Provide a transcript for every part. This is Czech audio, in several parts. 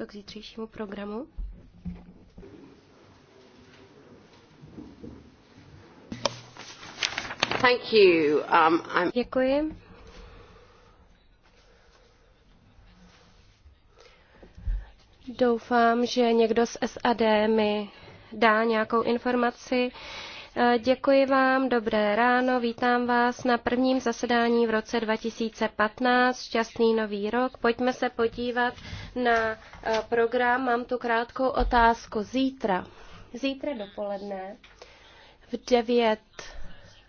něco k zítřejšímu programu? Thank you. Um, I'm... Děkuji. Doufám, že někdo z SAD mi dá nějakou informaci. Eh, děkuji vám, dobré ráno, vítám vás na prvním zasedání v roce 2015, šťastný nový rok. Pojďme se podívat na eh, program, mám tu krátkou otázku. Zítra, zítra dopoledne v 9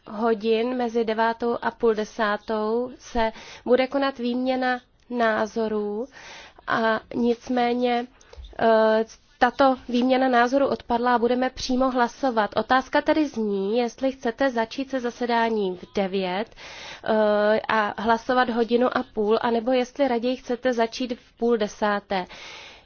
hodin mezi devátou a půl desátou se bude konat výměna názorů a nicméně eh, tato výměna názoru odpadla a budeme přímo hlasovat. Otázka tedy zní, jestli chcete začít se zasedáním v 9 eh, a hlasovat hodinu a půl, anebo jestli raději chcete začít v půl desáté.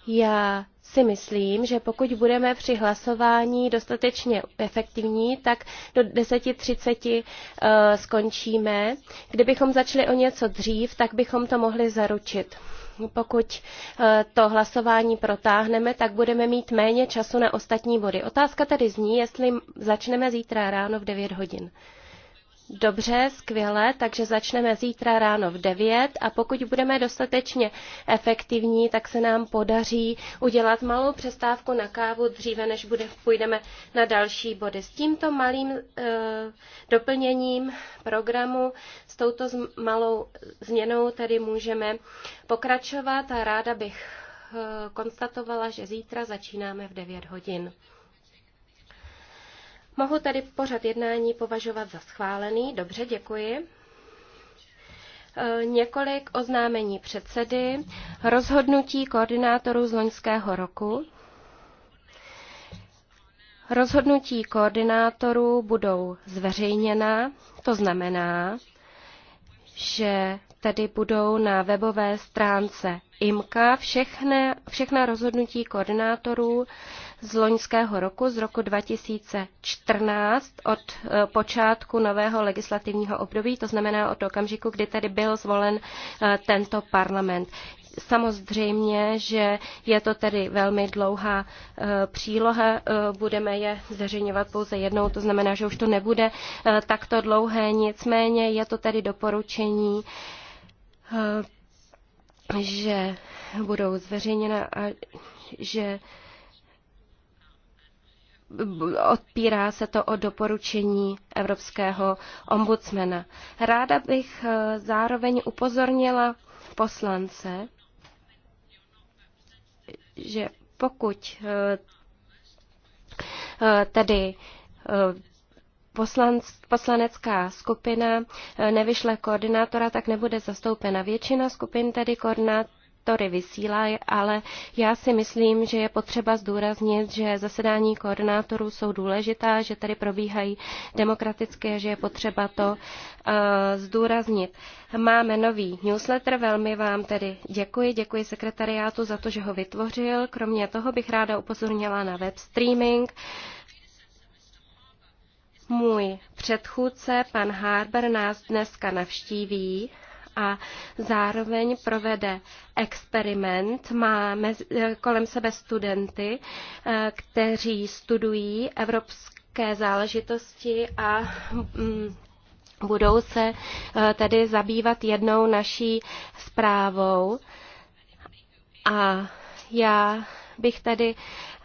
Já si myslím, že pokud budeme při hlasování dostatečně efektivní, tak do 10.30 eh, skončíme. Kdybychom začali o něco dřív, tak bychom to mohli zaručit pokud eh, to hlasování protáhneme, tak budeme mít méně času na ostatní body. Otázka tedy zní, jestli začneme zítra ráno v 9 hodin. Dobře, skvěle, takže začneme zítra ráno v 9 a pokud budeme dostatečně efektivní, tak se nám podaří udělat malou přestávku na kávu dříve, než bude, půjdeme na další body. S tímto malým e, doplněním programu, s touto z, malou změnou tedy můžeme pokračovat a ráda bych e, konstatovala, že zítra začínáme v 9 hodin. Mohu tady pořad jednání považovat za schválený. Dobře, děkuji. E, několik oznámení předsedy, rozhodnutí koordinátorů z loňského roku. Rozhodnutí koordinátorů budou zveřejněna, to znamená, že tedy budou na webové stránce IMKA všechna rozhodnutí koordinátorů z loňského roku, z roku 2014, od eh, počátku nového legislativního období, to znamená od okamžiku, kdy tedy byl zvolen eh, tento parlament. Samozřejmě, že je to tedy velmi dlouhá eh, příloha, budeme je zveřejňovat pouze jednou, to znamená, že už to nebude takto dlouhé, nicméně je to tedy doporučení že budou zveřejněna a že odpírá se to o doporučení evropského ombudsmana. Ráda bych eh, zároveň upozornila poslance, že pokud eh, eh, tedy poslanc, poslanecká skupina nevyšle koordinátora, tak nebude zastoupena. Většina skupin tedy koordinátor sektory vysílá, ale já si myslím, že je potřeba zdůraznit, že zasedání koordinátorů jsou důležitá, že tady probíhají demokratické, že je potřeba to uh, zdůraznit. Máme nový newsletter, velmi vám tedy děkuji, děkuji sekretariátu za to, že ho vytvořil. Kromě toho bych ráda upozornila na web streaming. Můj předchůdce, pan Harber, nás dneska navštíví a zároveň provede experiment. má kolem sebe studenty, eh, kteří studují evropské záležitosti a mm, budou se eh, tedy zabývat jednou naší zprávou. A já bych tedy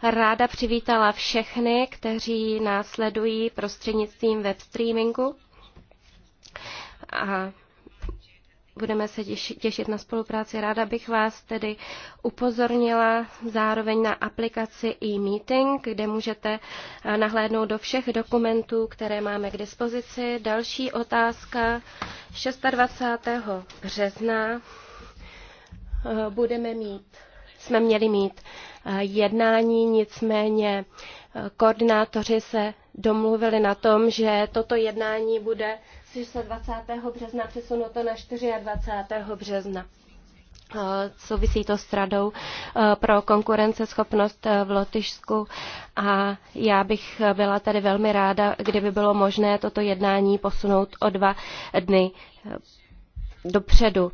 ráda přivítala všechny, kteří následují prostřednictvím prostřednictvím webstreamingu. A budeme se těšit na spolupráci. Ráda bych vás tedy upozornila zároveň na aplikaci e-meeting, kde můžete eh, nahlédnout do všech dokumentů, které máme k dispozici. Další otázka 26. března eh, budeme mít, jsme měli mít eh, jednání, nicméně koordinátoři se domluvili na tom, že toto jednání bude se 20. března přesunuto na 24. března. Eh, souvisí to s radou eh, pro konkurenceschopnost eh, v Lotyšsku a já bych byla tady velmi ráda, kdyby bylo možné toto jednání posunout o dva dny dopředu.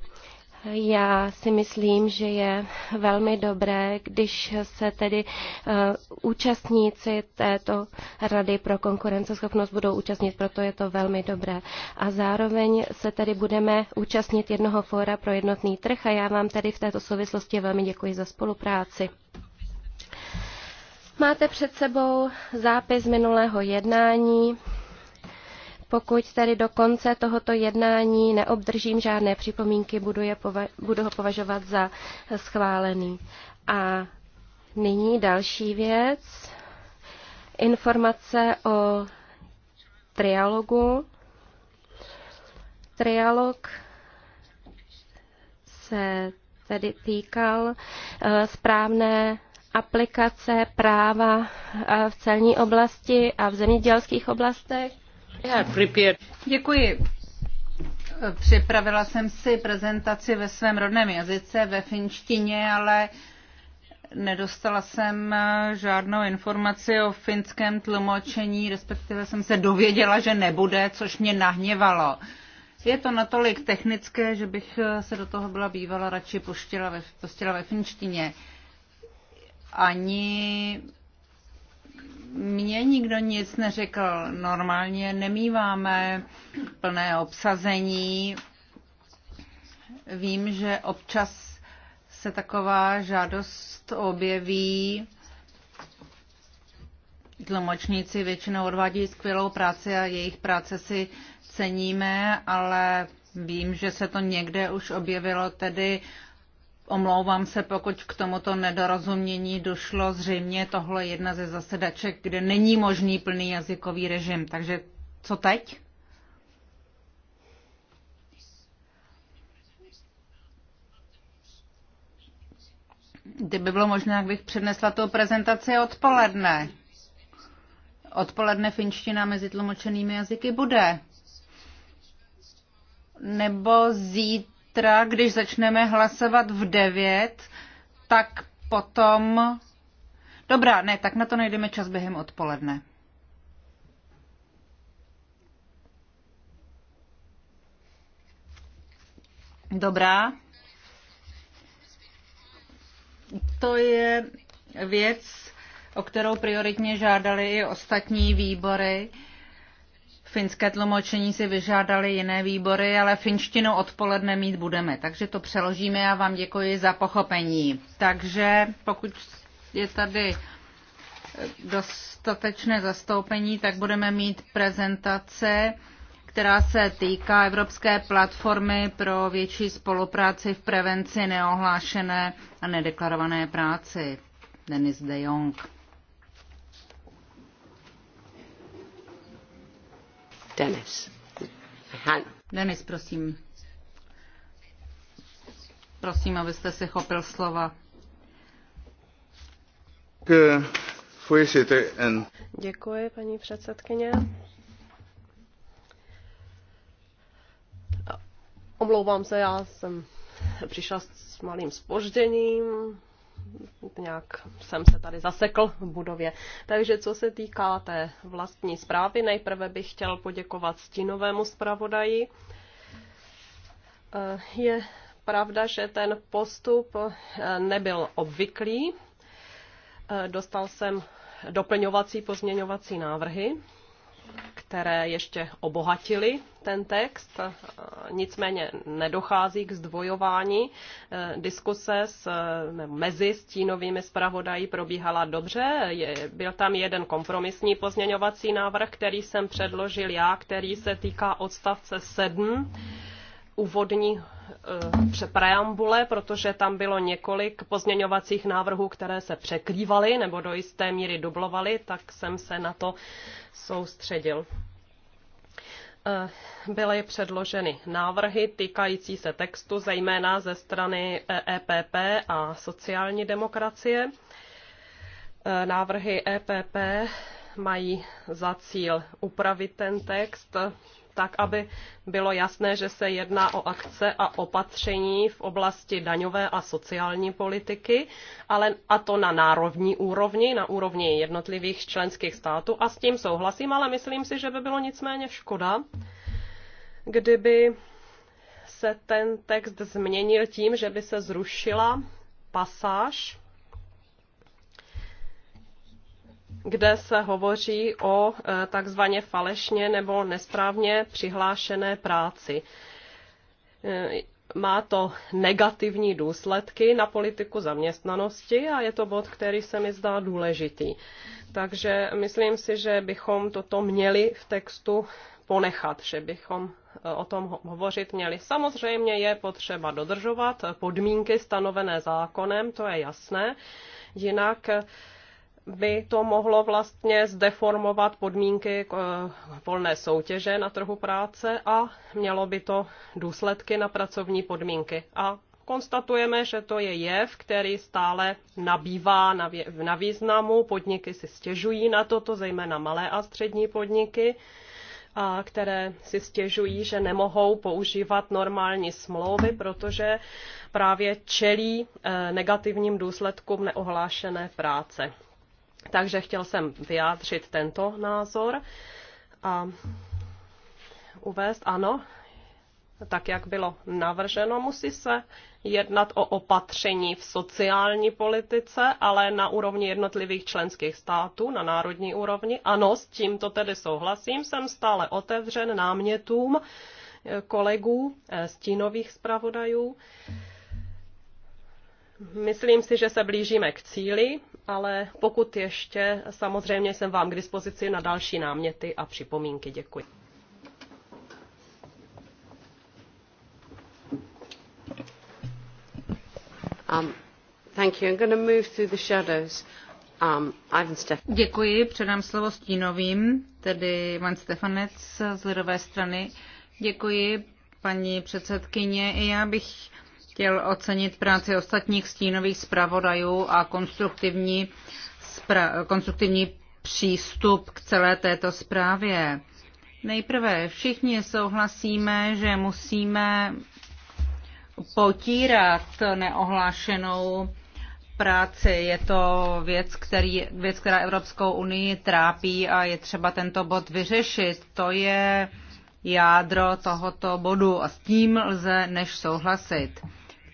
Já si myslím, že je velmi dobré, když se tedy eh, účastníci této Rady pro konkurenceschopnost budou účastnit, proto je to velmi dobré. A zároveň se tedy budeme účastnit jednoho fóra pro jednotný trh a já vám tedy v této souvislosti velmi děkuji za spolupráci. Máte před sebou zápis minulého jednání. Pokud tedy do konce tohoto jednání neobdržím žádné připomínky, budu, je pova- budu ho považovat za schválený. A nyní další věc. Informace o trialogu. Trialog se tedy týkal eh, správné aplikace práva eh, v celní oblasti a v zemědělských oblastech. Děkuji. Připravila jsem si prezentaci ve svém rodném jazyce, ve finštině, ale nedostala jsem žádnou informaci o finském tlumočení, respektive jsem se dověděla, že nebude, což mě nahněvalo. Je to natolik technické, že bych se do toho byla bývala radši pustila ve, ve finštině. Ani mně nikdo nic neřekl. Normálně nemýváme plné obsazení. Vím, že občas se taková žádost objeví. Tlumočníci většinou odvádí skvělou práci a jejich práce si ceníme, ale vím, že se to někde už objevilo, tedy Omlouvám se, pokud k tomuto nedorozumění došlo. Zřejmě tohle je jedna ze zasedaček, kde není možný plný jazykový režim. Takže co teď? Kdyby bylo možné, jak bych přednesla tu prezentaci odpoledne. Odpoledne finština mezi tlumočenými jazyky bude. Nebo zítra zítra, když začneme hlasovat v 9, tak potom... Dobrá, ne, tak na to najdeme čas během odpoledne. Dobrá. To je věc, o kterou prioritně žádali i ostatní výbory. Uh, Finské tlumočení si vyžádali jiné výbory, ale finštinu odpoledne mít budeme, takže to přeložíme a vám děkuji za pochopení. Takže pokud je tady eh, dostatečné zastoupení, tak budeme mít prezentace, která se týká Evropské platformy pro větší spolupráci v prevenci neohlášené a nedeklarované práci. Denis de Jong. Denis. Han. Denis, prosím. Prosím, abyste se chopil slova. K Děkuji, paní předsedkyně. Omlouvám se, já jsem přišla s malým spožděním, nějak jsem se tady zasekl v budově. Takže co se týká té vlastní zprávy, nejprve bych chtěl poděkovat stínovému zpravodaji. Eh, je pravda, že ten postup eh, nebyl obvyklý. Eh, dostal jsem doplňovací pozměňovací návrhy které ještě obohatily ten text, eh, nicméně nedochází k zdvojování. Eh, diskuse s, eh, mezi stínovými zpravodají probíhala dobře. Je, byl tam jeden kompromisní pozměňovací návrh, který jsem předložil já, který se týká odstavce 7 úvodní Eh, preambule, protože tam bylo několik pozměňovacích návrhů, které se překrývaly nebo do jisté míry dublovaly, tak jsem se na to soustředil. Eh, byly předloženy návrhy týkající se textu, zejména ze strany EPP e a sociální demokracie. Eh, návrhy EPP mají za cíl upravit ten text tak aby bylo jasné, že se jedná o akce a opatření v oblasti daňové a sociální politiky, ale a to na národní úrovni, na úrovni jednotlivých členských států a s tím souhlasím, ale myslím si, že by bylo nicméně škoda, kdyby se ten text změnil tím, že by se zrušila pasáž kde se hovoří o e, takzvaně falešně nebo nesprávně přihlášené práci. E, má to negativní důsledky na politiku zaměstnanosti a je to bod, který se mi zdá důležitý. Takže myslím si, že bychom toto měli v textu ponechat, že bychom e, o tom hovořit měli. Samozřejmě je potřeba dodržovat podmínky stanovené zákonem, to je jasné. Jinak by to mohlo vlastně zdeformovat podmínky eh, volné soutěže na trhu práce a mělo by to důsledky na pracovní podmínky. A konstatujeme, že to je jev, který stále nabývá na, na významu. Podniky si stěžují na toto, zejména malé a střední podniky, a které si stěžují, že nemohou používat normální smlouvy, protože právě čelí eh, negativním důsledkům neohlášené práce. Takže chtěl jsem vyjádřit tento názor a uvést, ano, tak jak bylo navrženo, musí se jednat o opatření v sociální politice, ale na úrovni jednotlivých členských států, na národní úrovni. Ano, s tímto tedy souhlasím, jsem stále otevřen námětům kolegů, eh, stínových zpravodajů. Myslím si, že se blížíme k cíli ale pokud ještě, samozřejmě jsem vám k dispozici na další náměty a připomínky. Děkuji. Um, thank you. I'm going to move through the shadows. Um, Ivan Děkuji, předám slovo stínovým, tedy Ivan Stefanec z Lidové strany. Děkuji, paní předsedkyně. I já bych chtěl ocenit práci ostatních stínových zpravodajů a konstruktivní, spra- konstruktivní přístup k celé této zprávě. Nejprve všichni souhlasíme, že musíme potírat neohlášenou práci. Je to věc, který, věc, která Evropskou unii trápí a je třeba tento bod vyřešit. To je jádro tohoto bodu a s tím lze než souhlasit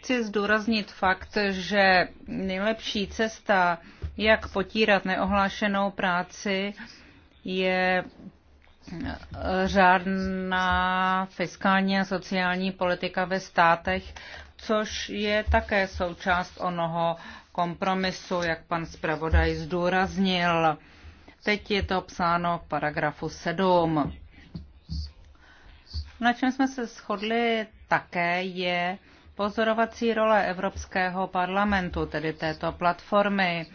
chci zdůraznit fakt, že nejlepší cesta, jak potírat neohlášenou práci, je eh, řádná fiskální a sociální politika ve státech, což je také součást onoho kompromisu, jak pan zpravodaj zdůraznil. Teď je to psáno v paragrafu 7. Na čem jsme se shodli také je, pozorovací role Evropského parlamentu, tedy této platformy.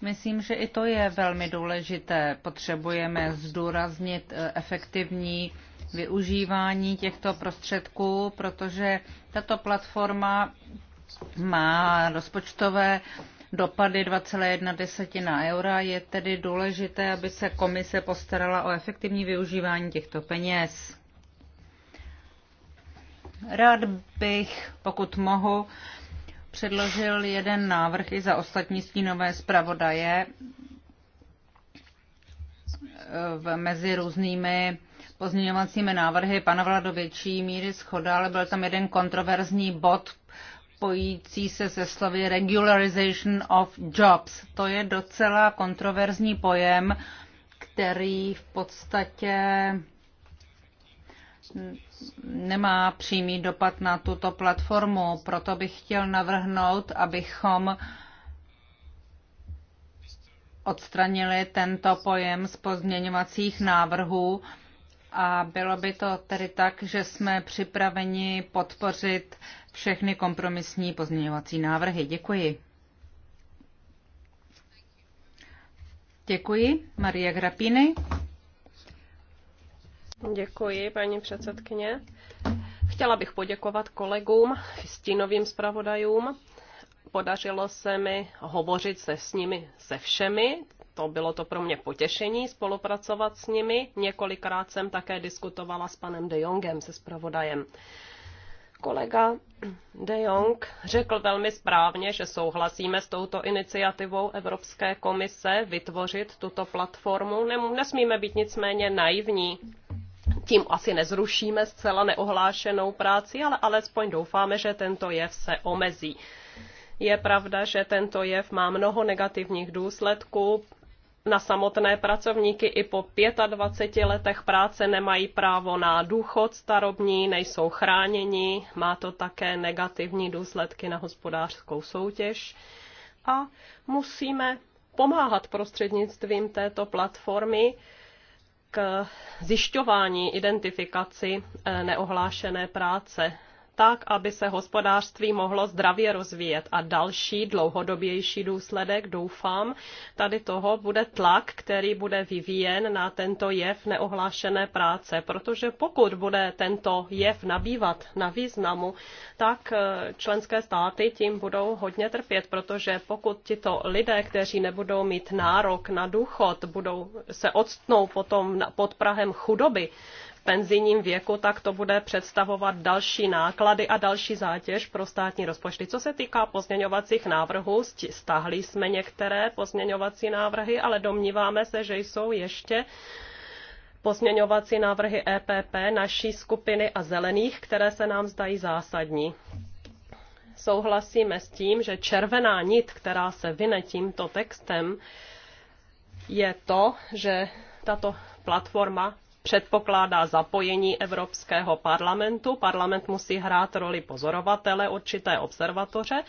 Myslím, že i to je velmi důležité. Potřebujeme zdůraznit eh, efektivní využívání těchto prostředků, protože tato platforma má rozpočtové dopady 2,1 eura. Je tedy důležité, aby se komise postarala o efektivní využívání těchto peněz. Rád bych, pokud mohu, předložil jeden návrh i za ostatní stínové zpravodaje eh, mezi různými pozměňovacími návrhy panovala do větší míry schoda, ale byl tam jeden kontroverzní bod pojící se se slovy regularization of jobs. To je docela kontroverzní pojem, který v podstatě nemá přímý dopad na tuto platformu. Proto bych chtěl navrhnout, abychom odstranili tento pojem z pozměňovacích návrhů a bylo by to tedy tak, že jsme připraveni podpořit všechny kompromisní pozměňovací návrhy. Děkuji. Děkuji. Maria Grapiny. Děkuji, paní předsedkyně. Chtěla bych poděkovat kolegům, stínovým zpravodajům. Podařilo se mi hovořit se s nimi, se všemi. To bylo to pro mě potěšení spolupracovat s nimi. Několikrát jsem také diskutovala s panem De Jongem, se zpravodajem. Kolega De Jong řekl velmi správně, že souhlasíme s touto iniciativou Evropské komise vytvořit tuto platformu. Nesmíme být nicméně naivní tím asi nezrušíme zcela neohlášenou práci, ale alespoň doufáme, že tento jev se omezí. Je pravda, že tento jev má mnoho negativních důsledků. Na samotné pracovníky i po 25 letech práce nemají právo na důchod starobní, nejsou chráněni, má to také negativní důsledky na hospodářskou soutěž a musíme pomáhat prostřednictvím této platformy k zjišťování, identifikaci eh, neohlášené práce tak, aby se hospodářství mohlo zdravě rozvíjet. A další dlouhodobější důsledek, doufám, tady toho bude tlak, který bude vyvíjen na tento jev neohlášené práce, protože pokud bude tento jev nabývat na významu, tak eh, členské státy tím budou hodně trpět, protože pokud tito lidé, kteří nebudou mít nárok na důchod, budou se odstnou potom pod Prahem chudoby, penzijním věku, tak to bude představovat další náklady a další zátěž pro státní rozpočty. Co se týká pozměňovacích návrhů, stáhli jsme některé pozměňovací návrhy, ale domníváme se, že jsou ještě pozměňovací návrhy EPP, naší skupiny a zelených, které se nám zdají zásadní. Souhlasíme s tím, že červená nit, která se vyne tímto textem, je to, že tato platforma předpokládá zapojení Evropského parlamentu. Parlament musí hrát roli pozorovatele určité observatoře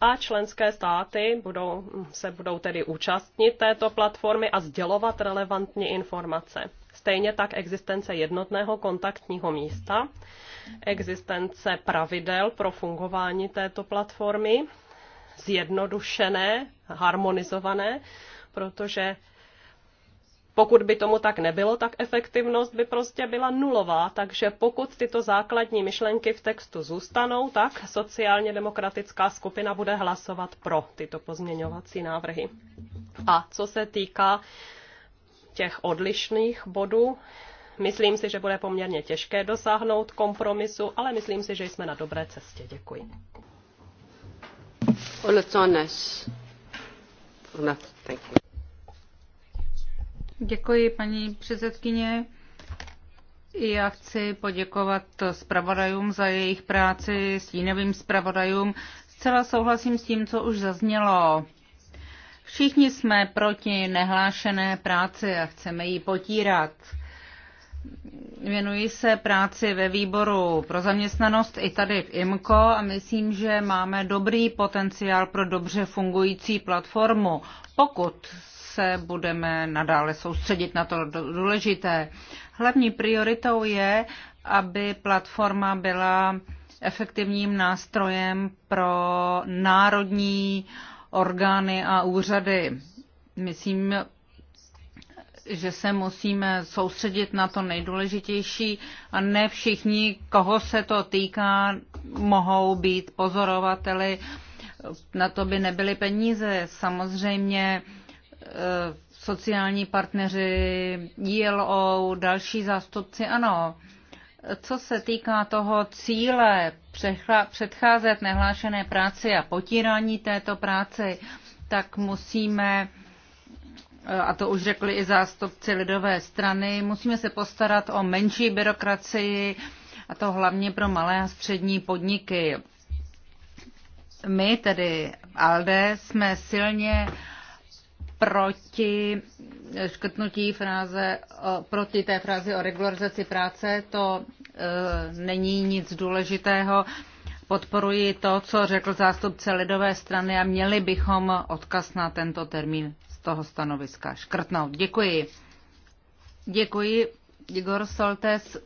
a členské státy budou, se budou tedy účastnit této platformy a sdělovat relevantní informace. Stejně tak existence jednotného kontaktního místa, existence pravidel pro fungování této platformy, zjednodušené, harmonizované, protože pokud by tomu tak nebylo, tak efektivnost by prostě byla nulová, takže pokud tyto základní myšlenky v textu zůstanou, tak sociálně demokratická skupina bude hlasovat pro tyto pozměňovací návrhy. A co se týká těch odlišných bodů, myslím si, že bude poměrně těžké dosáhnout kompromisu, ale myslím si, že jsme na dobré cestě. Děkuji. Thank you. Děkuji, paní předsedkyně. Já chci poděkovat zpravodajům za jejich práci, stínovým zpravodajům. Zcela souhlasím s tím, co už zaznělo. Všichni jsme proti nehlášené práci a chceme ji potírat. Věnuji se práci ve výboru pro zaměstnanost i tady v IMCO a myslím, že máme dobrý potenciál pro dobře fungující platformu, pokud se budeme nadále soustředit na to důležité. Hlavní prioritou je, aby platforma byla efektivním nástrojem pro národní orgány a úřady. Myslím, že se musíme soustředit na to nejdůležitější a ne všichni, koho se to týká, mohou být pozorovateli. Na to by nebyly peníze. Samozřejmě Eh, sociální partneři, ILO, další zástupci, ano. Co se týká toho cíle předcházet nehlášené práci a potírání této práci, tak musíme, eh, a to už řekli i zástupci lidové strany, musíme se postarat o menší byrokracii, a to hlavně pro malé a střední podniky. My tedy ALDE jsme silně uh, proti škrtnutí fráze, proti té frázi o regularizaci práce. To e, není nic důležitého. Podporuji to, co řekl zástupce Lidové strany a měli bychom odkaz na tento termín z toho stanoviska škrtnout. Děkuji. Děkuji, Igor Soltes.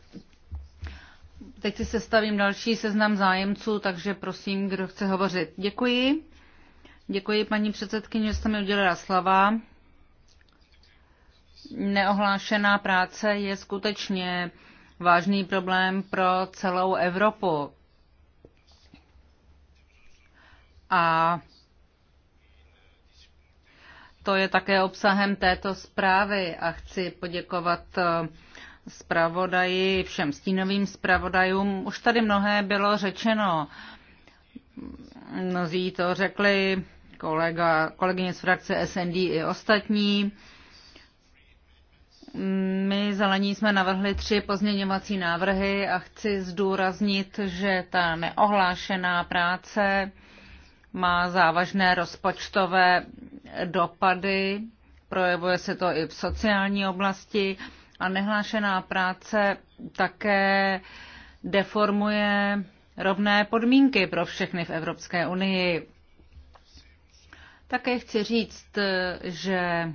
Teď si sestavím další seznam zájemců, takže prosím, kdo chce hovořit. Děkuji. Děkuji paní předsedkyně, že jste mi udělala slova. Neohlášená práce je skutečně vážný problém pro celou Evropu. A to je také obsahem této zprávy a chci poděkovat eh, zpravodaji, všem stínovým zpravodajům. Už tady mnohé bylo řečeno. Mnozí to řekli, kolega, kolegyně z frakce SND i ostatní. My zelení jsme navrhli tři pozměňovací návrhy a chci zdůraznit, že ta neohlášená práce má závažné rozpočtové dopady, projevuje se to i v sociální oblasti a nehlášená práce také deformuje rovné podmínky pro všechny v Evropské unii. Také chci říct, eh, že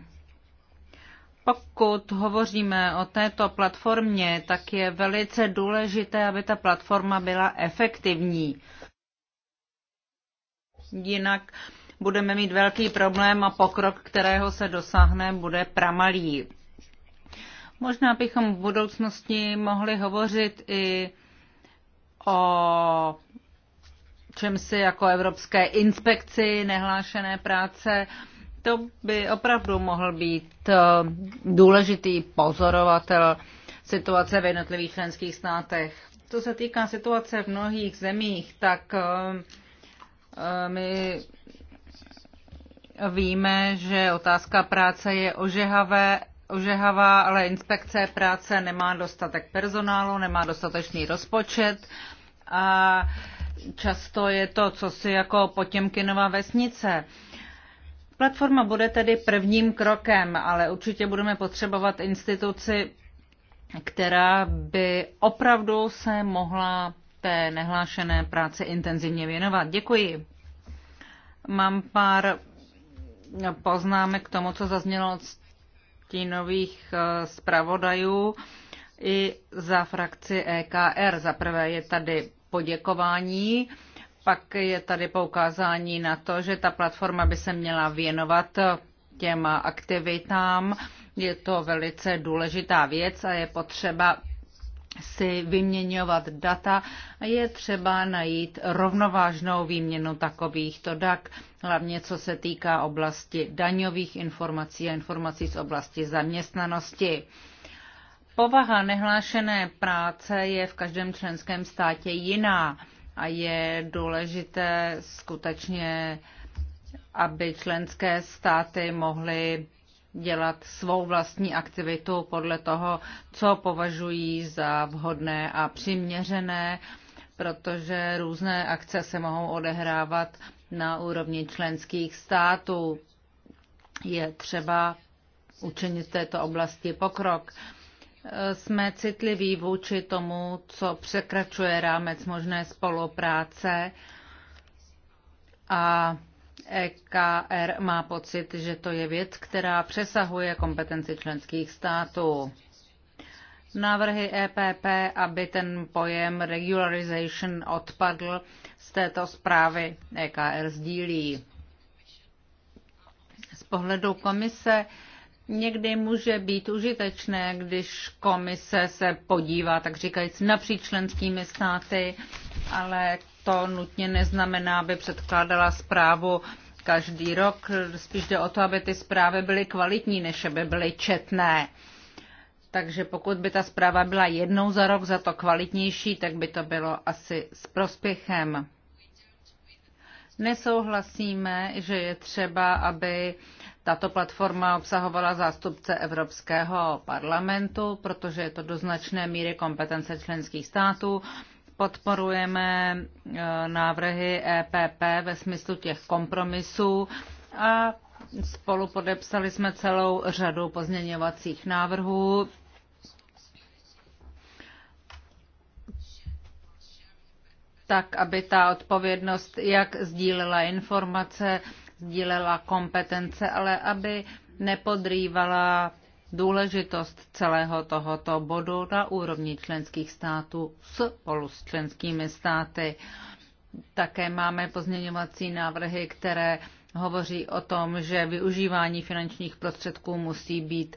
pokud hovoříme o této platformě, tak je velice důležité, aby ta platforma byla efektivní. Jinak budeme mít velký problém a pokrok, kterého se dosáhne, bude pramalý. Možná bychom v budoucnosti mohli hovořit i o čem si jako Evropské inspekci nehlášené práce. To by opravdu mohl být eh, důležitý pozorovatel situace v jednotlivých členských státech. Co se týká situace v mnohých zemích, tak eh, eh, my víme, že otázka práce je ožehavé, ožehavá, ale inspekce práce nemá dostatek personálu, nemá dostatečný rozpočet a Často je to, co si jako Potěmkinová vesnice. Platforma bude tedy prvním krokem, ale určitě budeme potřebovat instituci, která by opravdu se mohla té nehlášené práci intenzivně věnovat. Děkuji. Mám pár poznámek k tomu, co zaznělo od stínových eh, zpravodajů i za frakci EKR. Za prvé je tady poděkování. Pak je tady poukázání na to, že ta platforma by se měla věnovat těm aktivitám. Je to velice důležitá věc a je potřeba si vyměňovat data a je třeba najít rovnovážnou výměnu takovýchto dat, hlavně co se týká oblasti daňových informací a informací z oblasti zaměstnanosti. Povaha nehlášené práce je v každém členském státě jiná a je důležité skutečně, aby členské státy mohly dělat svou vlastní aktivitu podle toho, co považují za vhodné a přiměřené, protože různé akce se mohou odehrávat na úrovni členských států. Je třeba učinit v této oblasti pokrok jsme citliví vůči tomu, co překračuje rámec možné spolupráce a EKR má pocit, že to je věc, která přesahuje kompetenci členských států. Návrhy EPP, aby ten pojem regularization odpadl z této zprávy, EKR sdílí. Z pohledu komise někdy může být užitečné, když komise se podívá, tak říkajíc, napříč členskými státy, ale to nutně neznamená, aby předkládala zprávu každý rok. Spíš jde o to, aby ty zprávy byly kvalitní, než aby byly četné. Takže pokud by ta zpráva byla jednou za rok za to kvalitnější, tak by to bylo asi s prospěchem. Nesouhlasíme, že je třeba, aby tato platforma obsahovala zástupce Evropského parlamentu, protože je to do značné míry kompetence členských států. Podporujeme eh, návrhy EPP ve smyslu těch kompromisů a spolu podepsali jsme celou řadu pozměňovacích návrhů. tak, aby ta odpovědnost jak sdílela informace, sdílela kompetence, ale aby nepodrývala důležitost celého tohoto bodu na úrovni členských států spolu s členskými státy. Také máme pozměňovací návrhy, které hovoří o tom, že využívání finančních prostředků musí být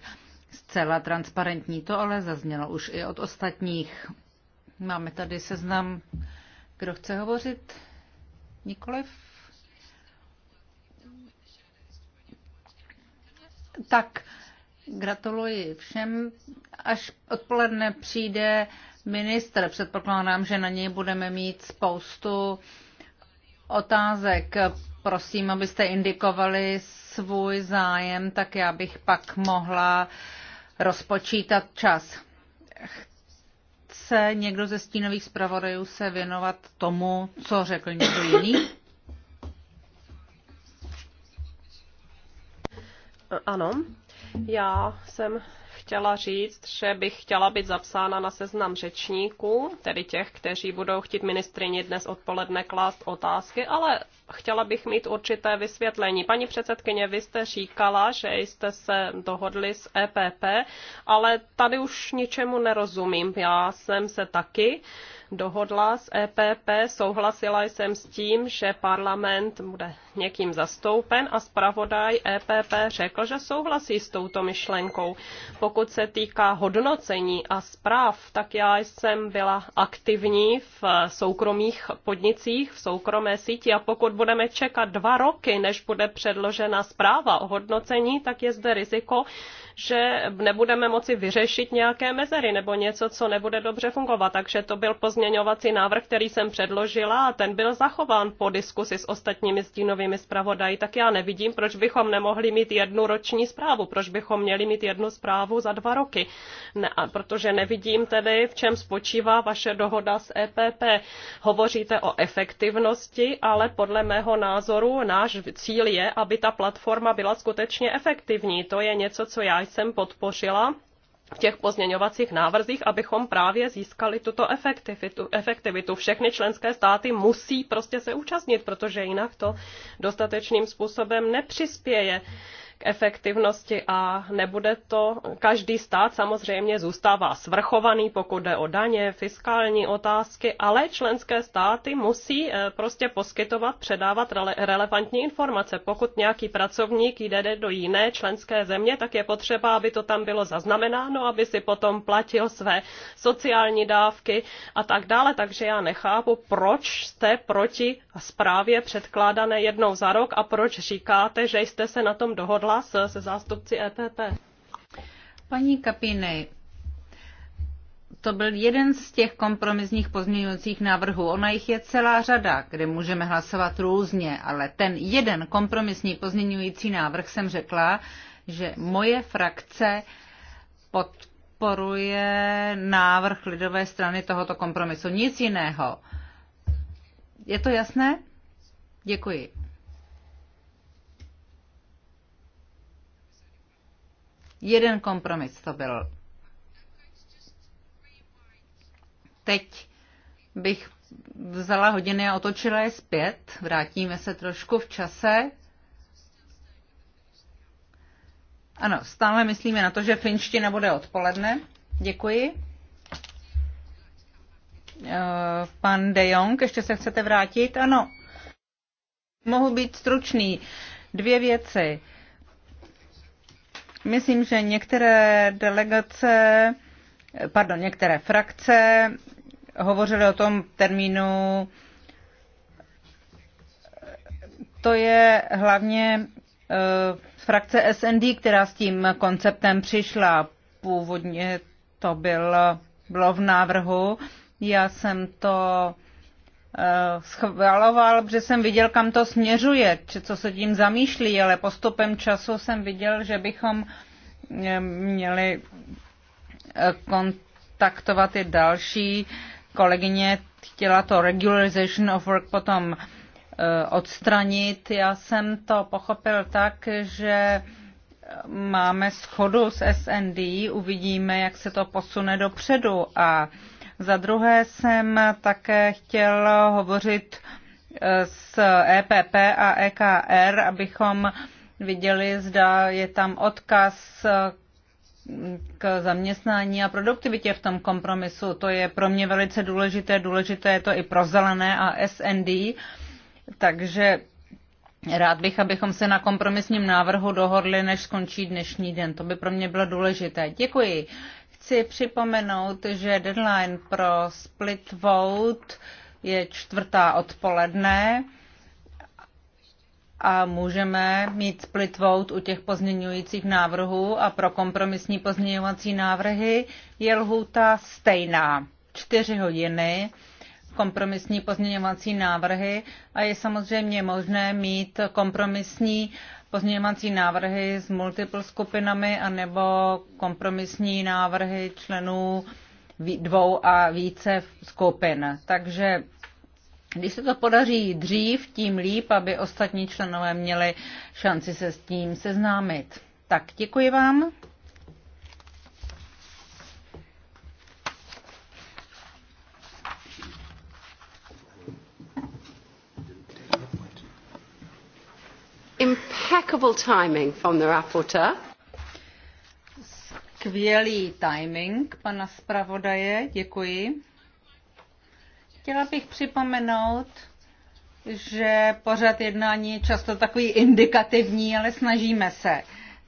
zcela transparentní. To ale zaznělo už i od ostatních. Máme tady seznam, kdo chce hovořit. Nikoliv. Tak, gratuluji všem. Až odpoledne přijde ministr, předpokládám, že na něj budeme mít spoustu otázek. Prosím, abyste indikovali svůj zájem, tak já bych pak mohla rozpočítat čas. Chce někdo ze stínových zpravodajů se věnovat tomu, co řekl někdo jiný? Ano, já jsem chtěla říct, že bych chtěla být zapsána na seznam řečníků, tedy těch, kteří budou chtít ministrině dnes odpoledne klást otázky, ale chtěla bych mít určité vysvětlení. Paní předsedkyně, vy jste říkala, že jste se dohodli s EPP, ale tady už ničemu nerozumím. Já jsem se taky dohodla s EPP, souhlasila jsem s tím, že parlament bude někým zastoupen a zpravodaj EPP řekl, že souhlasí s touto myšlenkou. Pokud se týká hodnocení a zpráv, tak já jsem byla aktivní v soukromých podnicích, v soukromé síti a pokud budeme čekat dva roky, než bude předložena zpráva o hodnocení, tak je zde riziko, že nebudeme moci vyřešit nějaké mezery nebo něco, co nebude dobře fungovat. Takže to byl pozměňovací návrh, který jsem předložila a ten byl zachován po diskusi s ostatními stínovými zpravodají. Tak já nevidím, proč bychom nemohli mít jednu roční zprávu, proč bychom měli mít jednu zprávu za dva roky. Ne, protože nevidím tedy, v čem spočívá vaše dohoda s EPP. Hovoříte o efektivnosti, ale podle mého názoru náš cíl je, aby ta platforma byla skutečně efektivní. To je něco, co já jsem podpořila v těch pozměňovacích návrzích, abychom právě získali tuto efektivitu. efektivitu. Všechny členské státy musí prostě se účastnit, protože jinak to dostatečným způsobem nepřispěje k efektivnosti a nebude to, každý stát samozřejmě zůstává svrchovaný, pokud jde o daně, fiskální otázky, ale členské státy musí eh, prostě poskytovat, předávat rele, relevantní informace. Pokud nějaký pracovník jde do jiné členské země, tak je potřeba, aby to tam bylo zaznamenáno, aby si potom platil své sociální dávky a tak dále. Takže já nechápu, proč jste proti zprávě předkládané jednou za rok a proč říkáte, že jste se na tom dohodli hlas se zástupci EPP. Paní kapiny, to byl jeden z těch kompromisních pozměňujících návrhů. Ona jich je celá řada, kde můžeme hlasovat různě, ale ten jeden kompromisní pozměňující návrh jsem řekla, že moje frakce podporuje návrh lidové strany tohoto kompromisu. Nic jiného. Je to jasné? Děkuji. Jeden kompromis to byl. Teď bych vzala hodiny a otočila je zpět. Vrátíme se trošku v čase. Ano, stále myslíme na to, že finština bude odpoledne. Děkuji. Eh, pan De Jong, ještě se chcete vrátit? Ano. Mohu být stručný. Dvě věci. Myslím, že některé delegace, pardon, některé frakce hovořily o tom termínu. To je hlavně eh, frakce SND, která s tím konceptem přišla. Původně to byl, bylo v návrhu. Já jsem to Eh, schvaloval, protože jsem viděl, kam to směřuje, či co se tím zamýšlí, ale postupem času jsem viděl, že bychom eh, měli eh, kontaktovat i další kolegyně, chtěla to regularization of work potom odstranit. Já jsem to pochopil tak, že máme schodu s SND, uvidíme, jak se to posune dopředu a za druhé jsem také chtěl hovořit eh, s EPP a EKR, abychom viděli, zda je tam odkaz eh, k zaměstnání a produktivitě v tom kompromisu. To je pro mě velice důležité, důležité je to i pro zelené a SND, takže rád bych, abychom se na kompromisním návrhu dohodli, než skončí dnešní den. To by pro mě bylo důležité. Děkuji chci připomenout, že deadline pro split vote je čtvrtá odpoledne a můžeme mít split vote u těch pozměňujících návrhů a pro kompromisní pozměňovací návrhy je lhůta stejná. Čtyři hodiny kompromisní pozměňovací návrhy a je samozřejmě možné mít kompromisní pozměňovací návrhy s multiple skupinami anebo kompromisní návrhy členů dvou a více skupin. Takže když se to podaří dřív, tím líp, aby ostatní členové měli šanci se s tím seznámit. Tak děkuji vám. Impeccable timing from the rapporteur. Skvělý timing pana zpravodaje, děkuji. Chtěla bych připomenout, že pořad jednání je často takový indikativní, ale snažíme se.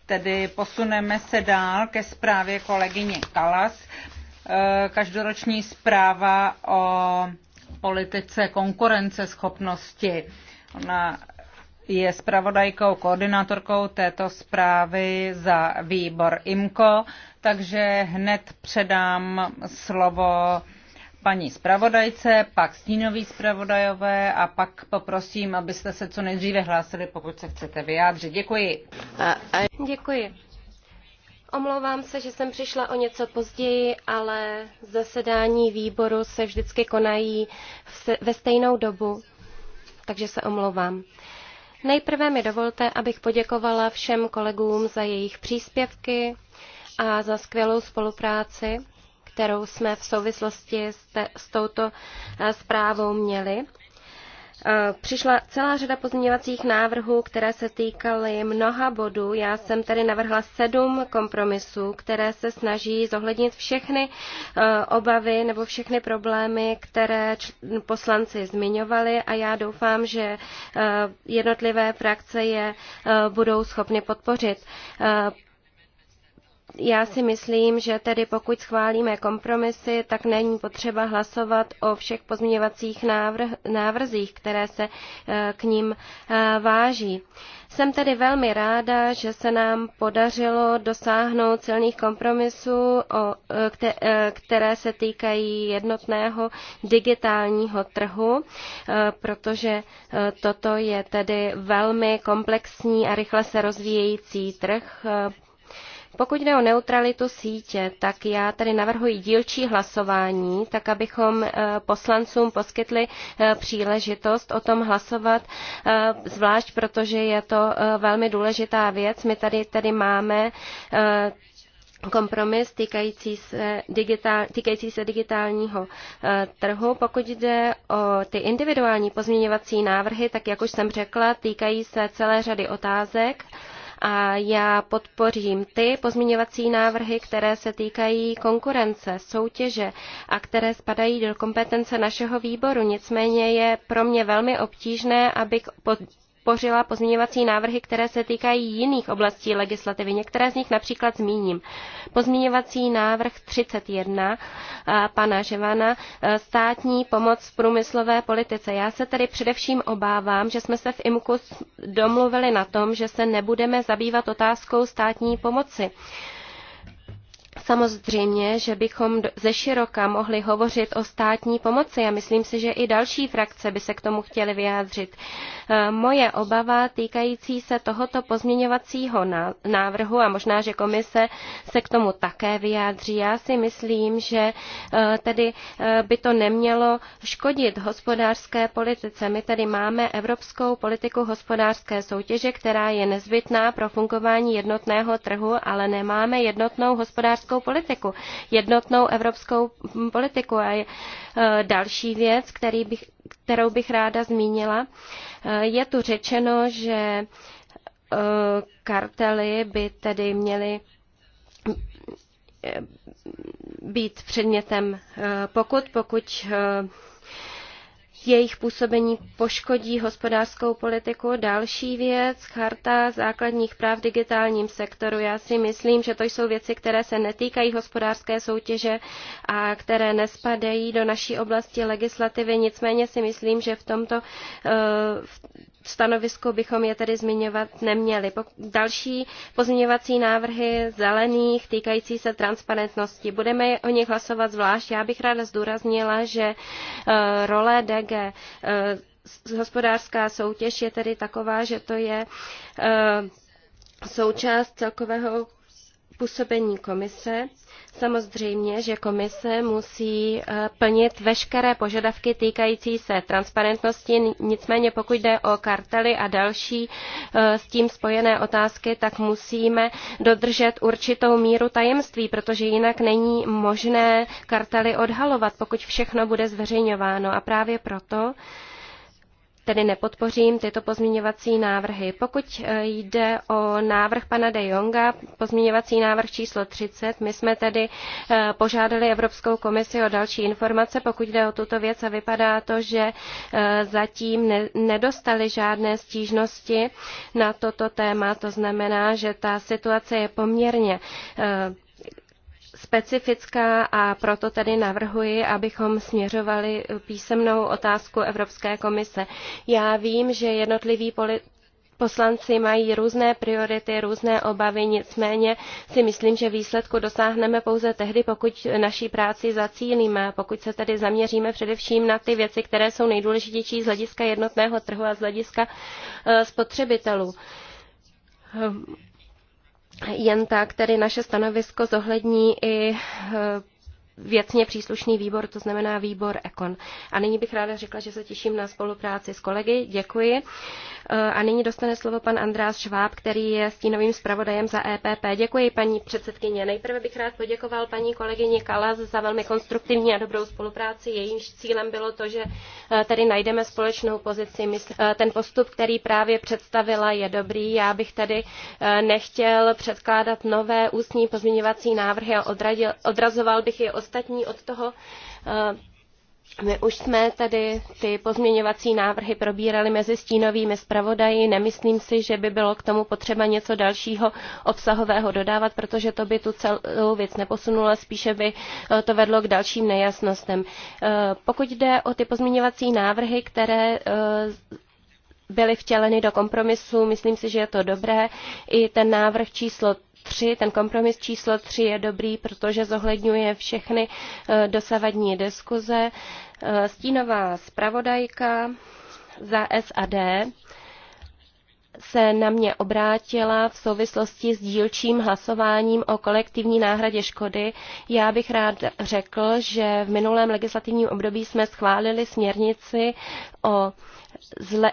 Tedy posuneme se dál ke zprávě kolegyně Kalas. E, každoroční zpráva o politice konkurenceschopnosti. Ona je spravodajkou, koordinátorkou této zprávy za výbor IMCO, takže hned předám slovo paní zpravodajce, pak stínoví zpravodajové a pak poprosím, abyste se co nejdříve hlásili, pokud se chcete vyjádřit. Děkuji. Děkuji. Omlouvám se, že jsem přišla o něco později, ale zasedání výboru se vždycky konají ve stejnou dobu, takže se omlouvám. Nejprve mi dovolte, abych poděkovala všem kolegům za jejich příspěvky a za skvělou spolupráci, kterou jsme v souvislosti s, te, s touto eh, zprávou měli. Eh, přišla celá řada pozměňovacích návrhů, které se týkaly mnoha bodů. Já jsem tady navrhla sedm kompromisů, které se snaží zohlednit všechny eh, obavy nebo všechny problémy, které poslanci zmiňovali a já doufám, že eh, jednotlivé frakce je budou schopny podpořit já si myslím, že tedy pokud schválíme kompromisy, tak není potřeba hlasovat o všech pozměňovacích návrh, návrzích, které se eh, k ním eh, váží. Jsem tedy velmi ráda, že se nám podařilo dosáhnout silných kompromisů, eh, které se týkají jednotného digitálního trhu, protože toto je tedy velmi komplexní a rychle se rozvíjející trh pokud jde o neutralitu sítě, tak já tady navrhuji dílčí hlasování, tak abychom eh, poslancům poskytli eh, příležitost o tom hlasovat, eh, zvlášť protože je to velmi důležitá věc. My tady tady máme kompromis týkající se, digitál, týkající se digitálního trhu. Pokud jde o ty individuální pozměňovací návrhy, tak jak už jsem řekla, týkají se celé řady otázek. E, a já podpořím ty pozměňovací návrhy, které se týkají konkurence, soutěže a které spadají do kompetence našeho výboru. Nicméně je pro mě velmi obtížné, abych podpořila pozměňovací návrhy, které se týkají jiných oblastí legislativy. Některé z nich například zmíním. Pozměňovací návrh 31 eh, pana Ževana, eh, státní pomoc v průmyslové politice. Já se tedy především obávám, že jsme se v IMKU domluvili na tom, že se nebudeme zabývat otázkou státní pomoci. Samozřejmě, že bychom ze široka mohli hovořit o státní pomoci a myslím si, že i další frakce by se k tomu chtěly vyjádřit. E, moje obava týkající se tohoto pozměňovacího návrhu a možná, že komise se k tomu také vyjádří. Já si myslím, že e, tedy e, by to nemělo škodit hospodářské politice. My tedy máme evropskou politiku hospodářské soutěže, která je nezbytná pro fungování jednotného trhu, ale nemáme jednotnou hospodářskou evropskou politiku, jednotnou evropskou politiku. A je e, další věc, který bych, kterou bych ráda zmínila, e, je tu řečeno, že e, kartely by tedy měly být předmětem pokud, pokud jejich působení poškodí hospodářskou politiku. Další věc, charta základních práv v digitálním sektoru. Já si myslím, že to jsou věci, které se netýkají hospodářské soutěže a které nespadají do naší oblasti legislativy. Nicméně si myslím, že v tomto eh, v stanovisku bychom je tedy zmiňovat neměli. Další pozměňovací návrhy zelených týkající se transparentnosti. Budeme o nich hlasovat zvlášť. Já bych ráda zdůraznila, že e, role DG e, hospodářská soutěž je tedy taková, že to je e, součást celkového působení komise. Samozřejmě, že komise musí eh, plnit veškeré požadavky týkající se transparentnosti, nicméně pokud jde o kartely a další eh, s tím spojené otázky, tak musíme dodržet určitou míru tajemství, protože jinak není možné kartely odhalovat, pokud všechno bude zveřejňováno. A právě proto, tedy nepodpořím tyto pozměňovací návrhy. Pokud eh, jde o návrh pana de Jonga, pozměňovací návrh číslo 30, my jsme tedy eh, požádali Evropskou komisi o další informace, pokud jde o tuto věc a vypadá to, že eh, zatím ne, nedostali žádné stížnosti na toto téma. To znamená, že ta situace je poměrně specifická a proto tedy navrhuji, abychom směřovali písemnou otázku Evropské komise. Já vím, že jednotliví poslanci mají různé priority, různé obavy, nicméně si myslím, že výsledku dosáhneme pouze tehdy, pokud naší práci zacílíme, pokud se tedy zaměříme především na ty věci, které jsou nejdůležitější z hlediska jednotného trhu a z hlediska eh, spotřebitelů jen tak tedy naše stanovisko zohlední i eh, věcně příslušný výbor, to znamená výbor Ekon. A nyní bych ráda řekla, že se těším na spolupráci s kolegy. Děkuji. E, a nyní dostane slovo pan András Šváb, který je stínovým zpravodajem za EPP. Děkuji, paní předsedkyně. Nejprve bych rád poděkoval paní kolegyni Kalas za velmi konstruktivní a dobrou spolupráci. Jejímž cílem bylo to, že e, tady najdeme společnou pozici. E, ten postup, který právě představila, je dobrý. Já bych tady nechtěl předkládat nové ústní pozměňovací návrhy a odrazoval bych je ostatní ostatní od toho. Eh, my už jsme tady ty pozměňovací návrhy probírali mezi stínovými zpravodaji. Nemyslím si, že by bylo k tomu potřeba něco dalšího obsahového dodávat, protože to by tu celou věc neposunulo, spíše by eh, to vedlo k dalším nejasnostem. Eh, pokud jde o ty pozměňovací návrhy, které byly vtěleny do kompromisu. Myslím si, že je to dobré. I ten návrh číslo 3, ten kompromis číslo 3 je dobrý, protože zohledňuje všechny eh, dosavadní diskuze. Eh, stínová zpravodajka za SAD se na mě obrátila v souvislosti s dílčím hlasováním o kolektivní náhradě škody. Já bych rád řekl, že v minulém legislativním období jsme schválili směrnici o zle-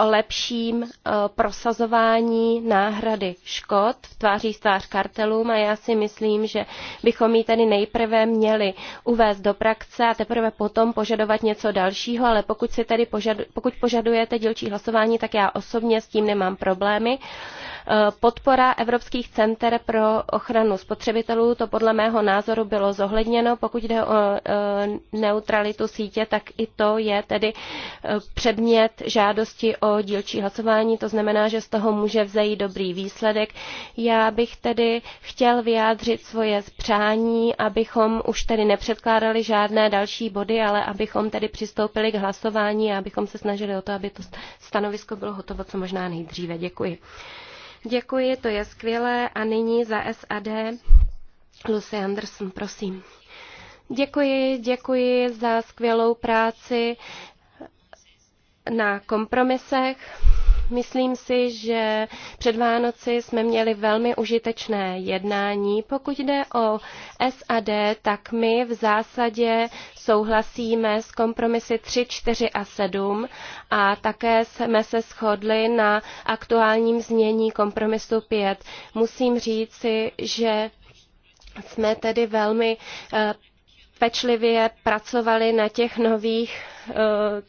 o lepším eh, prosazování náhrady škod v tváří stář kartelům a já si myslím, že bychom ji tedy nejprve měli uvést do praxe a teprve potom požadovat něco dalšího, ale pokud, si tedy požadu, pokud požadujete dílčí hlasování, tak já osobně s tím nemám problémy. Uh, Eh, podpora evropských center pro ochranu spotřebitelů, to podle mého názoru bylo zohledněno. Pokud jde o eh, neutralitu sítě, tak i to je tedy eh, předmět žádosti o dílčí hlasování. To znamená, že z toho může vzejít dobrý výsledek. Já bych tedy chtěl vyjádřit svoje přání, abychom už tedy nepředkládali žádné další body, ale abychom tedy přistoupili k hlasování a abychom se snažili o to, aby to stanovisko bylo hotovo co možná nejdříve. Děkuji. Děkuji, to je skvělé. A nyní za SAD Lucy Anderson, prosím. Děkuji, děkuji za skvělou práci na kompromisech. Myslím si, že před Vánoci jsme měli velmi užitečné jednání. Pokud jde o SAD, tak my v zásadě souhlasíme s kompromisy 3, 4 a 7 a také jsme se shodli na aktuálním znění kompromisu 5. Musím říci, že jsme tedy velmi eh, pečlivě pracovali na těch nových eh,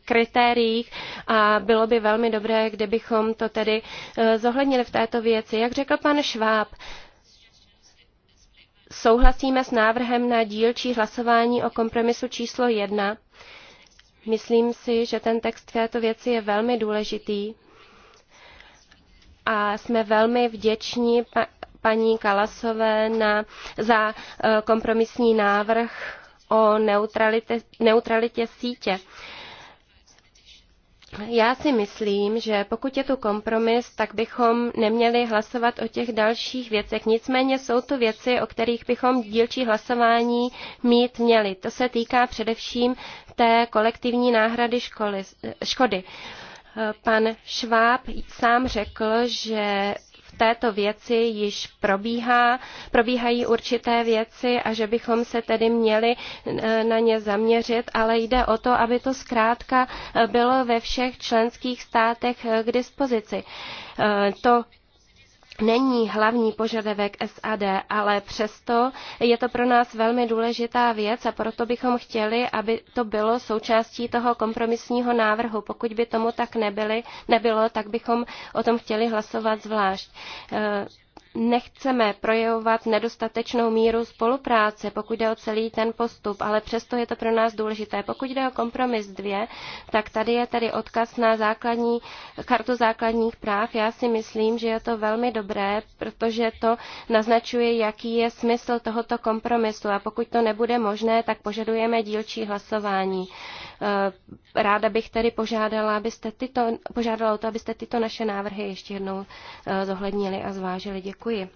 kritériích a bylo by velmi dobré, kdybychom to tedy eh, zohlednili v této věci. Jak řekl pan Šváb, souhlasíme s návrhem na dílčí hlasování o kompromisu číslo jedna. Myslím si, že ten text v této věci je velmi důležitý a jsme velmi vděční paní Kalasové na, za eh, kompromisní návrh o neutralitě, neutralitě sítě. Já si myslím, že pokud je tu kompromis, tak bychom neměli hlasovat o těch dalších věcech. Nicméně jsou to věci, o kterých bychom dílčí hlasování mít měli. To se týká především té kolektivní náhrady školy, škody. Pan Šváb sám řekl, že této věci již probíhá, probíhají určité věci a že bychom se tedy měli eh, na ně zaměřit, ale jde o to, aby to zkrátka eh, bylo ve všech členských státech eh, k dispozici. To není hlavní požadavek SAD, ale přesto je to pro nás velmi důležitá věc a proto bychom chtěli, aby to bylo součástí toho kompromisního návrhu. Pokud by tomu tak nebyly, nebylo, tak bychom o tom chtěli hlasovat zvlášť nechceme projevovat nedostatečnou míru spolupráce, pokud jde o celý ten postup, ale přesto je to pro nás důležité. Pokud jde o kompromis dvě, tak tady je tady odkaz na základní, kartu základních práv. Já si myslím, že je to velmi dobré, protože to naznačuje, jaký je smysl tohoto kompromisu a pokud to nebude možné, tak požadujeme dílčí hlasování. Eh, ráda bych tedy požádala, abyste tyto, požádala o to, abyste tyto naše návrhy ještě jednou eh, zohlednili a zvážili. Děkuji.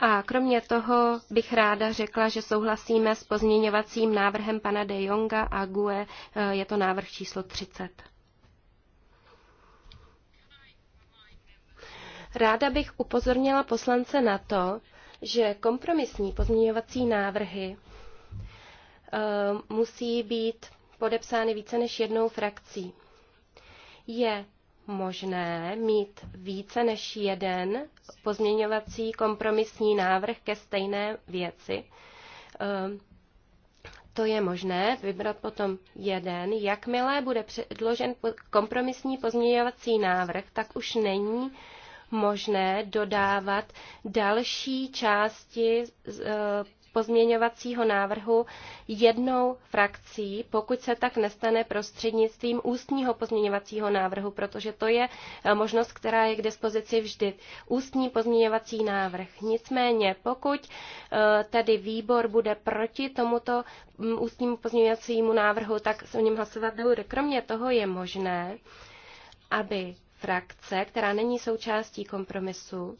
A kromě toho bych ráda řekla, že souhlasíme s pozměňovacím návrhem pana De Jonga a GUE, eh, je to návrh číslo 30. Ráda bych upozornila poslance na to, že kompromisní pozměňovací návrhy eh, musí být podepsány více než jednou frakcí. Je možné mít více než jeden pozměňovací kompromisní návrh ke stejné věci. Eh, to je možné, vybrat potom jeden. Jakmile bude předložen kompromisní pozměňovací návrh, tak už není možné dodávat další části e, pozměňovacího návrhu jednou frakcí, pokud se tak nestane prostřednictvím ústního pozměňovacího návrhu, protože to je e, možnost, která je k dispozici vždy. Ústní pozměňovací návrh. Nicméně, pokud e, tedy výbor bude proti tomuto ústnímu pozměňovacímu návrhu, tak se o něm hlasovat nebude. Kromě toho je možné, aby frakce, která není součástí kompromisu,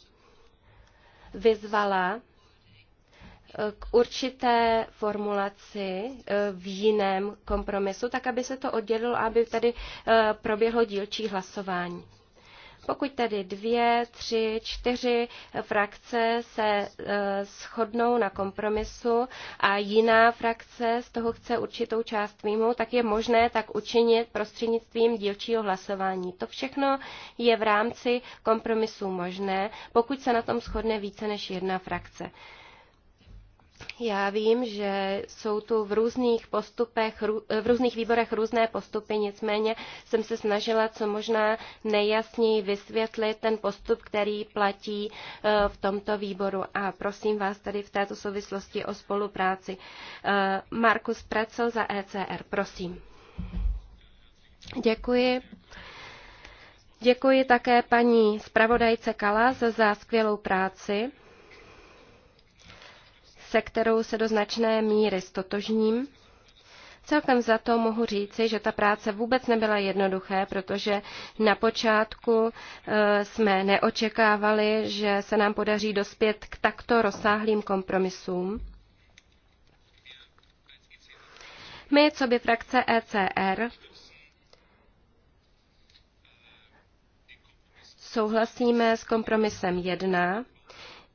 vyzvala eh, k určité formulaci eh, v jiném kompromisu, tak aby se to oddělilo, aby tady eh, proběhlo dílčí hlasování. Pokud tedy dvě, tři, čtyři frakce se e, shodnou na kompromisu a jiná frakce z toho chce určitou část výjmu, tak je možné tak učinit prostřednictvím dílčího hlasování. To všechno je v rámci kompromisu možné, pokud se na tom shodne více než jedna frakce. Já vím, že jsou tu v různých postupech, v různých výborech různé postupy, nicméně jsem se snažila co možná nejjasněji vysvětlit ten postup, který platí eh, v tomto výboru. A prosím vás tady v této souvislosti o spolupráci. Eh, Markus Precel za ECR, prosím. Děkuji. Děkuji také paní zpravodajce Kalas za skvělou práci se kterou se do značné míry stotožním. Celkem za to mohu říci, že ta práce vůbec nebyla jednoduché, protože na počátku eh, jsme neočekávali, že se nám podaří dospět k takto rozsáhlým kompromisům. My, co by frakce ECR, souhlasíme s kompromisem 1,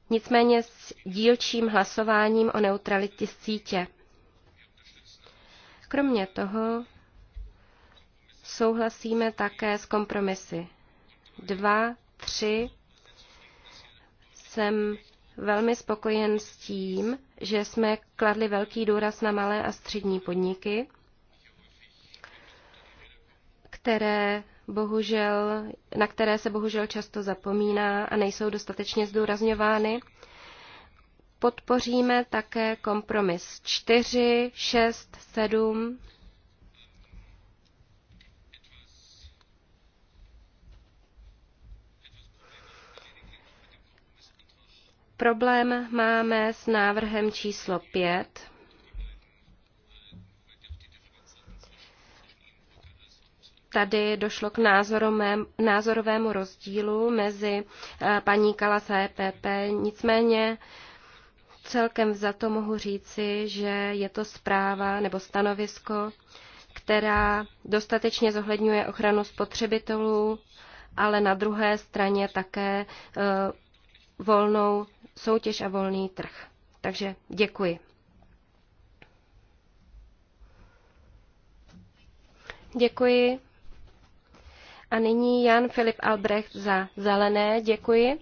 nicméně s dílčím hlasováním o neutralitě sítě. Kromě toho souhlasíme také s kompromisy. Dva, tři. Jsem velmi spokojen s tím, že jsme kladli velký důraz na malé a střední podniky, které bohužel, na které se bohužel často zapomíná a nejsou dostatečně zdůrazňovány. Podpoříme také kompromis 4, 6, 7. Problém máme s návrhem číslo 5. tady došlo k názorovému rozdílu mezi eh, paní Kalas a EPP. Nicméně celkem za to mohu říci, že je to zpráva nebo stanovisko, která dostatečně zohledňuje ochranu spotřebitelů, ale na druhé straně také eh, volnou soutěž a volný trh. Takže děkuji. Děkuji. A nyní Jan Filip Albrecht za zelené. Děkuji.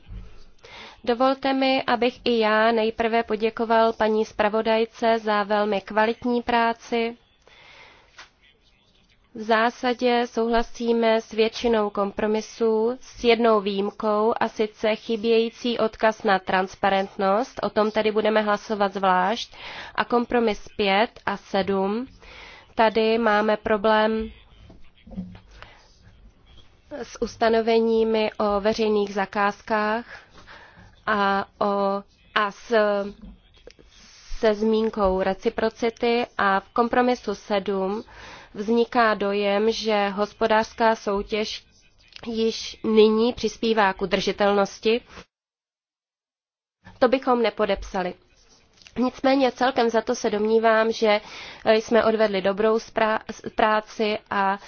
Dovolte mi, abych i já nejprve poděkoval paní zpravodajce za velmi kvalitní práci. V zásadě souhlasíme s většinou kompromisů s jednou výjimkou a sice chybějící odkaz na transparentnost, o tom tady budeme hlasovat zvlášť, a kompromis 5 a 7. Tady máme problém s ustanoveními o veřejných zakázkách a, o, a s, se zmínkou reciprocity a v kompromisu 7 vzniká dojem, že hospodářská soutěž již nyní přispívá k udržitelnosti. To bychom nepodepsali. Nicméně celkem za to se domnívám, že jsme odvedli dobrou práci a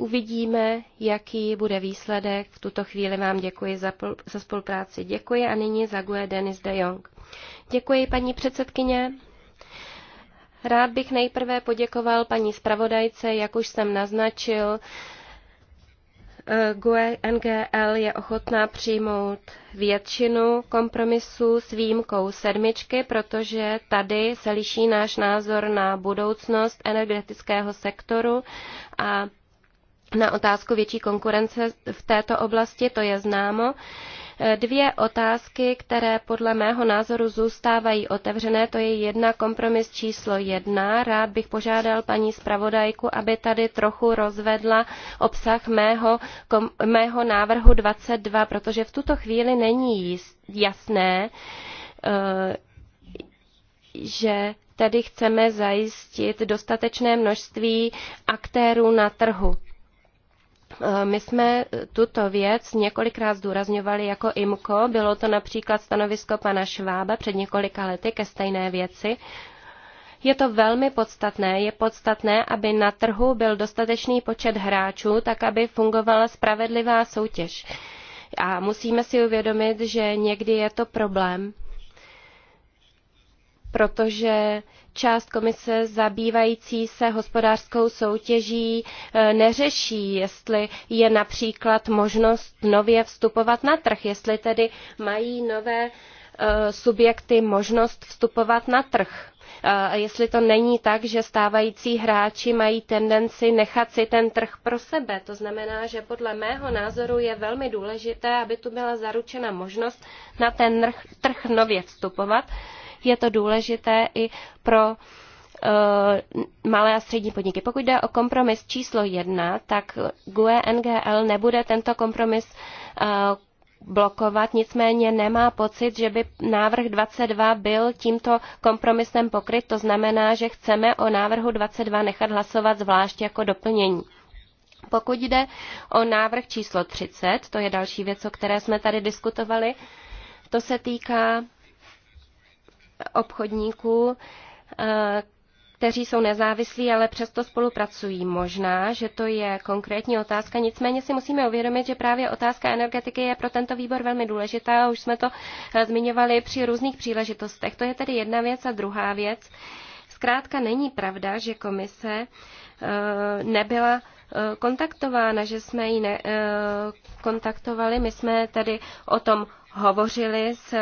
uvidíme, jaký bude výsledek. V tuto chvíli vám děkuji za, za spolupráci. Děkuji a nyní zaguje Denis de Jong. Děkuji, paní předsedkyně. Rád bych nejprve poděkoval paní zpravodajce, jak už jsem naznačil. Eh, GUE NGL je ochotná přijmout většinu kompromisů s výjimkou sedmičky, protože tady se liší náš názor na budoucnost energetického sektoru a na otázku větší konkurence v této oblasti, to je známo. Dvě otázky, které podle mého názoru zůstávají otevřené, to je jedna kompromis číslo jedna. Rád bych požádal paní zpravodajku, aby tady trochu rozvedla obsah mého, kom, mého návrhu 22, protože v tuto chvíli není jasné, eh, že tedy chceme zajistit dostatečné množství aktérů na trhu. Eh, my jsme tuto věc několikrát zdůrazňovali jako IMCO. Bylo to například stanovisko pana Švába před několika lety ke stejné věci. Je to velmi podstatné. Je podstatné, aby na trhu byl dostatečný počet hráčů, tak aby fungovala spravedlivá soutěž. A musíme si uvědomit, že někdy je to problém protože část komise zabývající se hospodářskou soutěží e, neřeší, jestli je například možnost nově vstupovat na trh, jestli tedy mají nové e, subjekty možnost vstupovat na trh. E, a jestli to není tak, že stávající hráči mají tendenci nechat si ten trh pro sebe. To znamená, že podle mého názoru je velmi důležité, aby tu byla zaručena možnost na ten trh nově vstupovat je to důležité i pro eh, malé a střední podniky. Pokud jde o kompromis číslo jedna, tak GUE NGL nebude tento kompromis eh, blokovat, nicméně nemá pocit, že by návrh 22 byl tímto kompromisem pokryt. To znamená, že chceme o návrhu 22 nechat hlasovat zvlášť jako doplnění. Pokud jde o návrh číslo 30, to je další věc, o které jsme tady diskutovali, to se týká obchodníků, eh, kteří jsou nezávislí, ale přesto spolupracují. Možná, že to je konkrétní otázka, nicméně si musíme uvědomit, že právě otázka energetiky je pro tento výbor velmi důležitá a už jsme to eh, zmiňovali při různých příležitostech. To je tedy jedna věc a druhá věc. Zkrátka není pravda, že komise eh, nebyla kontaktována, že jsme ji kontaktovali. My jsme tady o tom hovořili s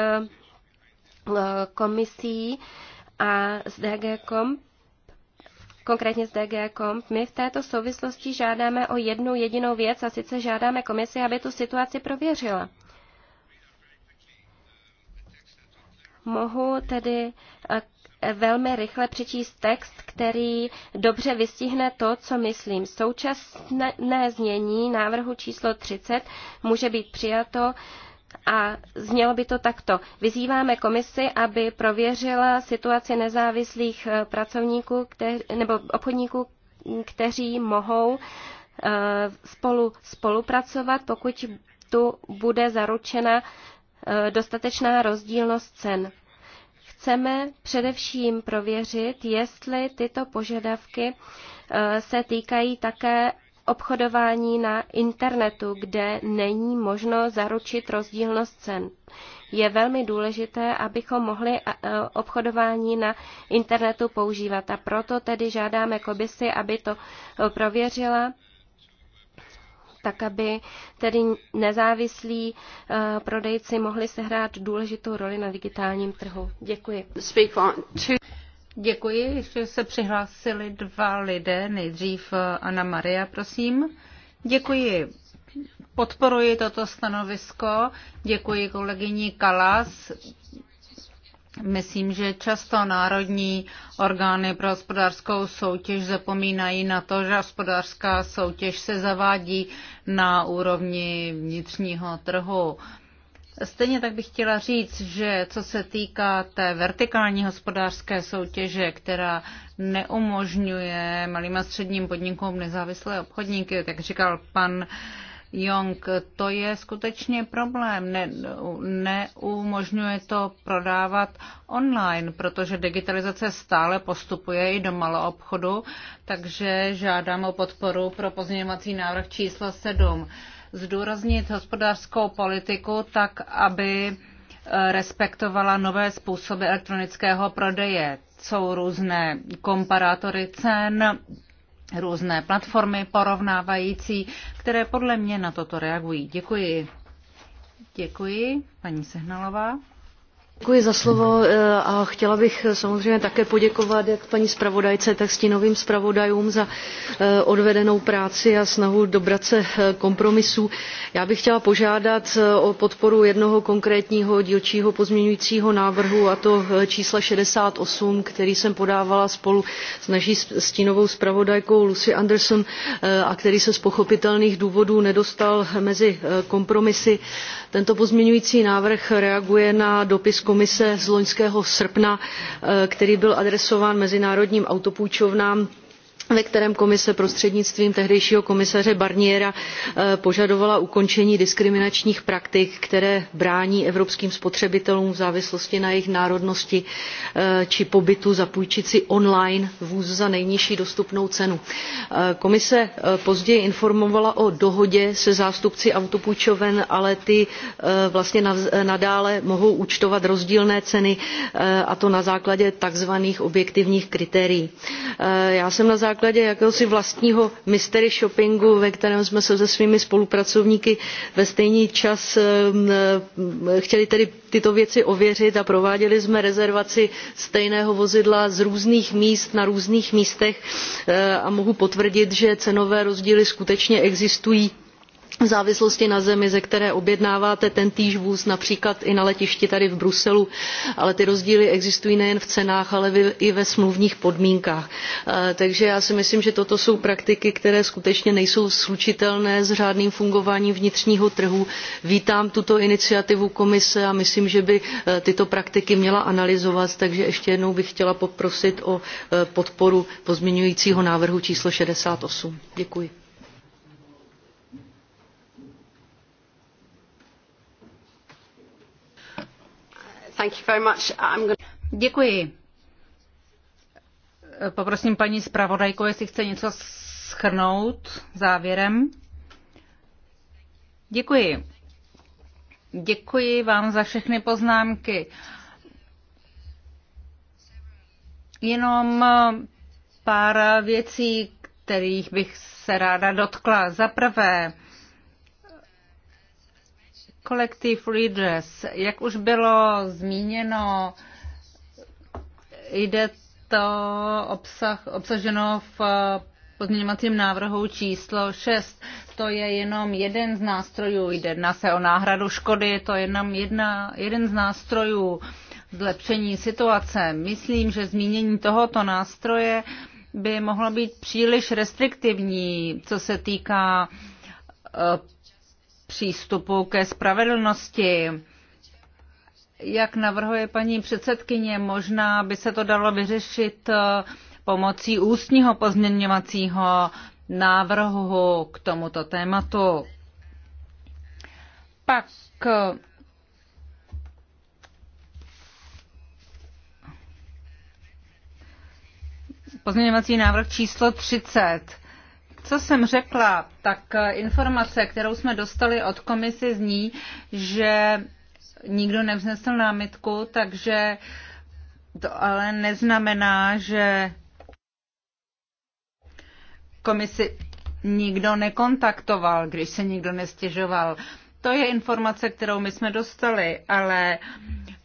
Eh, komisí a s DG Comp konkrétně s DG Comp, my v této souvislosti žádáme o jednu jedinou věc a sice žádáme komisi, aby tu situaci prověřila. Mohu tedy eh, velmi rychle přečíst text, který dobře vystihne to, co myslím. Současné znění návrhu číslo 30 může být přijato a znělo by to takto. Vyzýváme komisi, aby prověřila situaci nezávislých eh, pracovníků kteř, nebo obchodníků, kteří mohou eh, spolu spolupracovat, pokud tu bude zaručena eh, dostatečná rozdílnost cen. Chceme především prověřit, jestli tyto požadavky se týkají také obchodování na internetu, kde není možno zaručit rozdílnost cen. Je velmi důležité, abychom mohli eh, obchodování na internetu používat a proto tedy žádáme komisi, aby to eh, prověřila tak aby tedy nezávislí eh, prodejci mohli sehrát důležitou roli na digitálním trhu. Děkuji. Děkuji, že se přihlásili dva lidé. Nejdřív Anna Maria, prosím. Děkuji. Podporuji toto stanovisko. Děkuji kolegyni Kalas. Myslím, že často národní orgány pro hospodářskou soutěž zapomínají na to, že hospodářská soutěž se zavádí na úrovni vnitřního trhu. Stejně tak bych chtěla říct, že co se týká té vertikální hospodářské soutěže, která neumožňuje malým a středním podnikům nezávislé obchodníky, tak říkal pan Jong, to je skutečně problém. Ne, neumožňuje to prodávat online, protože digitalizace stále postupuje i do maloobchodu, takže žádám o podporu pro pozměňovací návrh číslo 7 zdůraznit hospodářskou politiku tak, aby eh, respektovala nové způsoby elektronického prodeje. Jsou různé komparátory cen, různé platformy porovnávající, které podle mě na toto reagují. Děkuji. Děkuji, paní Sehnalová. Děkuji za slovo eh, a chtěla bych eh, samozřejmě také poděkovat jak paní zpravodajce, tak stínovým zpravodajům za eh, odvedenou práci a snahu dobrat se kompromisů. Já bych chtěla požádat o podporu jednoho konkrétního dílčího pozměňujícího návrhu, a to čísla 68, který jsem podávala spolu s naší stínovou zpravodajkou Lucy Anderson a který se z pochopitelných důvodů nedostal mezi kompromisy tento pozměňující návrh reaguje na dopis komise z loňského srpna eh, který byl adresován mezinárodním autopůjčovnám ve kterém komise prostřednictvím tehdejšího komisaře barniera eh, požadovala ukončení diskriminačních praktik které brání evropským spotřebitelům v závislosti na jejich národnosti eh, či pobytu zapůjčit si on line vůz za nejnižší dostupnou cenu. Eh, komise později informovala o dohodě se zástupci autopůjčoven ale ty vlastně nadále mohou účtovat rozdílné ceny a to na základě takzvaných objektivních kritérií. já jsem na základě základě jakéhosi vlastního mystery shoppingu ve kterém jsme se se svými spolupracovníky ve stejný čas ehm, ehm, chtěli tedy tyto věci ověřit a prováděli jsme rezervaci stejného vozidla z různých míst na různých místech eh, a mohu potvrdit že cenové rozdíly skutečně existují v závislosti na zemi ze které objednáváte tentýž vůz například i na letišti tady v bruselu ale ty rozdíly existují nejen v cenách ale i ve smluvních podmínkách. E, takže já si myslím že toto jsou praktiky které skutečně nejsou slučitelné s řádným fungováním vnitřního trhu. vítám tuto iniciativu komise a myslím že by e, tyto praktiky měla analyzovat takže ještě jednou bych chtěla poprosit o e, podporu pozměňujícího návrhu číslo sixty eight. děkuji. Děkuji. Poprosím paní zpravodajku, jestli chce něco schrnout závěrem. Děkuji. Děkuji vám za všechny poznámky. Jenom pár věcí, kterých bych se ráda dotkla. Za prvé, Collective Redress, jak už bylo zmíněno, jde to obsah, obsaženo v eh, pozměňovacím návrhu číslo 6. To je jenom jeden z nástrojů. na se o náhradu škody, to je jenom jedna, jeden z nástrojů zlepšení situace. Myslím, že zmínění tohoto nástroje by mohlo být příliš restriktivní, co se týká eh, přístupu ke spravedlnosti. Jak navrhuje paní předsedkyně, možná by se to dalo vyřešit eh, pomocí ústního pozměňovacího návrhu k tomuto tématu. Pak eh, pozměňovací návrh číslo 30 co jsem řekla, tak eh, informace, kterou jsme dostali od komise zní, že nikdo nevznesl námitku, takže to ale neznamená, že komisi nikdo nekontaktoval, když se nikdo nestěžoval. To je informace, kterou my jsme dostali, ale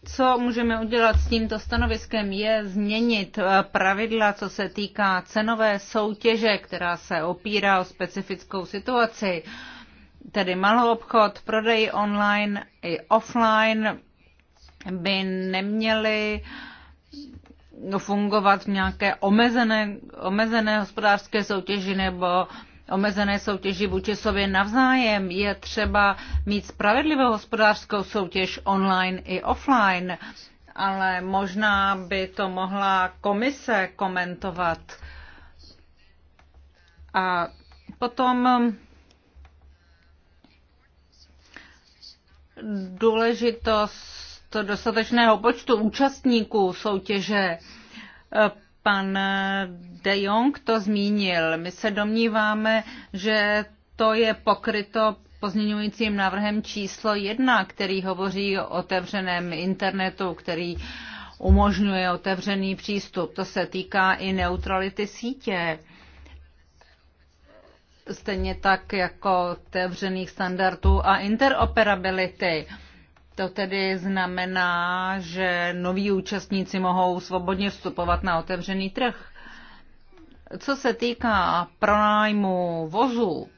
co můžeme udělat s tímto stanoviskem je změnit eh, pravidla, co se týká cenové soutěže, která se opírá o specifickou situaci, tedy malou obchod, prodej online i offline by neměly eh, fungovat v nějaké omezené, omezené hospodářské soutěži nebo uh, omezené soutěži vůči sobě navzájem. Je třeba mít spravedlivou hospodářskou soutěž online i offline, ale možná by to mohla komise komentovat. A potom důležitost dostatečného počtu účastníků soutěže Pan De Jong to zmínil. My se domníváme, že to je pokryto pozměňujícím návrhem číslo jedna, který hovoří o otevřeném internetu, který umožňuje otevřený přístup. To se týká i neutrality sítě. Stejně tak jako otevřených standardů a interoperability. To tedy znamená, že noví účastníci mohou svobodně vstupovat na otevřený trh. Co se týká pronájmu vozu,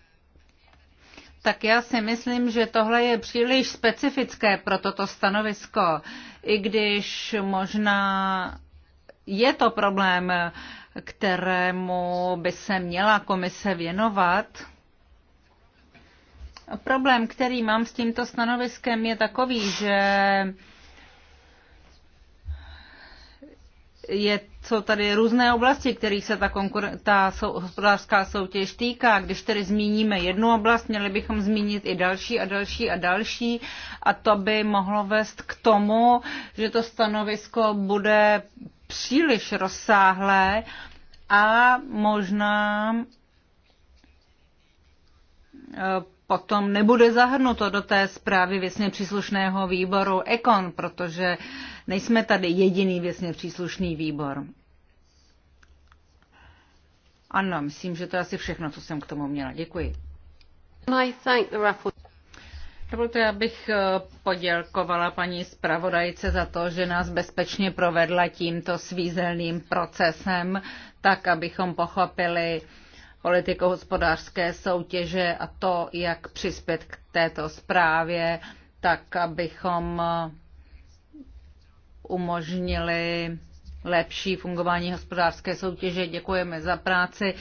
tak já si myslím, že tohle je příliš specifické pro toto stanovisko, i když možná je to problém, kterému by se měla komise věnovat Problém, který mám s tímto stanoviskem, je takový, že je, jsou tady různé oblasti, kterých se ta, konkuren- ta sou- hospodářská soutěž týká. Když tedy zmíníme jednu oblast, měli bychom zmínit i další a další a další a to by mohlo vést k tomu, že to stanovisko bude příliš rozsáhlé a možná eh, potom nebude zahrnuto do té zprávy věcně příslušného výboru EKON, protože nejsme tady jediný věcně příslušný výbor. Ano, myslím, že to je asi všechno, co jsem k tomu měla. Děkuji. Dovolte, abych eh, poděkovala paní zpravodajce za to, že nás bezpečně provedla tímto svízelným procesem, tak abychom pochopili, politikou hospodářské soutěže a to, jak přispět k této zprávě, tak abychom umožnili lepší fungování hospodářské soutěže. Děkujeme za práci.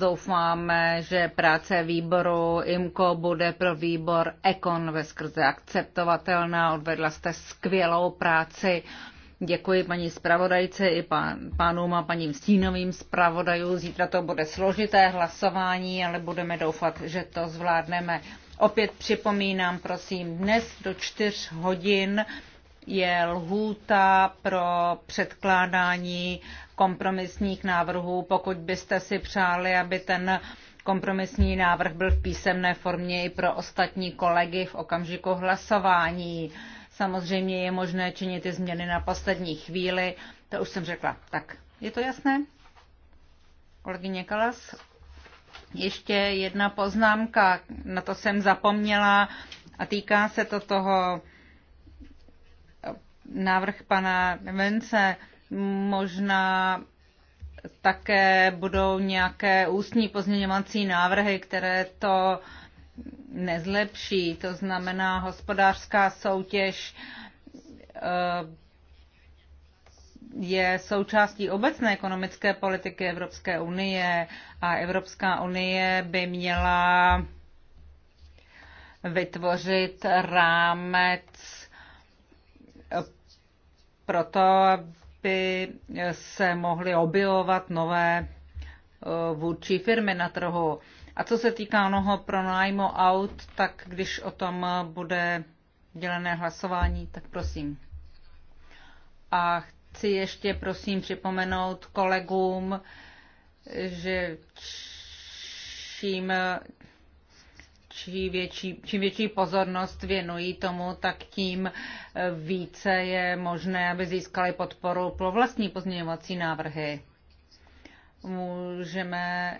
Doufáme, že práce výboru IMCO bude pro výbor EKON ve skrze akceptovatelná. Odvedla jste skvělou práci. Děkuji paní zpravodajce i pán, pánům a paním stínovým zpravodajům. Zítra to bude složité hlasování, ale budeme doufat, že to zvládneme. Opět připomínám, prosím, dnes do čtyř hodin je lhůta pro předkládání kompromisních návrhů. Pokud byste si přáli, aby ten kompromisní návrh byl v písemné formě i pro ostatní kolegy v okamžiku hlasování. Samozřejmě je možné činit ty změny na poslední chvíli, to už jsem řekla. Tak, je to jasné? Kolegyně Kalas? Ještě jedna poznámka, na to jsem zapomněla a týká se to toho návrh pana Vence. Možná také budou nějaké ústní pozměňovací návrhy, které to uh, nezlepší. To znamená, hospodářská soutěž eh, je součástí obecné ekonomické politiky Evropské unie a Evropská unie by měla vytvořit rámec pro to, aby se mohly objevovat nové eh, vůdčí firmy na trhu. A co se týká onoho pronájmu aut, tak když o tom bude dělené hlasování, tak prosím. A chci ještě prosím připomenout kolegům, že čím, čím, větší, čím větší pozornost věnují tomu, tak tím více je možné, aby získali podporu pro vlastní pozměňovací návrhy. Můžeme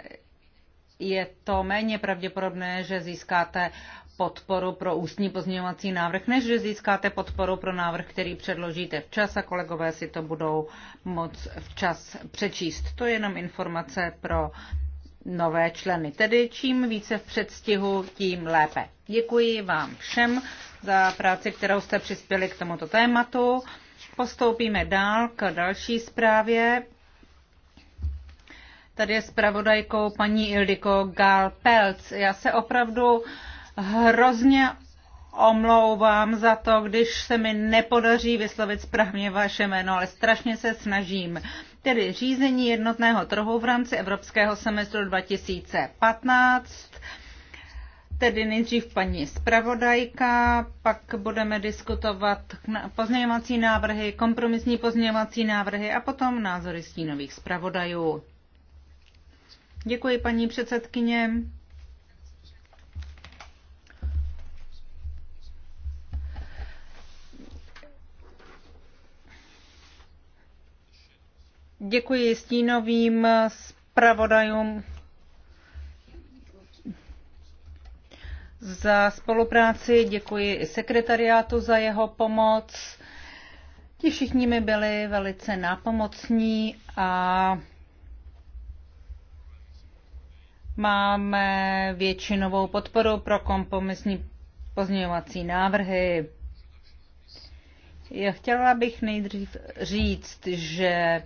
je to méně pravděpodobné, že získáte podporu pro ústní pozměňovací návrh, než že získáte podporu pro návrh, který předložíte včas a kolegové si to budou moc včas přečíst. To je jenom informace pro nové členy. Tedy čím více v předstihu, tím lépe. Děkuji vám všem za práci, kterou jste přispěli k tomuto tématu. Postoupíme dál k další zprávě. Tady je zpravodajkou paní Ildiko Galpelc. Já se opravdu hrozně omlouvám za to, když se mi nepodaří vyslovit správně vaše jméno, ale strašně se snažím. Tedy řízení jednotného trhu v rámci Evropského semestru 2015. Tedy nejdřív paní zpravodajka, pak budeme diskutovat pozměňovací návrhy, kompromisní pozměňovací návrhy a potom názory stínových zpravodajů. Děkuji, paní předsedkyně. Děkuji stínovým zpravodajům za spolupráci, děkuji i sekretariátu za jeho pomoc. Ti všichni mi byli velice nápomocní a Máme většinovou podporu pro kompromisní pozměňovací návrhy. Já chtěla bych nejdřív říct, že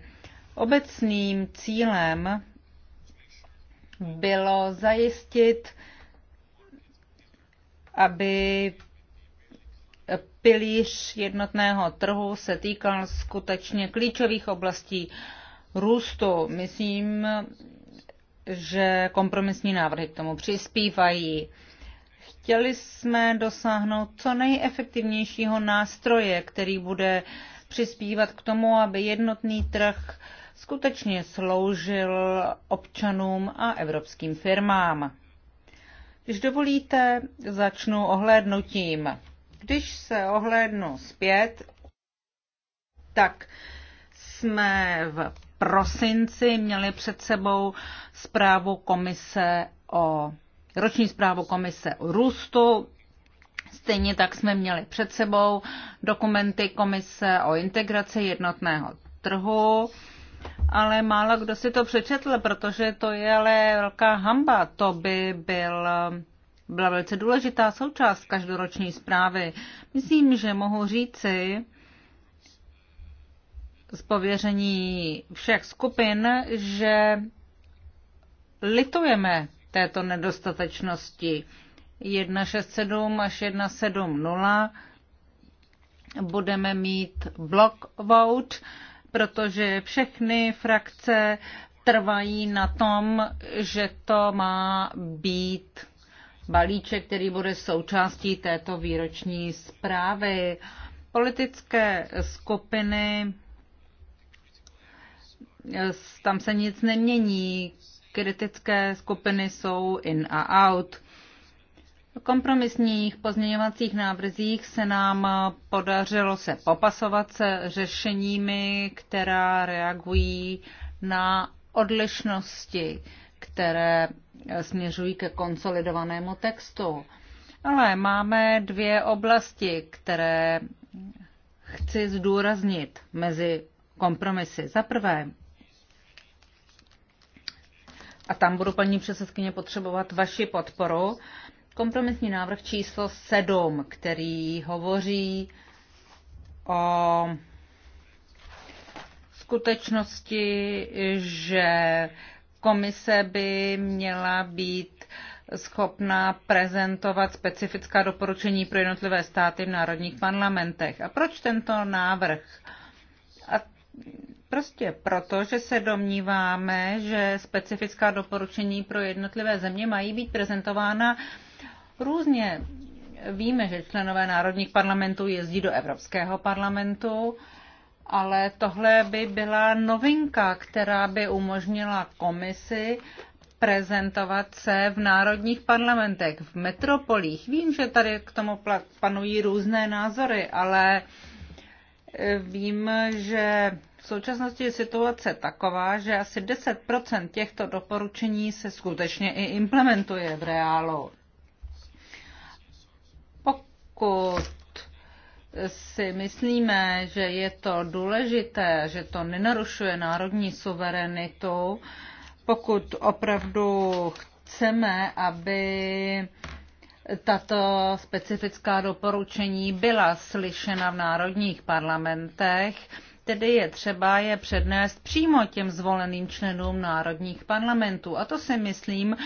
obecným cílem bylo zajistit, aby pilíř jednotného trhu se týkal skutečně klíčových oblastí růstu. Myslím, že kompromisní návrhy k tomu přispívají. Chtěli jsme dosáhnout co nejefektivnějšího nástroje, který bude přispívat k tomu, aby jednotný trh skutečně sloužil občanům a evropským firmám. Když dovolíte, začnu ohlédnutím. Když se ohlédnu zpět, tak jsme v prosinci měli před sebou zprávu komise o roční zprávu komise o růstu. Stejně tak jsme měli před sebou dokumenty komise o integraci jednotného trhu, ale málo kdo si to přečetl, protože to je ale velká hamba. To by byl, byla velice důležitá součást každoroční zprávy. Myslím, že mohu říci, z pověření všech skupin, že litujeme této nedostatečnosti. 167 až 170 budeme mít block vote, protože všechny frakce trvají na tom, že to má být balíček, který bude součástí této výroční zprávy. Politické skupiny tam se nic nemění. Kritické skupiny jsou in a out. V kompromisních pozměňovacích návrzích se nám podařilo se popasovat se řešeními, která reagují na odlišnosti, které směřují ke konsolidovanému textu. Ale máme dvě oblasti, které chci zdůraznit mezi kompromisy. Za prvé, a tam budu paní předsedkyně potřebovat vaši podporu, kompromisní návrh číslo 7, který hovoří o skutečnosti, že komise by měla být schopná prezentovat specifická doporučení pro jednotlivé státy v národních parlamentech. A proč tento návrh? A Prostě proto, že se domníváme, že specifická doporučení pro jednotlivé země mají být prezentována různě. Víme, že členové národních parlamentů jezdí do Evropského parlamentu, ale tohle by byla novinka, která by umožnila komisi prezentovat se v národních parlamentech, v metropolích. Vím, že tady k tomu panují různé názory, ale eh, vím, že v současnosti je situace taková, že asi 10 těchto doporučení se skutečně i implementuje v reálu. Pokud si myslíme, že je to důležité, že to nenarušuje národní suverenitu, pokud opravdu chceme, aby tato specifická doporučení byla slyšena v národních parlamentech, Tedy je třeba je přednést přímo těm zvoleným členům národních parlamentů. A to si myslím,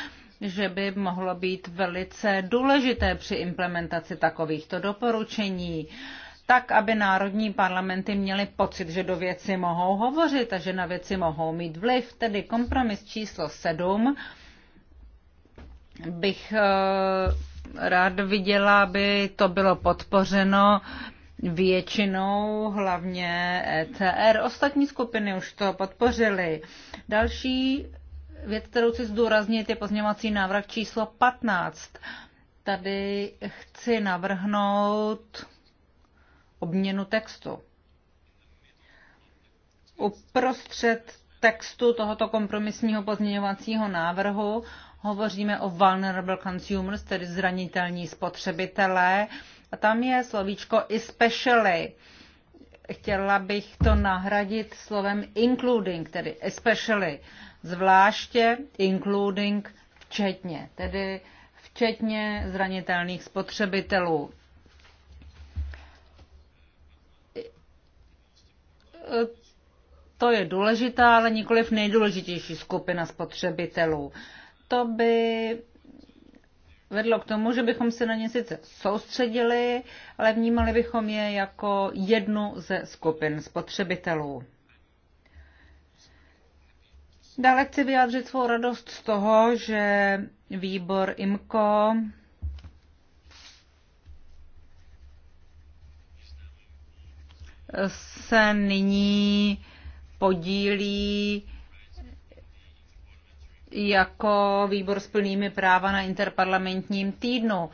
že by mohlo být velice důležité při implementaci takovýchto doporučení tak, aby národní parlamenty měly pocit, že do věci mohou hovořit a že na věci mohou mít vliv. Tedy kompromis číslo 7 bych eh, rád viděla, aby to bylo podpořeno většinou hlavně ECR. Ostatní skupiny už to podpořily. Další věc, kterou chci zdůraznit, je pozměňovací návrh číslo 15. Tady chci navrhnout obměnu textu. Uprostřed textu tohoto kompromisního pozměňovacího návrhu hovoříme o vulnerable consumers, tedy zranitelní spotřebitelé. A tam je slovíčko especially. Chtěla bych to nahradit slovem including, tedy especially. Zvláště including včetně, tedy včetně zranitelných spotřebitelů. To je důležitá, ale nikoliv nejdůležitější skupina spotřebitelů. To by vedlo k tomu, že bychom se na ně sice soustředili, ale vnímali bychom je jako jednu ze skupin spotřebitelů. Dále chci vyjádřit svou radost z toho, že výbor IMCO se nyní podílí jako výbor s plnými práva na interparlamentním týdnu.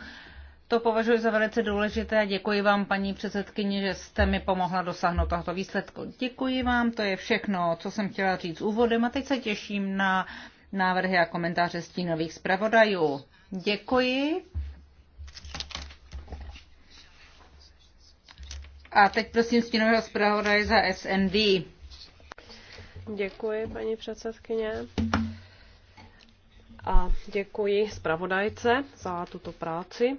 To považuji za velice důležité a děkuji vám, paní předsedkyně, že jste mi pomohla dosáhnout tohoto výsledku. Děkuji vám, to je všechno, co jsem chtěla říct úvodem a teď se těším na návrhy a komentáře stínových zpravodajů. Děkuji. A teď prosím stínového zpravodaje za SND. Děkuji, paní předsedkyně a děkuji zpravodajce za tuto práci,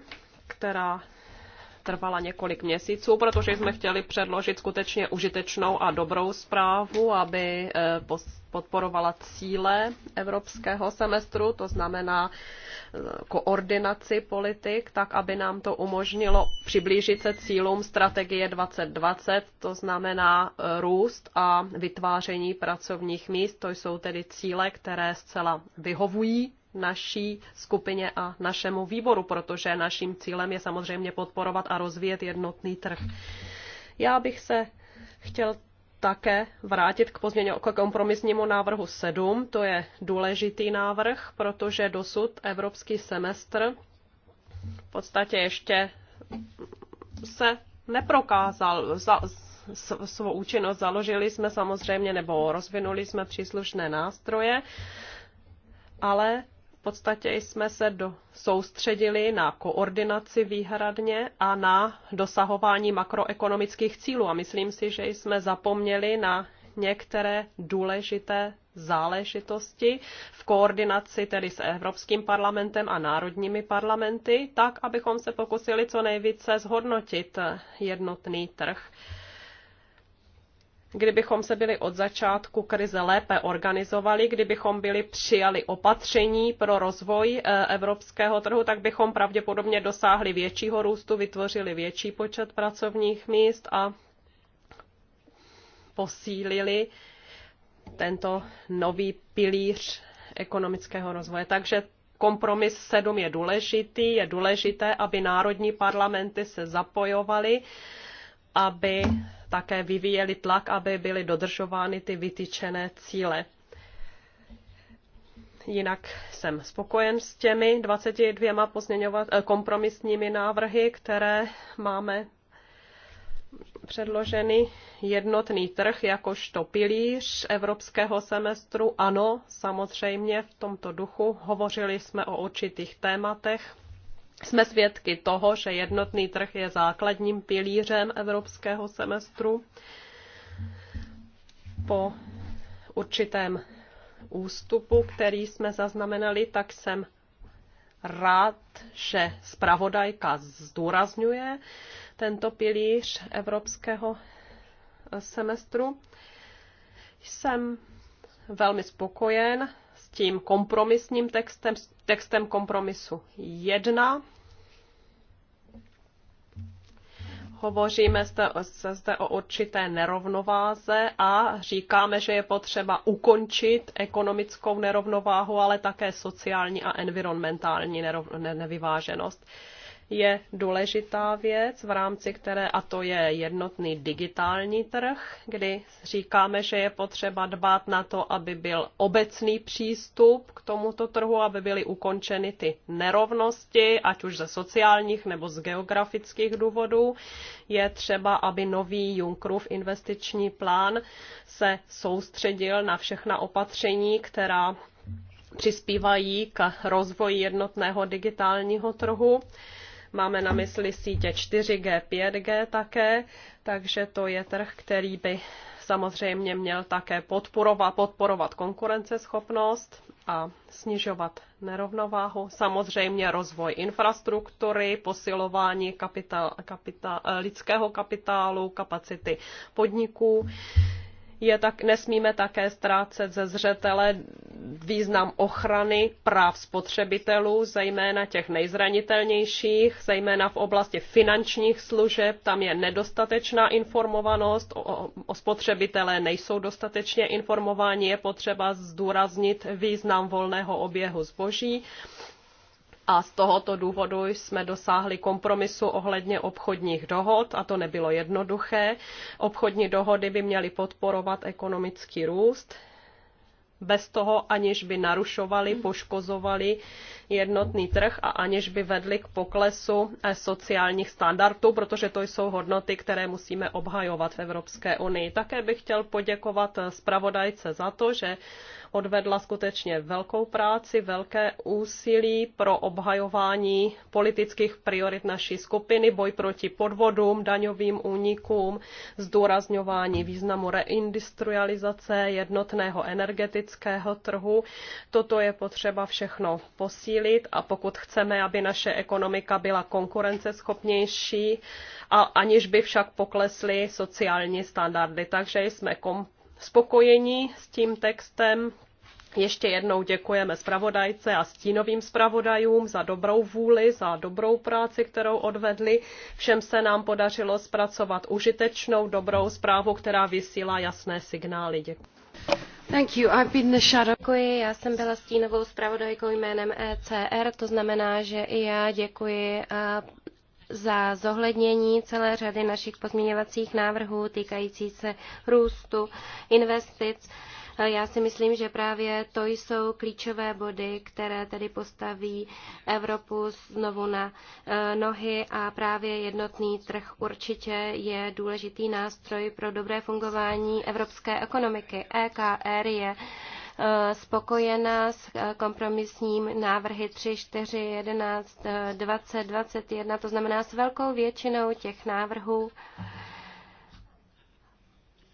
která trvala několik měsíců, protože jsme chtěli předložit skutečně užitečnou a dobrou zprávu, aby eh, podporovala cíle evropského semestru, to znamená eh, koordinaci politik, tak aby nám to umožnilo přiblížit se cílům strategie 2020, to znamená eh, růst a vytváření pracovních míst. To jsou tedy cíle, které zcela vyhovují naší skupině a našemu výboru, protože naším cílem je samozřejmě podporovat a rozvíjet jednotný trh. Já bych se chtěl také vrátit k, pozměně, k kompromisnímu návrhu 7. To je důležitý návrh, protože dosud evropský semestr v podstatě ještě se neprokázal. Za, svou účinnost založili jsme samozřejmě nebo rozvinuli jsme příslušné nástroje, ale podstatě jsme se do, soustředili na koordinaci výhradně a na dosahování makroekonomických cílů. A myslím si, že jsme zapomněli na některé důležité záležitosti v koordinaci tedy s Evropským parlamentem a národními parlamenty, tak abychom se pokusili co nejvíce zhodnotit jednotný trh kdybychom se byli od začátku krize lépe organizovali, kdybychom byli přijali opatření pro rozvoj eh, evropského trhu, tak bychom pravděpodobně dosáhli většího růstu, vytvořili větší počet pracovních míst a posílili tento nový pilíř ekonomického rozvoje. Takže kompromis 7 je důležitý, je důležité, aby národní parlamenty se zapojovaly aby také vyvíjeli tlak, aby byly dodržovány ty vytyčené cíle. Jinak jsem spokojen s těmi 22 pozměňovat, eh, kompromisními návrhy, které máme předloženy. Jednotný trh jakožto pilíř evropského semestru. Ano, samozřejmě v tomto duchu. Hovořili jsme o určitých tématech jsme svědky toho, že jednotný trh je základním pilířem evropského semestru. Po určitém ústupu, který jsme zaznamenali, tak jsem rád, že zpravodajka zdůrazňuje tento pilíř evropského semestru. Jsem velmi spokojen tím kompromisním textem, textem kompromisu 1. Hovoříme zde, zde o určité nerovnováze a říkáme, že je potřeba ukončit ekonomickou nerovnováhu, ale také sociální a environmentální nevyváženost. Nerov, je důležitá věc, v rámci které, a to je jednotný digitální trh, kdy říkáme, že je potřeba dbát na to, aby byl obecný přístup k tomuto trhu, aby byly ukončeny ty nerovnosti, ať už ze sociálních nebo z geografických důvodů. Je třeba, aby nový Junckerův investiční plán se soustředil na všechna opatření, která přispívají k rozvoji jednotného digitálního trhu Máme na mysli sítě 4G, 5G také, takže to je trh, který by samozřejmě měl také podporovat, podporovat konkurenceschopnost a snižovat nerovnováhu. Samozřejmě rozvoj infrastruktury, posilování kapital, kapital, lidského kapitálu, kapacity podniků je tak, nesmíme také ztrácet ze zřetele význam ochrany práv spotřebitelů, zejména těch nejzranitelnějších, zejména v oblasti finančních služeb. Tam je nedostatečná informovanost, o, o spotřebitelé nejsou dostatečně informováni, je potřeba zdůraznit význam volného oběhu zboží a z tohoto důvodu jsme dosáhli kompromisu ohledně obchodních dohod a to nebylo jednoduché. Obchodní dohody by měly podporovat ekonomický růst bez toho, aniž by narušovali, poškozovali jednotný trh a aniž by vedly k poklesu eh, sociálních standardů, protože to jsou hodnoty, které musíme obhajovat v Evropské unii. Také bych chtěl poděkovat eh, zpravodajce za to, že odvedla skutečně velkou práci, velké úsilí pro obhajování politických priorit naší skupiny, boj proti podvodům, daňovým únikům, zdůrazňování významu reindustrializace, jednotného energetického trhu. Toto je potřeba všechno posílit posílit a pokud chceme, aby naše ekonomika byla konkurenceschopnější, a aniž by však poklesly sociální standardy. Takže jsme kom- spokojení s tím textem. Ještě jednou děkujeme zpravodajce a stínovým zpravodajům za dobrou vůli, za dobrou práci, kterou odvedli. Všem se nám podařilo zpracovat užitečnou, dobrou zprávu, která vysílá jasné signály. Děkuji. Děkuji, já jsem byla stínovou zpravodajkou jménem ECR, to znamená, že i já děkuji za zohlednění celé řady našich pozměňovacích návrhů týkající se růstu, investic. Já si myslím, že právě to jsou klíčové body, které tedy postaví Evropu znovu na e, nohy a právě jednotný trh určitě je důležitý nástroj pro dobré fungování evropské ekonomiky. EKR je e, spokojena s e, kompromisním návrhy 3, 4, 11, 20, 21, to znamená s velkou většinou těch návrhů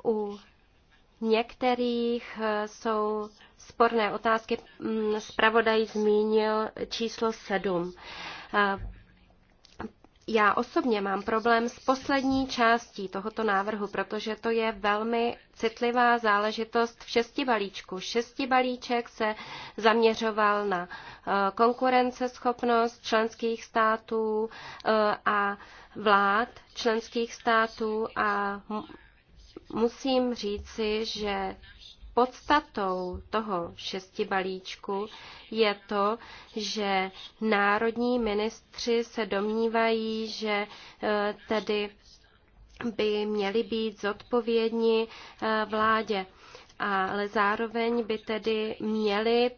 u některých eh, jsou sporné otázky. Spravodaj mm, zmínil číslo 7. Eh, já osobně mám problém s poslední částí tohoto návrhu, protože to je velmi citlivá záležitost v šesti balíčku. Šesti balíček se zaměřoval na eh, konkurenceschopnost členských států a vlád členských států a musím říci, že podstatou toho šesti balíčku je to, že národní ministři se domnívají, že e, tedy by měli být zodpovědní e, vládě ale zároveň by tedy měli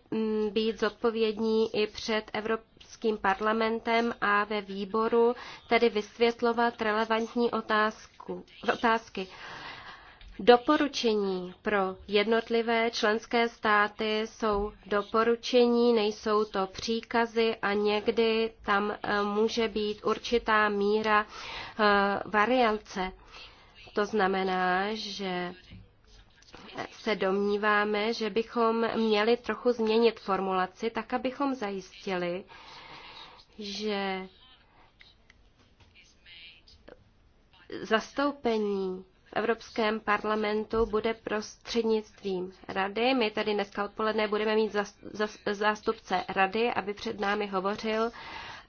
být zodpovědní i před Evropským parlamentem a ve výboru, tedy vysvětlovat relevantní otázku, otázky. Doporučení pro jednotlivé členské státy jsou doporučení, nejsou to příkazy a někdy tam eh, může být určitá míra eh, variance. To znamená, že se domníváme, že bychom měli trochu změnit formulaci, tak abychom zajistili, že zastoupení v Evropském parlamentu bude prostřednictvím rady. My tady dneska odpoledne budeme mít zástupce rady, aby před námi hovořil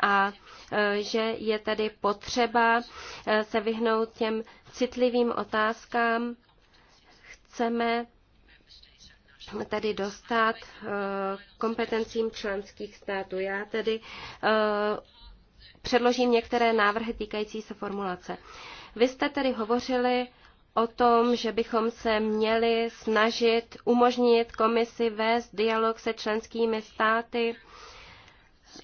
a e, že je tady potřeba e, se vyhnout těm citlivým otázkám. Chceme tady dostat e, kompetencím členských států. Já tedy předložím některé návrhy týkající se formulace. Vy jste tedy hovořili o tom, že bychom se měli snažit umožnit komisi vést dialog se členskými státy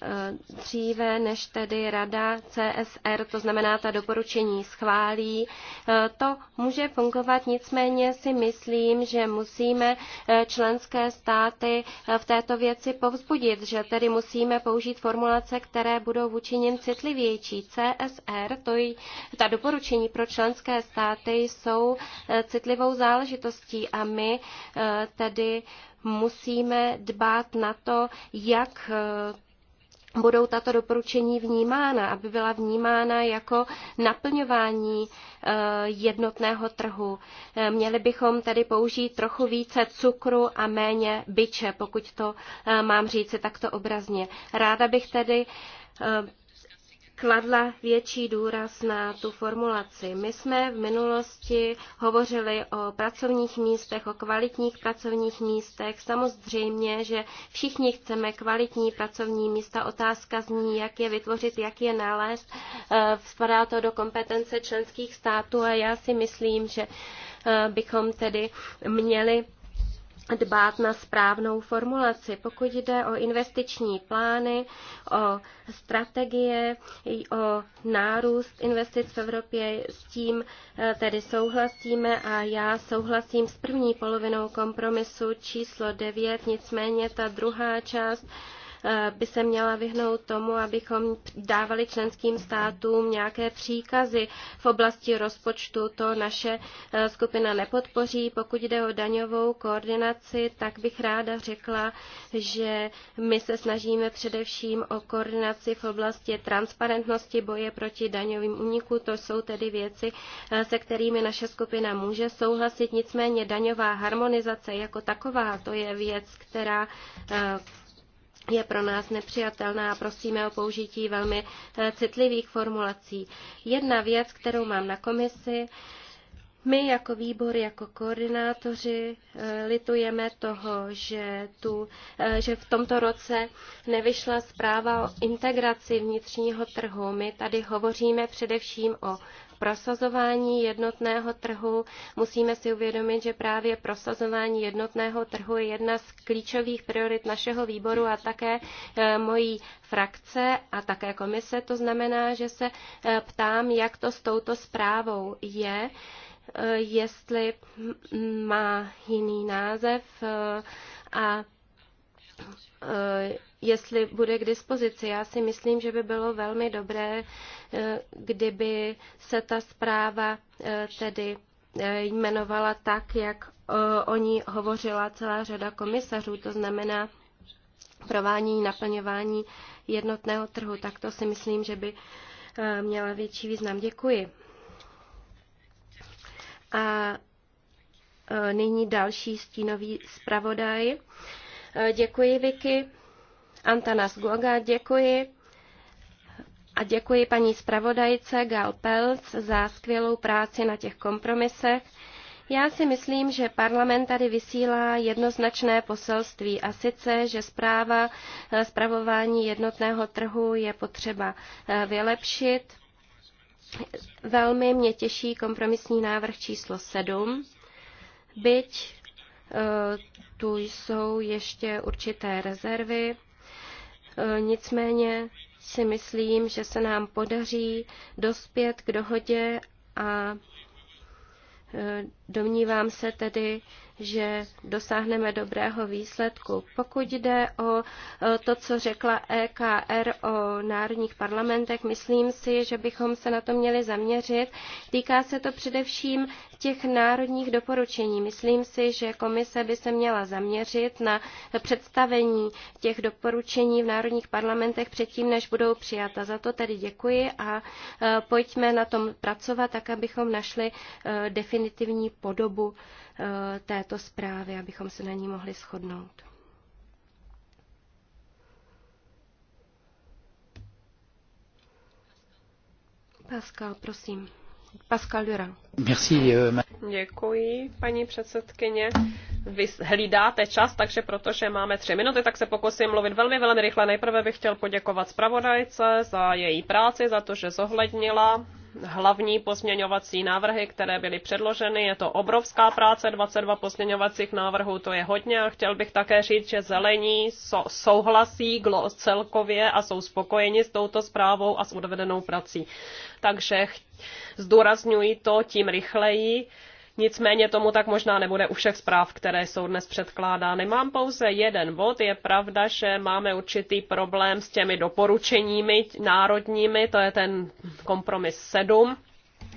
Eh, dříve, než tedy rada CSR, to znamená ta doporučení schválí. Eh, to může fungovat, nicméně si myslím, že musíme eh, členské státy v této věci povzbudit, že tedy musíme použít formulace, které budou vůči nim citlivější. CSR, to je, ta doporučení pro členské státy jsou citlivou záležitostí a my tedy musíme dbát na to, jak budou tato doporučení vnímána, aby byla vnímána jako naplňování eh, jednotného trhu. Eh, měli bychom tedy použít trochu více cukru a méně byče, pokud to eh, mám říci takto obrazně. Ráda bych tedy kladla větší důraz na tu formulaci. My jsme v minulosti hovořili o pracovních místech, o kvalitních pracovních místech. Samozřejmě, že všichni chceme kvalitní pracovní místa. Otázka zní, jak je vytvořit, jak je nalézt. Eh, spadá to do kompetence členských států a já si myslím, že eh, bychom tedy měli dbát na správnou formulaci. Pokud jde o investiční plány, o strategie, o nárůst investic v Evropě, s tím eh, tedy souhlasíme a já souhlasím s první polovinou kompromisu číslo 9, nicméně ta druhá část Eh, by se měla vyhnout tomu, abychom dávali členským státům nějaké příkazy v oblasti rozpočtu. To naše eh, skupina nepodpoří. Pokud jde o daňovou koordinaci, tak bych ráda řekla, že my se snažíme především o koordinaci v oblasti transparentnosti boje proti daňovým úniku. To jsou tedy věci, eh, se kterými naše skupina může souhlasit. Nicméně daňová harmonizace jako taková, to je věc, která je pro nás nepřijatelná a prosíme o použití velmi eh, citlivých formulací. Jedna věc, kterou mám na komisi, my jako výbor, jako koordinátoři eh, litujeme toho, že, tu, eh, že v tomto roce nevyšla zpráva o integraci vnitřního trhu. My tady hovoříme především o prosazování jednotného trhu. Musíme si uvědomit, že právě prosazování jednotného trhu je jedna z klíčových priorit našeho výboru a také eh, mojí frakce a také komise. To znamená, že se eh, ptám, jak to s touto zprávou je eh, jestli má jiný název a Eh, jestli bude k dispozici. Já si myslím, že by bylo velmi dobré, eh, kdyby se ta zpráva eh, tedy jmenovala tak, jak o ní hovořila celá řada komisařů, to znamená provádění, naplňování jednotného trhu. Tak to si myslím, že by měla větší význam. Děkuji. A nyní další stínový zpravodaj. Eh, děkuji, Vicky. Antanas Guoga, děkuji. A děkuji paní zpravodajce Gal Pelc za skvělou práci na těch kompromisech. Já si myslím, že parlament tady vysílá jednoznačné poselství a sice, že zpráva zpravování eh, jednotného trhu je potřeba eh, vylepšit. Velmi mě těší kompromisní návrh číslo 7, byť tu jsou ještě určité rezervy, eh, nicméně si myslím, že se nám podaří dospět k dohodě a eh, domnívám se tedy, že dosáhneme dobrého výsledku. Pokud jde o to, co řekla EKR o národních parlamentech, myslím si, že bychom se na to měli zaměřit. Týká se to především těch národních doporučení. Myslím si, že komise by se měla zaměřit na představení těch doporučení v národních parlamentech předtím, než budou přijata. Za to tedy děkuji a e, pojďme na tom pracovat, tak abychom našli e, definitivní podobu Eh, této zprávy, abychom se na ní mohli shodnout. Pascal, prosím. Pascal Dura. Merci. Eh, Děkuji, paní předsedkyně. Vy hlídáte čas, takže protože máme tři minuty, tak se pokusím mluvit velmi, velmi rychle. Nejprve bych chtěl poděkovat zpravodajce za její práci, za to, že zohlednila hlavní pozměňovací návrhy, které byly předloženy. Je to obrovská práce, 22 pozměňovacích návrhů, to je hodně. A chtěl bych také říct, že zelení souhlasí celkově a jsou spokojeni s touto zprávou a s odvedenou prací. Takže zdůrazňuji to tím rychleji Nicméně tomu tak možná nebude u všech zpráv, které jsou dnes předkládány. Mám pouze jeden bod. Je pravda, že máme určitý problém s těmi doporučeními národními, to je ten kompromis 7.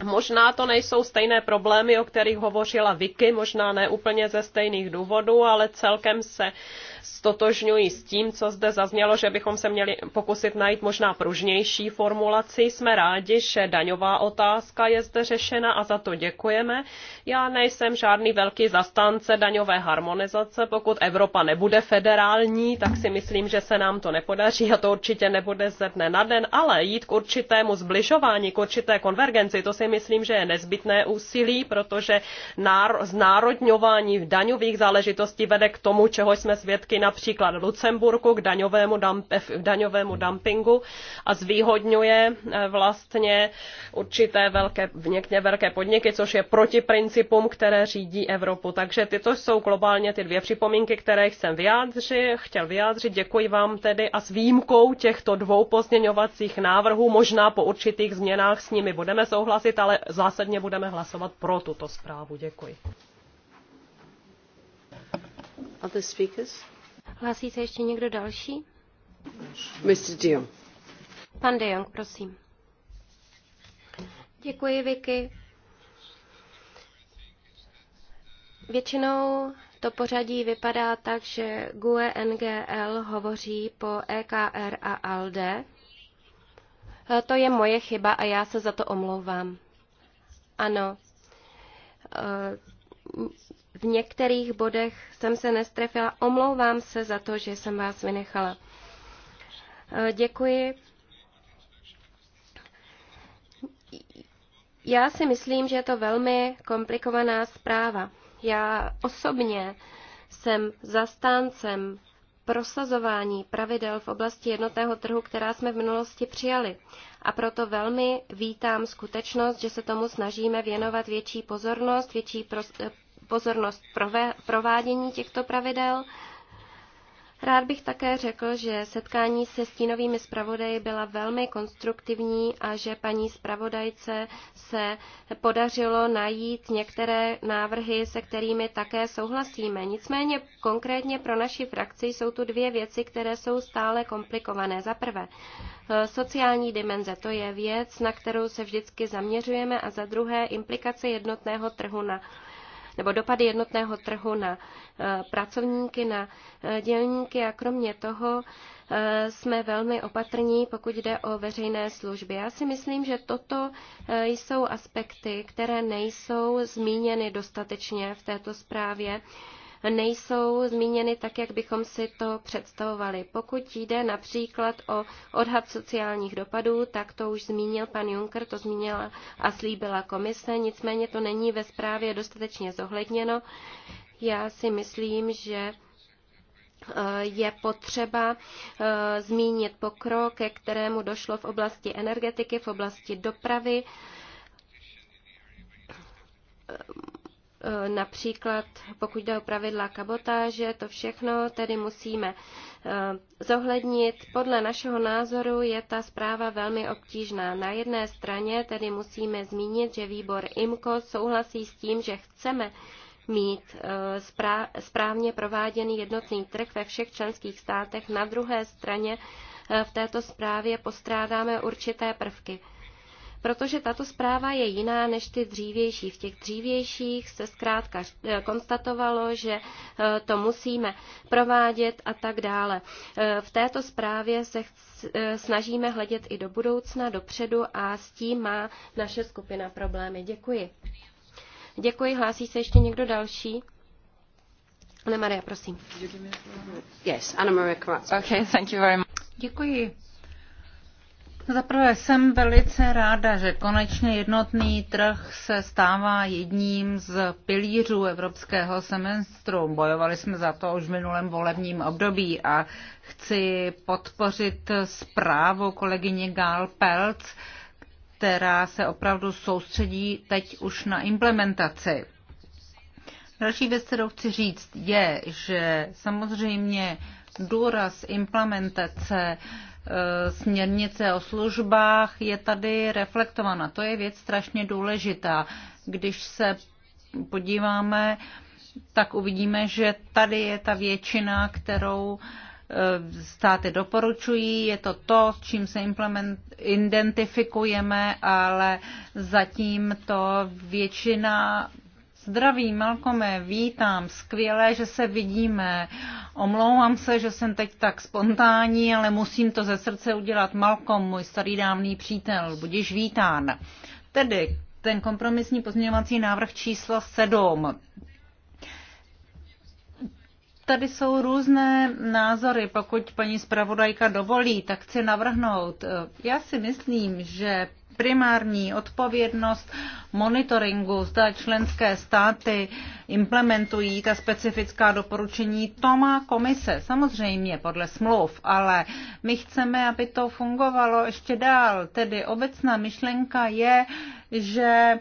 Možná to nejsou stejné problémy, o kterých hovořila Vicky, možná ne úplně ze stejných důvodů, ale celkem se stotožňuji s tím, co zde zaznělo, že bychom se měli pokusit najít možná pružnější formulaci. Jsme rádi, že daňová otázka je zde řešena a za to děkujeme. Já nejsem žádný velký zastánce daňové harmonizace. Pokud Evropa nebude federální, tak si myslím, že se nám to nepodaří a to určitě nebude ze dne na den, ale jít k určitému zbližování, k určité konvergenci, to si myslím, že je nezbytné úsilí, protože náro- znárodňování v daňových záležitostí vede k tomu, čeho jsme svědky prostředky například Lucemburku k daňovému, dump, eh, daňovému dumpingu a zvýhodňuje eh, vlastně určité velké, někde velké podniky, což je proti principům, které řídí Evropu. Takže tyto jsou globálně ty dvě připomínky, které jsem vyjádřil, chtěl vyjádřit. Děkuji vám tedy a s výjimkou těchto dvou pozměňovacích návrhů, možná po určitých změnách s nimi budeme souhlasit, ale zásadně budeme hlasovat pro tuto zprávu. Děkuji. Other speakers? Hlásí se ještě někdo další? Mr. Dion. Pan De Jong, prosím. Děkuji, Vicky. Většinou to pořadí vypadá tak, že GUE NGL hovoří po EKR a ALDE. To je moje chyba a já se za to omlouvám. Ano. E, v některých bodech jsem se nestrefila. Omlouvám se za to, že jsem vás vynechala. Eh, děkuji. Já si myslím, že je to velmi komplikovaná zpráva. Já osobně jsem zastáncem prosazování pravidel v oblasti jednotného trhu, která jsme v minulosti přijali. A proto velmi vítám skutečnost, že se tomu snažíme věnovat větší pozornost, větší pozornost provádění těchto pravidel. Rád bych také řekl, že setkání se stínovými zpravodaji byla velmi konstruktivní a že paní zpravodajce se podařilo najít některé návrhy, se kterými také souhlasíme. Nicméně konkrétně pro naši frakci jsou tu dvě věci, které jsou stále komplikované. Za prvé, e, sociální dimenze, to je věc, na kterou se vždycky zaměřujeme a za druhé, implikace jednotného trhu na nebo dopady jednotného trhu na eh, pracovníky, na eh, dělníky a kromě toho eh, jsme velmi opatrní, pokud jde o veřejné služby. Já si myslím, že toto jsou aspekty, které nejsou zmíněny dostatečně v této zprávě nejsou zmíněny tak, jak bychom si to představovali. Pokud jde například o odhad sociálních dopadů, tak to už zmínil pan Juncker, to zmínila a slíbila komise, nicméně to není ve zprávě dostatečně zohledněno. Já si myslím, že eh, je potřeba eh, zmínit pokrok, ke kterému došlo v oblasti energetiky, v oblasti dopravy Eh, například pokud jde o pravidla kabotáže, to všechno tedy musíme eh, zohlednit. Podle našeho názoru je ta zpráva velmi obtížná. Na jedné straně tedy musíme zmínit, že výbor IMCO souhlasí s tím, že chceme mít eh, správně prováděný jednotný trh ve všech členských státech. Na druhé straně v této zprávě postrádáme určité prvky protože tato zpráva je jiná než ty dřívější. V těch dřívějších se zkrátka eh, konstatovalo, že eh, to musíme provádět a tak dále. Eh, v této zprávě se snažíme hledět i do budoucna, dopředu a s tím má naše skupina problémy. Děkuji. Děkuji. Hlásí se ještě někdo další? Anna Maria, prosím. Yes, Anna Maria Kratz. Okay, thank you very much. Děkuji. Zaprvé jsem velice ráda, že konečně jednotný trh se stává jedním z pilířů evropského semestru. Bojovali jsme za to už v minulém volebním období a chci podpořit zprávu kolegyně Gál Pelc, která se opravdu soustředí teď už na implementaci. Další věc, kterou chci říct, je, že samozřejmě důraz implementace Eh, směrnice o službách je tady reflektována. To je věc strašně důležitá. Když se podíváme, tak uvidíme, že tady je ta většina, kterou eh, státy doporučují, je to to, s čím se implement, identifikujeme, ale zatím to většina Zdraví Malkome, vítám, skvělé, že se vidíme. Omlouvám se, že jsem teď tak spontánní, ale musím to ze srdce udělat. Malkom, můj starý dávný přítel, budiš vítán. Tedy ten kompromisní pozměňovací návrh číslo 7. Tady jsou různé názory. Pokud paní zpravodajka dovolí, tak chci navrhnout. Já si myslím, že primární odpovědnost monitoringu, zda členské státy implementují ta specifická doporučení, to má komise, samozřejmě podle smluv, ale my chceme, aby to fungovalo ještě dál. Tedy obecná myšlenka je, že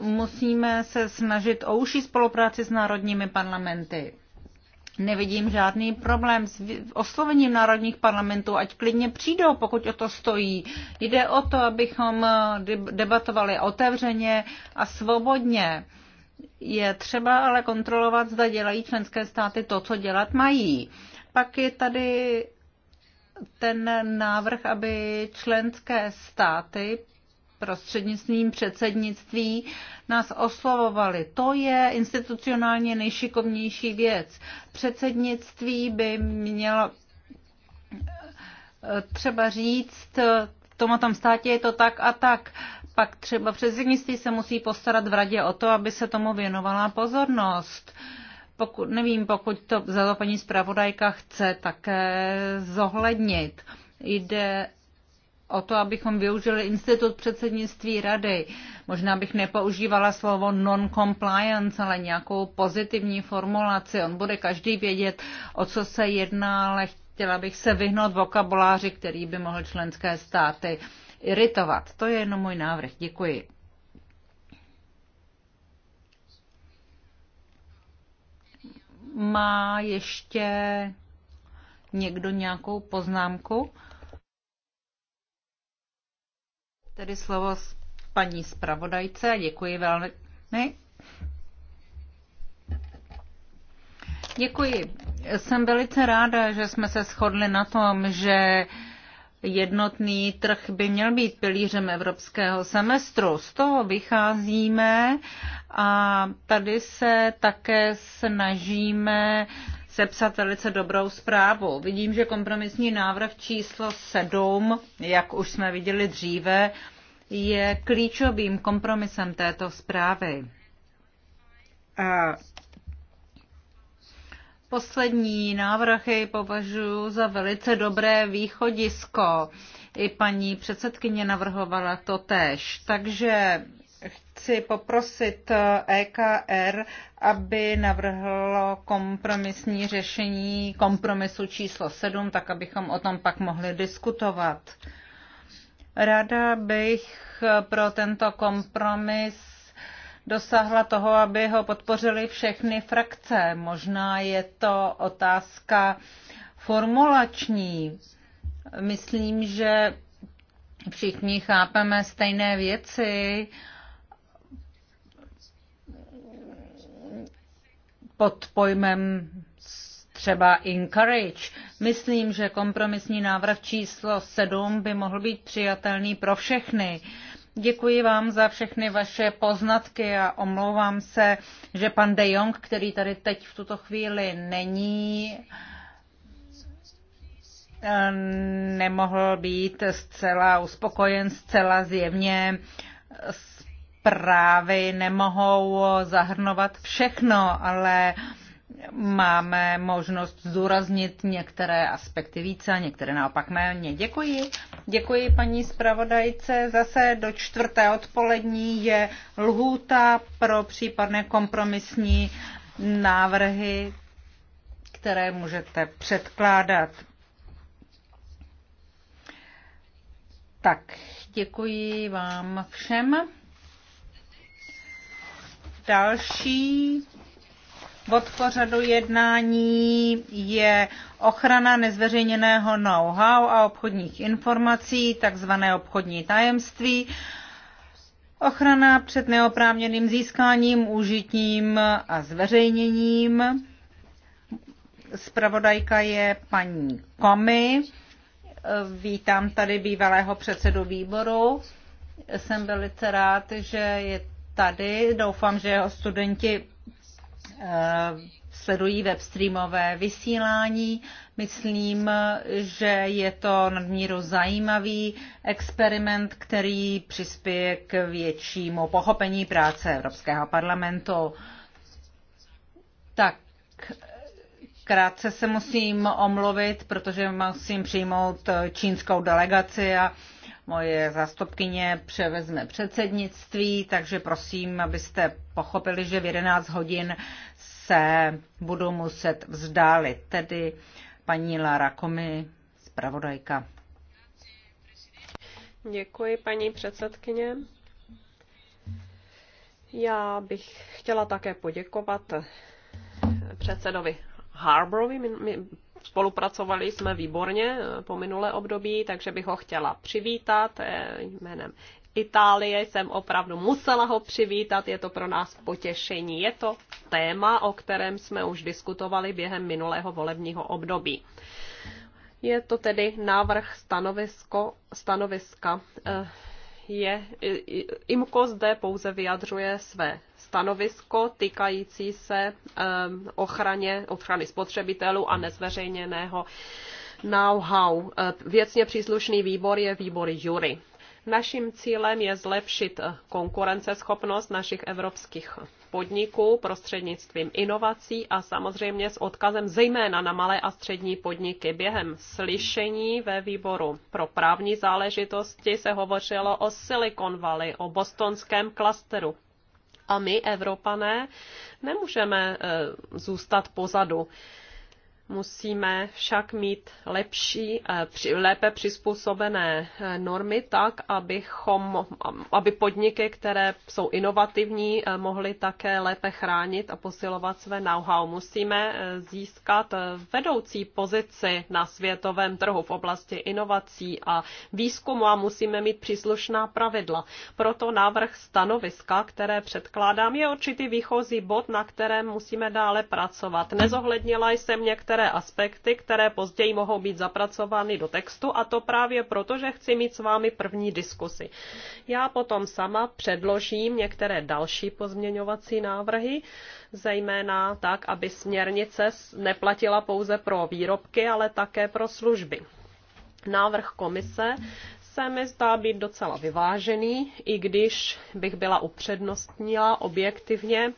musíme se snažit o užší spolupráci s národními parlamenty. Nevidím žádný problém s oslovením národních parlamentů, ať klidně přijdou, pokud o to stojí. Jde o to, abychom eh, debatovali otevřeně a svobodně. Je třeba ale kontrolovat, zda dělají členské státy to, co dělat mají. Pak je tady ten návrh, aby členské státy prostřednictvím předsednictví nás oslovovali. To je institucionálně nejšikovnější věc. Předsednictví by mělo eh, třeba říct, v tom a tom státě je to tak a tak. Pak třeba předsednictví se musí postarat v radě o to, aby se tomu věnovala pozornost. Pokud, nevím, pokud to za to paní zpravodajka chce také zohlednit. Jde o to, abychom využili institut předsednictví rady. Možná bych nepoužívala slovo non-compliance, ale nějakou pozitivní formulaci. On bude každý vědět, o co se jedná, ale chtěla bych se vyhnout vokabuláři, který by mohl členské státy iritovat. To je jenom můj návrh. Děkuji. Má ještě někdo nějakou poznámku? Tedy slovo paní zpravodajce. Děkuji velmi. Ne? Děkuji. Jsem velice ráda, že jsme se shodli na tom, že jednotný trh by měl být pilířem evropského semestru. Z toho vycházíme a tady se také snažíme sepsat velice dobrou zprávu. Vidím, že kompromisní návrh číslo 7, jak už jsme viděli dříve, je klíčovým kompromisem této zprávy. A poslední návrhy považuji za velice dobré východisko. I paní předsedkyně navrhovala to též. Takže chci poprosit EKR, eh, e aby navrhlo kompromisní řešení kompromisu číslo 7, tak abychom o tom pak mohli diskutovat. Ráda bych eh, pro tento kompromis dosáhla toho, aby ho podpořili všechny frakce. Možná je to otázka formulační. Myslím, že všichni chápeme stejné věci. Uh, pod pojmem třeba encourage. Myslím, že kompromisní návrh číslo 7 by mohl být přijatelný pro všechny. Děkuji vám za všechny vaše poznatky a omlouvám se, že pan De Jong, který tady teď v tuto chvíli není, nemohl být zcela uspokojen, zcela zjevně s zprávy nemohou zahrnovat všechno, ale máme možnost zúraznit některé aspekty více a některé naopak méně. Děkuji. Děkuji paní zpravodajce. Zase do čtvrté odpolední je lhůta pro případné kompromisní návrhy, které můžete předkládat. Tak, děkuji vám všem. Další bod pořadu jednání je ochrana nezveřejněného know-how a obchodních informací, takzvané obchodní tajemství, ochrana před neoprávněným získáním, užitím a zveřejněním. Spravodajka je paní Komy. Vítám tady bývalého předsedu výboru. Jsem velice rád, že je tady. Doufám, že jeho studenti eh, sledují webstreamové vysílání. Myslím, že je to nadmíru zajímavý experiment, který přispěje k většímu pochopení práce Evropského parlamentu. Tak, krátce se musím omluvit, protože musím přijmout čínskou delegaci a Moje zástupkyně převezme předsednictví, takže prosím, abyste pochopili, že v 11 hodin se budu muset vzdálit. Tedy paní Lara Komi, zpravodajka. Děkuji, paní předsedkyně. Já bych chtěla také poděkovat předsedovi Harborovi, Spolupracovali jsme výborně eh, po minulé období, takže bych ho chtěla přivítat eh, jménem Itálie. Jsem opravdu musela ho přivítat, je to pro nás potěšení. Je to téma, o kterém jsme už diskutovali během minulého volebního období. Je to tedy návrh stanovisko, stanoviska eh, je, IMCO zde pouze vyjadřuje své stanovisko týkající se ehm, ochraně, ochrany spotřebitelů a nezveřejněného know-how. Ehm, věcně příslušný výbor je výbor jury. Naším cílem je zlepšit konkurenceschopnost našich evropských podniků prostřednictvím inovací a samozřejmě s odkazem zejména na malé a střední podniky. Během slyšení ve výboru pro právní záležitosti se hovořilo o Silicon Valley, o bostonském klasteru. A my, Evropané, nemůžeme eh, zůstat pozadu. Musíme však mít lepší, eh, lépe přizpůsobené eh, normy tak, abychom, aby podniky, které jsou inovativní, eh, mohly také lépe chránit a posilovat své know-how. Musíme získat vedoucí pozici na světovém trhu v oblasti inovací a výzkumu a musíme mít příslušná pravidla. Proto návrh stanoviska, které předkládám, je určitý výchozí bod, na kterém musíme dále pracovat. Nezohlednila jsem některé některé aspekty, které později mohou být zapracovány do textu a to právě proto, že chci mít s vámi první diskusy. Já potom sama předložím některé další pozměňovací návrhy, zejména tak, aby směrnice neplatila pouze pro výrobky, ale také pro služby. Návrh komise se mi zdá být docela vyvážený, i když bych byla upřednostnila objektivně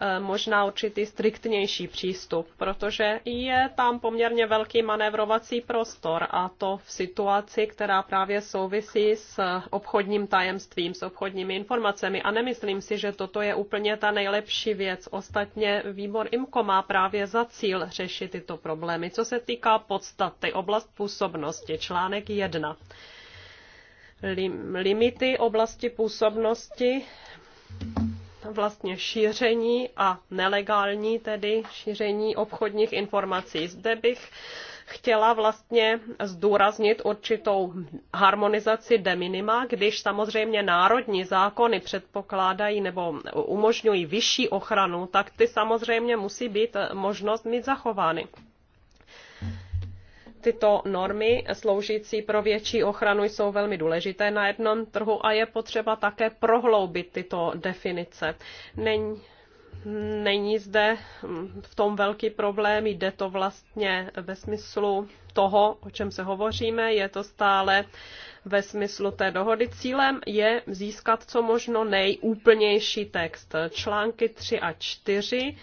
Eh, možná určitý striktnější přístup, protože je tam poměrně velký manévrovací prostor a to v situaci, která právě souvisí s obchodním tajemstvím, s obchodními informacemi. A nemyslím si, že toto je úplně ta nejlepší věc. Ostatně výbor IMCO má právě za cíl řešit tyto problémy. Co se týká podstaty, oblast působnosti, článek 1 limity oblasti působnosti vlastně šíření a nelegální tedy šíření obchodních informací. Zde bych chtěla vlastně zdůraznit určitou harmonizaci de minima, když samozřejmě národní zákony předpokládají nebo umožňují vyšší ochranu, tak ty samozřejmě musí být možnost mít zachovány tyto normy sloužící pro větší ochranu jsou velmi důležité na jednom trhu a je potřeba také prohloubit tyto definice. Není, není zde mm, v tom velký problém, jde to vlastně ve smyslu toho, o čem se hovoříme, je to stále ve smyslu té dohody. Cílem je získat co možno nejúplnější text. Články 3 a 4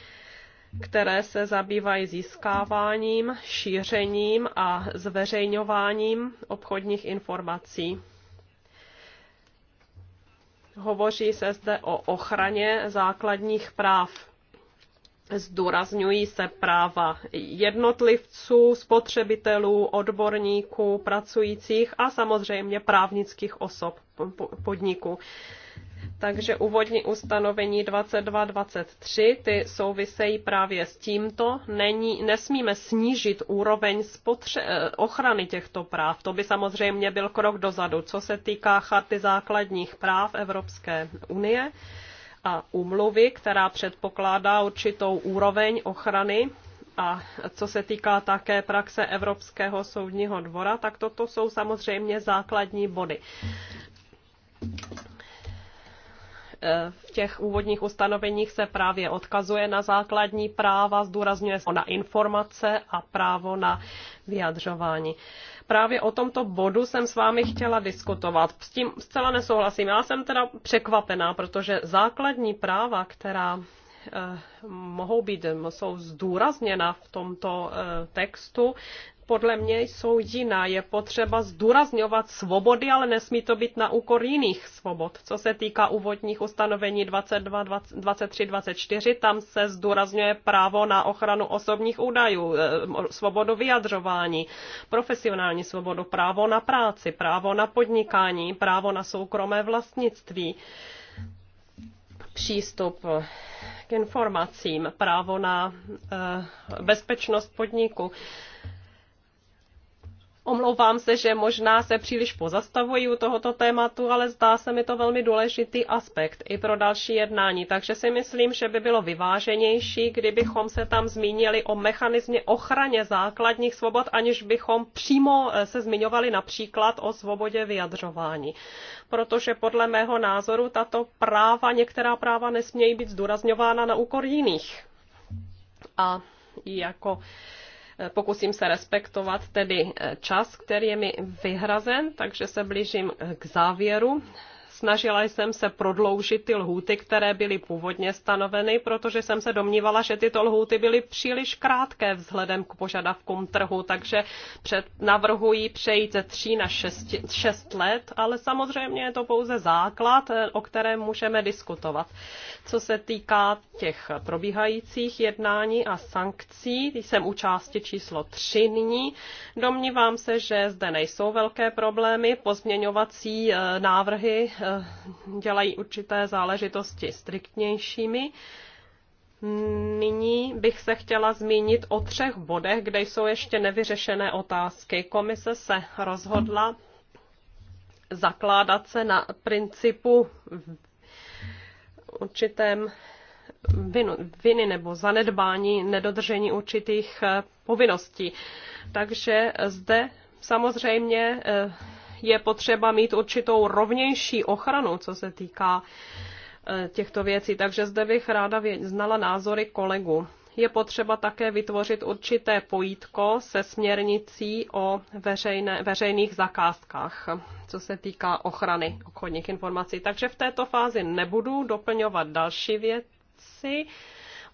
které se zabývají získáváním, šířením a zveřejňováním obchodních informací. Hovoří se zde o ochraně základních práv. Zdůrazňují se práva jednotlivců, spotřebitelů, odborníků, pracujících a samozřejmě právnických osob podniků. Takže úvodní ustanovení 22-23, ty souvisejí právě s tímto. Není, nesmíme snížit úroveň spotře- eh, ochrany těchto práv. To by samozřejmě byl krok dozadu, co se týká charty základních práv Evropské unie a úmluvy, která předpokládá určitou úroveň ochrany a co se týká také praxe Evropského soudního dvora, tak toto jsou samozřejmě základní body. Eh, v těch úvodních ustanoveních se právě odkazuje na základní práva, zdůrazňuje se na informace a právo na vyjadřování. Právě o tomto bodu jsem s vámi chtěla diskutovat. S tím zcela nesouhlasím. Já jsem teda překvapená, protože základní práva, která eh, mohou být, jsou zdůrazněna v tomto eh, textu, podle mě jsou jiná. Je potřeba zdůrazňovat svobody, ale nesmí to být na úkor jiných svobod. Co se týká úvodních ustanovení 22, 20, 23, 24, tam se zdůrazňuje právo na ochranu osobních údajů, eh, svobodu vyjadřování, profesionální svobodu, právo na práci, právo na podnikání, právo na soukromé vlastnictví přístup eh, k informacím, právo na eh, bezpečnost podniku. Omlouvám se, že možná se příliš pozastavuji u tohoto tématu, ale zdá se mi to velmi důležitý aspekt i pro další jednání. Takže si myslím, že by bylo vyváženější, kdybychom se tam zmínili o mechanizmě ochraně základních svobod, aniž bychom přímo eh, se zmiňovali například o svobodě vyjadřování. Protože podle mého názoru tato práva, některá práva nesmějí být zdůrazňována na úkor jiných. A jako Pokusím se respektovat tedy eh, čas, který je mi vyhrazen, takže se blížím k závěru snažila jsem se prodloužit ty lhůty, které byly původně stanoveny, protože jsem se domnívala, že tyto lhůty byly příliš krátké vzhledem k požadavkům trhu, takže před, navrhuji přejít ze 3 na 6, 6 let, ale samozřejmě je to pouze základ, o kterém můžeme diskutovat. Co se týká těch probíhajících jednání a sankcí, jsem u části číslo 3 nyní, domnívám se, že zde nejsou velké problémy, pozměňovací eh, návrhy Eh, dělají určité záležitosti striktnějšími. Nyní bych se chtěla zmínit o třech bodech, kde jsou ještě nevyřešené otázky. Komise se rozhodla zakládat se na principu určitém vinu, viny nebo zanedbání nedodržení určitých eh, povinností. Takže zde samozřejmě eh, je potřeba mít určitou rovnější ochranu, co se týká eh, těchto věcí. Takže zde bych ráda znala názory kolegu. Je potřeba také vytvořit určité pojítko se směrnicí o veřejné, veřejných zakázkách, co se týká ochrany obchodních informací. Takže v této fázi nebudu doplňovat další věci.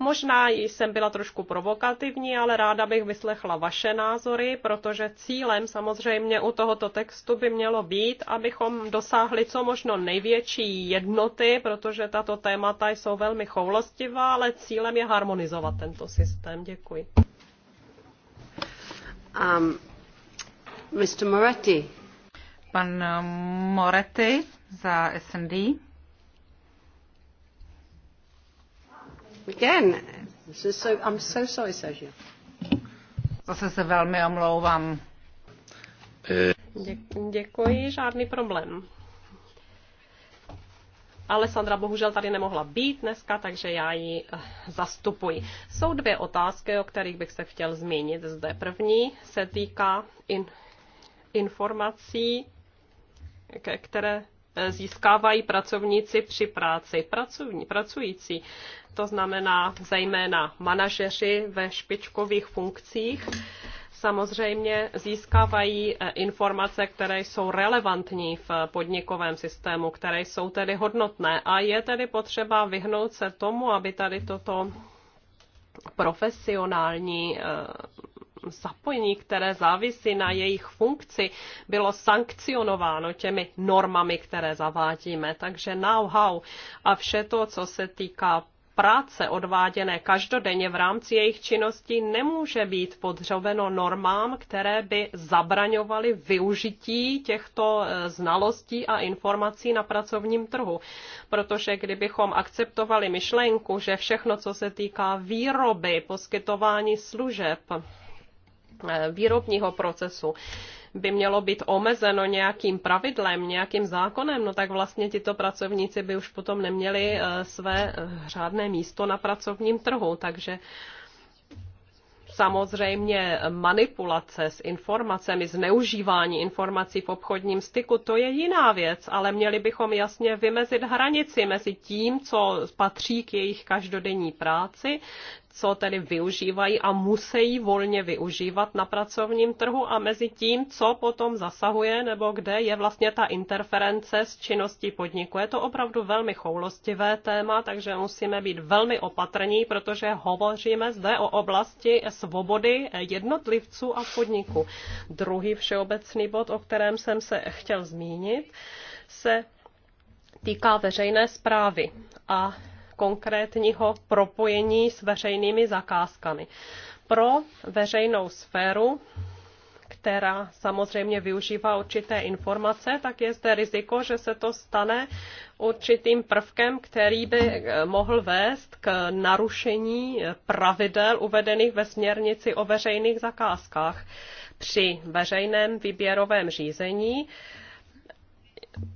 Možná jsem byla trošku provokativní, ale ráda bych vyslechla vaše názory, protože cílem samozřejmě u tohoto textu by mělo být, abychom dosáhli co možno největší jednoty, protože tato témata jsou velmi choulostivá, ale cílem je harmonizovat tento systém. Děkuji. Um, Mr. Moretti. Pan Moretti za SND. again. So, I'm so sorry, Sergio. Zase se velmi omlouvám. Eh. Dě- děkuji, žádný problém. Alessandra bohužel tady nemohla být dneska, takže já ji eh, zastupuji. Jsou dvě otázky, o kterých bych se chtěl zmínit zde. První se týká in- informací, které získávají pracovníci při práci, pracovní, pracující. To znamená zejména manažeři ve špičkových funkcích samozřejmě získávají eh, informace, které jsou relevantní v podnikovém systému, které jsou tedy hodnotné. A je tedy potřeba vyhnout se tomu, aby tady toto profesionální eh, zapojení, které závisí na jejich funkci, bylo sankcionováno těmi normami, které zavádíme. Takže know-how a vše to, co se týká práce odváděné každodenně v rámci jejich činností nemůže být podřoveno normám, které by zabraňovaly využití těchto eh, znalostí a informací na pracovním trhu. Protože kdybychom akceptovali myšlenku, že všechno, co se týká výroby, poskytování služeb, Eh, výrobního procesu by mělo být omezeno nějakým pravidlem, nějakým zákonem, no tak vlastně tito pracovníci by už potom neměli eh, své eh, řádné místo na pracovním trhu. Takže samozřejmě manipulace s informacemi, zneužívání informací v obchodním styku, to je jiná věc, ale měli bychom jasně vymezit hranici mezi tím, co patří k jejich každodenní práci, co tedy využívají a musí volně využívat na pracovním trhu a mezi tím, co potom zasahuje nebo kde je vlastně ta interference s činností podniku. Je to opravdu velmi choulostivé téma, takže musíme být velmi opatrní, protože hovoříme zde o oblasti svobody jednotlivců a podniku. Druhý všeobecný bod, o kterém jsem se chtěl zmínit, se týká veřejné zprávy a konkrétního propojení s veřejnými zakázkami. Pro veřejnou sféru která samozřejmě využívá určité informace, tak je zde riziko, že se to stane určitým prvkem, který by eh, mohl vést k narušení pravidel uvedených ve směrnici o veřejných zakázkách. Při veřejném výběrovém řízení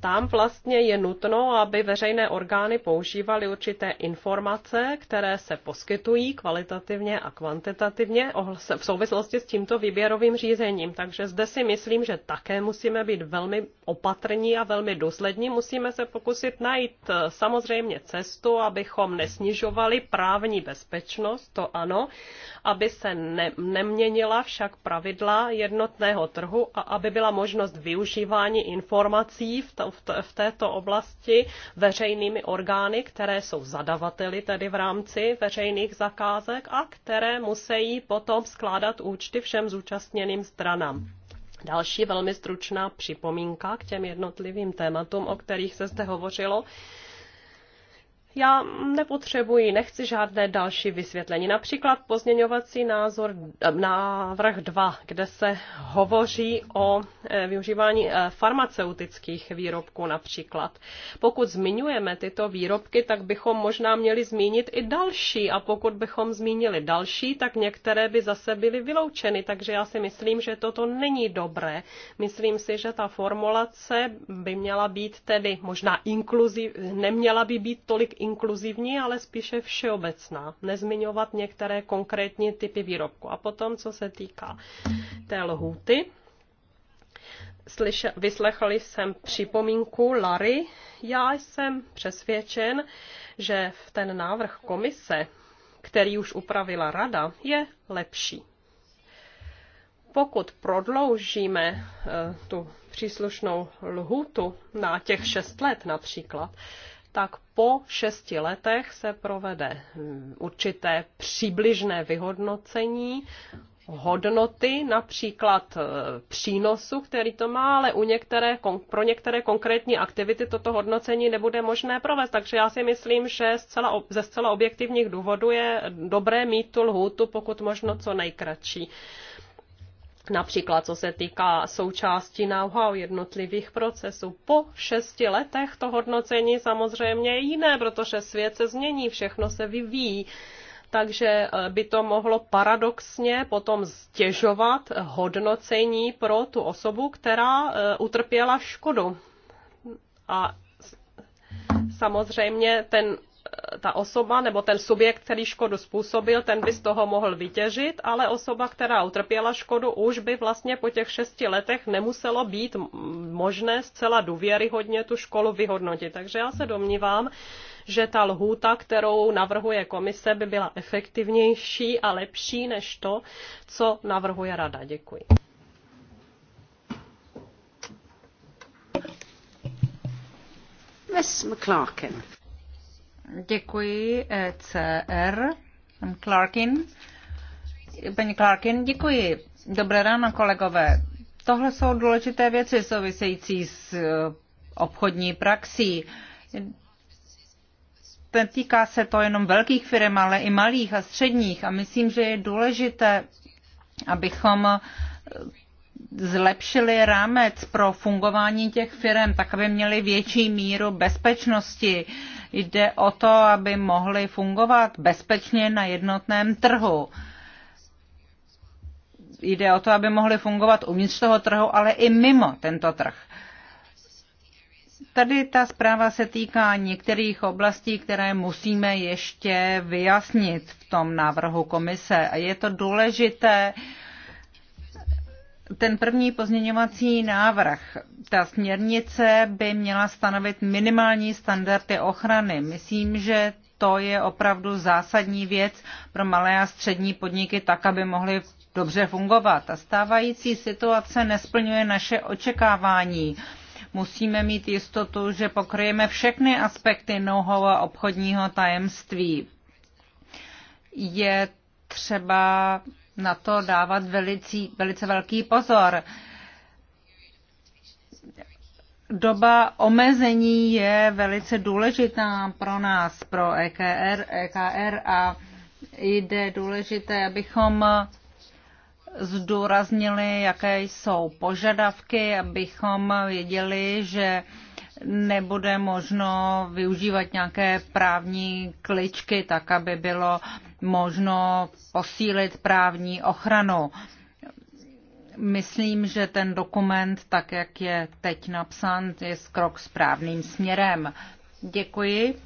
tam vlastně je nutno, aby veřejné orgány používaly určité informace, které se poskytují kvalitativně a kvantitativně v souvislosti s tímto výběrovým řízením. Takže zde si myslím, že také musíme být velmi opatrní a velmi důslední. Musíme se pokusit najít eh, samozřejmě cestu, abychom nesnižovali právní bezpečnost, to ano, aby se ne, neměnila však pravidla jednotného trhu a aby byla možnost využívání informací v, v této oblasti veřejnými orgány, které jsou zadavateli tedy v rámci veřejných zakázek a které musí potom skládat účty všem zúčastněným stranám. Další velmi stručná připomínka k těm jednotlivým tématům, o kterých se zde hovořilo. Já nepotřebuji, nechci žádné další vysvětlení. Například pozměňovací názor, eh, návrh 2, kde se hovoří o eh, využívání eh, farmaceutických výrobků například. Pokud zmiňujeme tyto výrobky, tak bychom možná měli zmínit i další a pokud bychom zmínili další, tak některé by zase byly vyloučeny, takže já si myslím, že toto není dobré. Myslím si, že ta formulace by měla být tedy možná inkluziv, neměla by být tolik inkluzivní, ale spíše všeobecná. Nezmiňovat některé konkrétní typy výrobku. A potom, co se týká té lhůty, slyšel, vyslechali jsem připomínku Lary. Já jsem přesvědčen, že v ten návrh komise, který už upravila rada, je lepší. Pokud prodloužíme eh, tu příslušnou lhůtu na těch šest let například, tak po šesti letech se provede hm, určité přibližné vyhodnocení hodnoty, například e, přínosu, který to má, ale u některé, pro některé konkrétní aktivity toto hodnocení nebude možné provést. Takže já si myslím, že zcela, ze zcela objektivních důvodů je dobré mít tu lhůtu, pokud možno co nejkratší. Například co se týká součástí know-how jednotlivých procesů. Po šesti letech to hodnocení samozřejmě je jiné, protože svět se změní, všechno se vyvíjí takže eh, by to mohlo paradoxně potom stěžovat hodnocení pro tu osobu, která eh, utrpěla škodu. A samozřejmě ten Eh, ta osoba nebo ten subjekt, který škodu způsobil, ten by z toho mohl vytěžit, ale osoba, která utrpěla škodu, už by vlastně po těch šesti letech nemuselo být možné zcela důvěryhodně tu školu vyhodnotit. Takže já se domnívám, že ta lhůta, kterou navrhuje komise, by byla efektivnější a lepší než to, co navrhuje rada. Děkuji. Miss McClarkin. Děkuji ECR. Clarkin. Paní Clarkin, děkuji. Dobré ráno, kolegové. Tohle jsou důležité věci související s e, obchodní praxí. Týká se to jenom velkých firm, ale i malých a středních. A myslím, že je důležité, abychom zlepšili rámec pro fungování těch firm, tak aby měli větší míru bezpečnosti. Jde o to, aby mohli fungovat bezpečně na jednotném trhu. Jde o to, aby mohli fungovat uvnitř toho trhu, ale i mimo tento trh. Tady ta zpráva se týká některých oblastí, které musíme ještě vyjasnit v tom návrhu komise. A je to důležité, ten první pozměňovací návrh, ta směrnice by měla stanovit minimální standardy ochrany. Myslím, že to je opravdu zásadní věc pro malé a střední podniky, tak aby mohly dobře fungovat. A stávající situace nesplňuje naše očekávání. Musíme mít jistotu, že pokryjeme všechny aspekty know-how a obchodního tajemství. Je třeba na to dávat velicí, velice velký pozor. Doba omezení je velice důležitá pro nás, pro EKR, EKR a jde důležité, abychom zdůraznili, jaké jsou požadavky, abychom věděli, že nebude možno využívat nějaké právní kličky, tak aby bylo možno posílit právní ochranu. Myslím, že ten dokument, tak jak je teď napsán, je krok správným směrem. Děkuji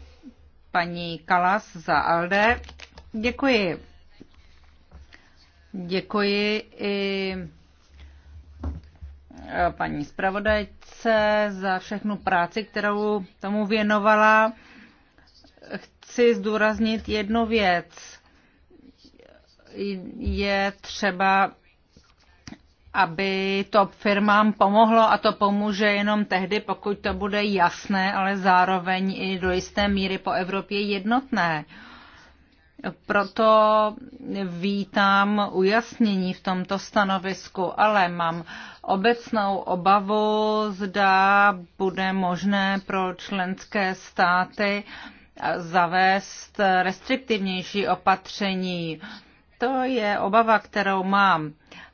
paní Kalas za ALDE. Děkuji. Děkuji i paní zpravodajce za všechnu práci, kterou tomu věnovala. Chci zdůraznit jednu věc. Je třeba, aby to firmám pomohlo a to pomůže jenom tehdy, pokud to bude jasné, ale zároveň i do jisté míry po Evropě jednotné. Proto vítám ujasnění v tomto stanovisku, ale mám obecnou obavu, zda bude možné pro členské státy zavést restriktivnější opatření. To je obava, kterou mám.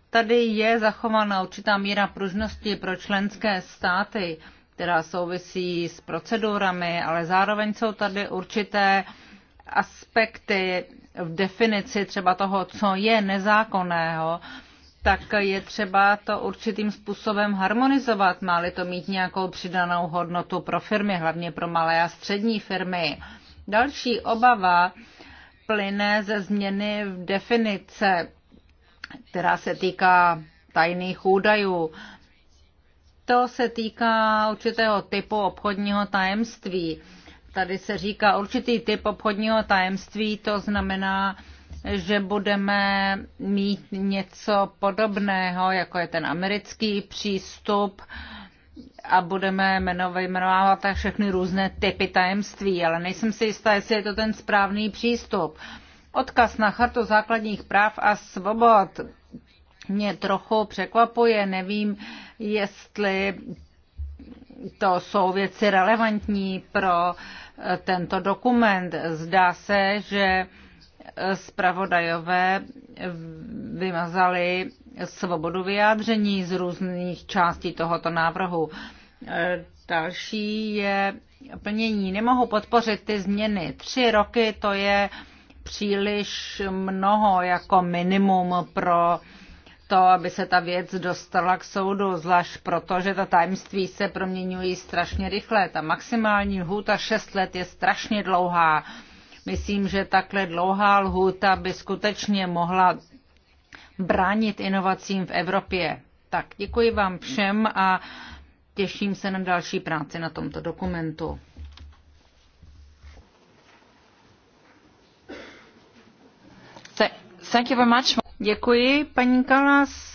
Tady je zachována určitá míra pružnosti pro členské státy, která souvisí s procedurami, ale zároveň jsou tady určité aspekty v definici třeba toho, co je nezákonného, tak je třeba to určitým způsobem harmonizovat. Má-li to mít nějakou přidanou hodnotu pro firmy, hlavně pro malé a střední firmy. Další obava plyne ze změny v definice, která se týká tajných údajů. To se týká určitého typu obchodního tajemství. Tady se říká určitý typ obchodního tajemství, to znamená, že budeme mít něco podobného, jako je ten americký přístup a budeme jmenovat tak všechny různé typy tajemství, ale nejsem si jistá, jestli je to ten správný přístup. Odkaz na chartu základních práv a svobod mě trochu překvapuje. Nevím, jestli to jsou věci relevantní pro tento dokument. Zdá se, že zpravodajové vymazali svobodu vyjádření z různých částí tohoto návrhu. E, další je plnění. Nemohu podpořit ty změny. Tři roky to je příliš mnoho jako minimum pro to, aby se ta věc dostala k soudu, zvlášť proto, že ta tajemství se proměňují strašně rychle. Ta maximální hůta 6 let je strašně dlouhá. Myslím, že takhle dlouhá lhůta by skutečně mohla bránit inovacím v Evropě. Tak děkuji vám všem a těším se na další práci na tomto dokumentu. Thank you very much. Děkuji, paní Kalas.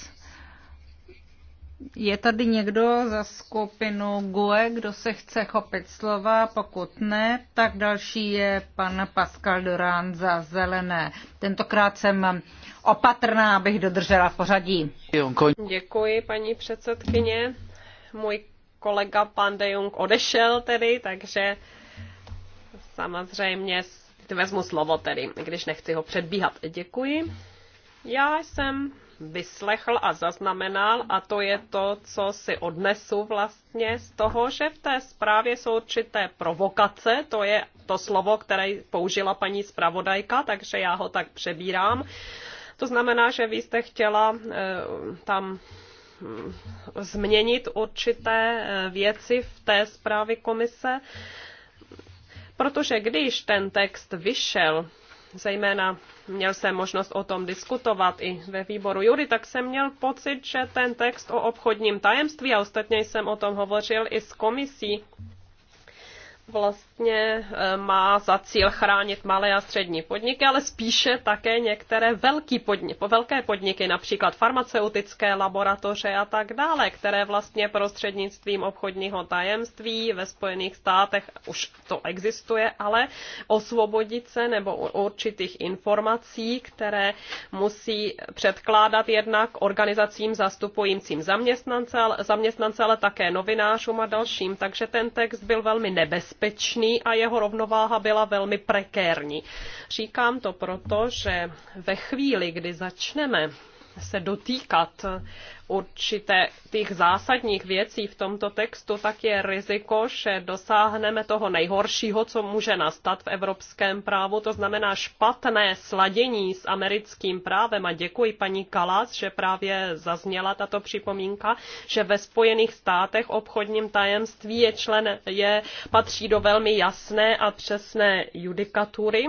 Je tady někdo za skupinu GUE, kdo se chce chopit slova? Pokud ne, tak další je pan Pascal Durán za zelené. Tentokrát jsem opatrná, abych dodržela pořadí. Děkuji, paní předsedkyně. Můj kolega pan De Jung odešel tedy, takže samozřejmě vezmu slovo tedy, když nechci ho předbíhat. Děkuji. Já jsem vyslechl a zaznamenal a to je to, co si odnesu vlastně z toho, že v té zprávě jsou určité provokace, to je to slovo, které použila paní zpravodajka, takže já ho tak přebírám. To znamená, že vy jste chtěla eh, tam hm, změnit určité eh, věci v té zprávě komise, protože když ten text vyšel, zejména měl jsem možnost o tom diskutovat i ve výboru Jury, tak jsem měl pocit, že ten text o obchodním tajemství, a ostatně jsem o tom hovořil i s komisí, vlastně eh, má za cíl chránit malé a střední podniky, ale spíše také některé velký podniky, velké podniky, například farmaceutické laboratoře a tak dále, které vlastně prostřednictvím obchodního tajemství ve Spojených státech už to existuje, ale osvobodit se nebo určitých informací, které musí předkládat jednak organizacím zastupujícím zaměstnance, zaměstnance, ale také novinářům a dalším. Takže ten text byl velmi nebezpečný nebezpečný a jeho rovnováha byla velmi prekérní. Říkám to proto, že ve chvíli, kdy začneme se dotýkat určité těch zásadních věcí v tomto textu, tak je riziko, že dosáhneme toho nejhoršího, co může nastat v evropském právu, to znamená špatné sladění s americkým právem. A děkuji paní Kalas, že právě zazněla tato připomínka, že ve Spojených státech obchodním tajemství je člen, je, patří do velmi jasné a přesné judikatury.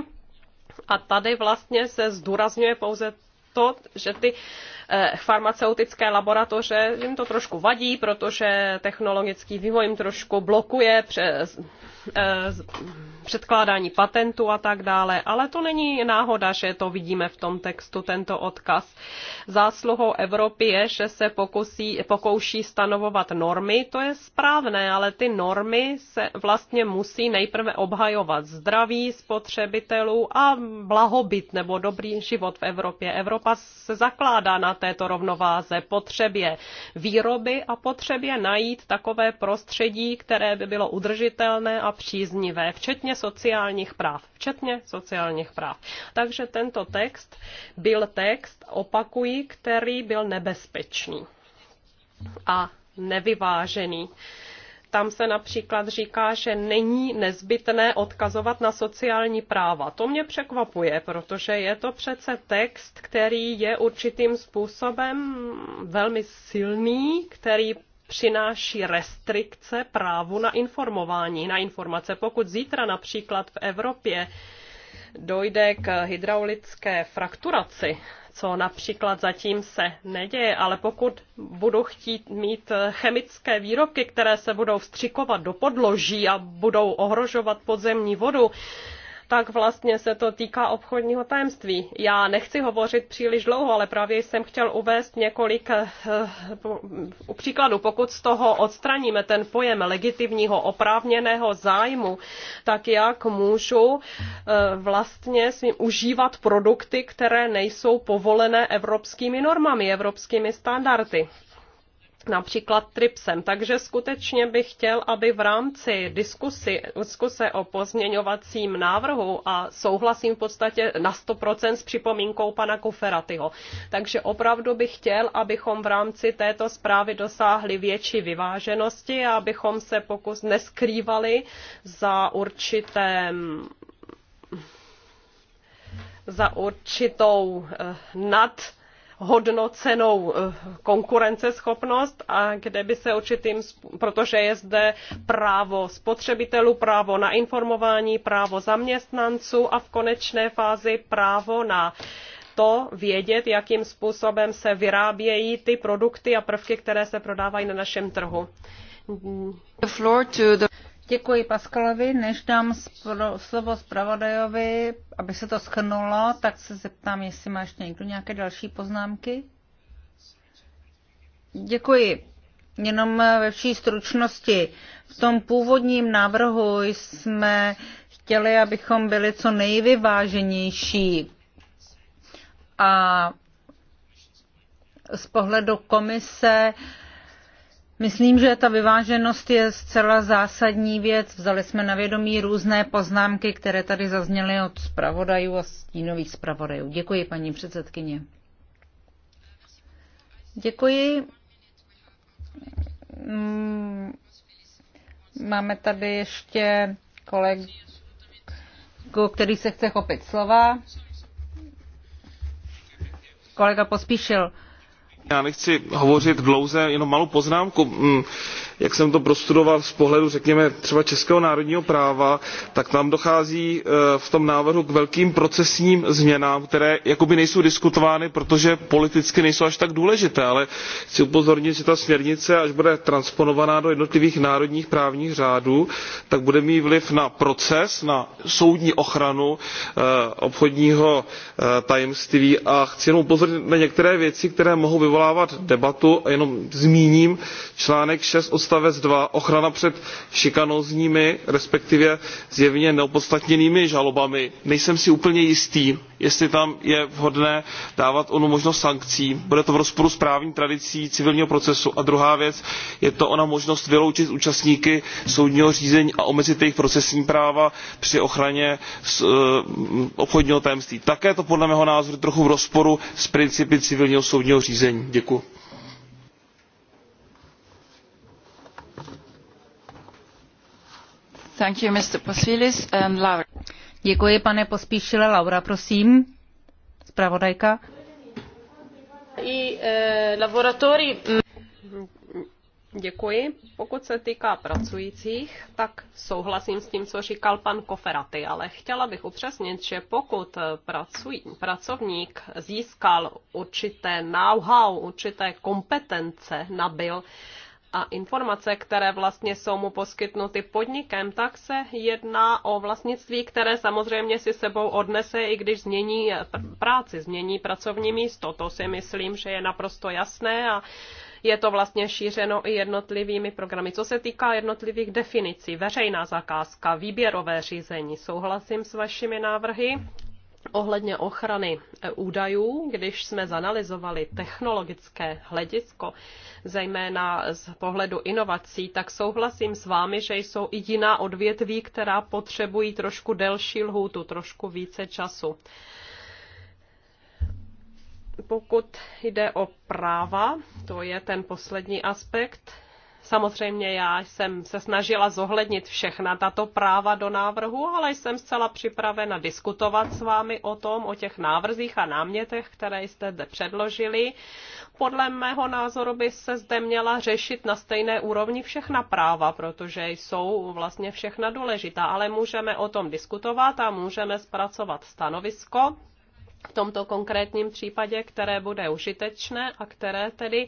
A tady vlastně se zdůrazňuje pouze to, že ty Eh, farmaceutické laboratoře jim to trošku vadí, protože technologický vývoj jim trošku blokuje přes, eh, předkládání patentů a tak dále, ale to není náhoda, že to vidíme v tom textu, tento odkaz. Zásluhou Evropy je, že se pokusí, pokouší stanovovat normy, to je správné, ale ty normy se vlastně musí nejprve obhajovat zdraví spotřebitelů a blahobyt nebo dobrý život v Evropě. Evropa se zakládá na této rovnováze, potřebě výroby a potřebě najít takové prostředí, které by bylo udržitelné a příznivé, včetně sociálních práv. Včetně sociálních práv. Takže tento text byl text, opakuji, který byl nebezpečný a nevyvážený. Tam se například říká, že není nezbytné odkazovat na sociální práva. To mě překvapuje, protože je to přece text, který je určitým způsobem velmi silný, který přináší restrikce právu na informování, na informace. Pokud zítra například v Evropě dojde k hydraulické frakturaci, co například zatím se neděje, ale pokud budu chtít mít chemické výrobky, které se budou vstřikovat do podloží a budou ohrožovat podzemní vodu, tak vlastně se to týká obchodního tajemství. Já nechci hovořit příliš dlouho, ale právě jsem chtěl uvést několik uh, příkladů. Pokud z toho odstraníme ten pojem legitimního oprávněného zájmu, tak jak můžu uh, vlastně svým užívat produkty, které nejsou povolené evropskými normami, evropskými standardy například TRIPSem. Takže skutečně bych chtěl, aby v rámci diskusy, diskuse o pozměňovacím návrhu a souhlasím v podstatě na 100% s připomínkou pana Kuferatyho. Takže opravdu bych chtěl, abychom v rámci této zprávy dosáhli větší vyváženosti a abychom se pokus neskrývali za určité za určitou eh, nad hodnocenou eh, konkurenceschopnost a kde by se určitým, protože je zde právo spotřebitelů, právo na informování, právo zaměstnanců a v konečné fázi právo na to vědět, jakým způsobem se vyrábějí ty produkty a prvky, které se prodávají na našem trhu. Děkuji Paskalovi. Než dám slovo zpravodajovi, aby se to schrnulo, tak se zeptám, jestli má ještě někdo nějaké další poznámky. Děkuji. Jenom ve vší stručnosti. V tom původním návrhu jsme chtěli, abychom byli co nejvyváženější. A z pohledu komise Myslím, že ta vyváženost je zcela zásadní věc. Vzali jsme na vědomí různé poznámky, které tady zazněly od zpravodajů a stínových zpravodajů. Děkuji, paní předsedkyně. Děkuji. Mm, máme tady ještě kolegu, který se chce chopit slova. Kolega pospíšil. Já nechci hovořit dlouze, jenom malou poznámku mm, jak jsem to prostudoval z pohledu řekněme třeba českého národního práva tak tam dochází eh, v tom návrhu k velkým procesním změnám které jakoby nejsou diskutovány protože politicky nejsou až tak důležité ale chci upozornit že ta směrnice až bude transponovaná do jednotlivých národních právních řádů tak bude mít vliv na proces na soudní ochranu eh, obchodního eh, tajemství a chci jenom upozornit na některé věci které mohou vyvolávat debatu a jenom zmíním článek six odst odstavec two ochrana před šikanózními respektive zjevně neopodstatněnými žalobami nejsem si úplně jistý jestli tam je vhodné dávat onu možnost sankcí bude to v rozporu s právní tradicí civilního procesu. a druhá věc je to ona možnost vyloučit účastníky soudního řízení a omezit jejich procesní práva při ochraně e, obchodního tajemství. také je to podle mého názoru trochu v rozporu s principy civilního soudního řízení. děkuji. Děkuji, pane Pospíšile. Laura, prosím. Zpravodajka. I, eh, Děkuji. Pokud se týká pracujících, tak souhlasím s tím, co říkal pan Koferaty, ale chtěla bych upřesnit, že pokud eh, pracovník získal určité know-how, určité kompetence, nabil, eh, a informace, které vlastně jsou mu poskytnuty podnikem, tak se jedná o vlastnictví, které samozřejmě si sebou odnese, i když změní práci, změní pracovní místo. To si myslím, že je naprosto jasné a je to vlastně šířeno i jednotlivými programy. Co se týká jednotlivých definicí, veřejná zakázka, výběrové řízení, souhlasím s vašimi návrhy ohledně ochrany e, údajů, když jsme zanalizovali technologické hledisko, zejména z pohledu inovací, tak souhlasím s vámi, že jsou i jiná odvětví, která potřebují trošku delší lhůtu, trošku více času. Pokud jde o práva, to je ten poslední aspekt, Samozřejmě já jsem se snažila zohlednit všechna tato práva do návrhu, ale jsem zcela připravena diskutovat s vámi o tom, o těch návrzích a námětech, které jste zde předložili. Podle mého názoru by se zde měla řešit na stejné úrovni všechna práva, protože jsou vlastně všechna důležitá, ale můžeme o tom diskutovat a můžeme zpracovat stanovisko v tomto konkrétním případě, které bude užitečné a které tedy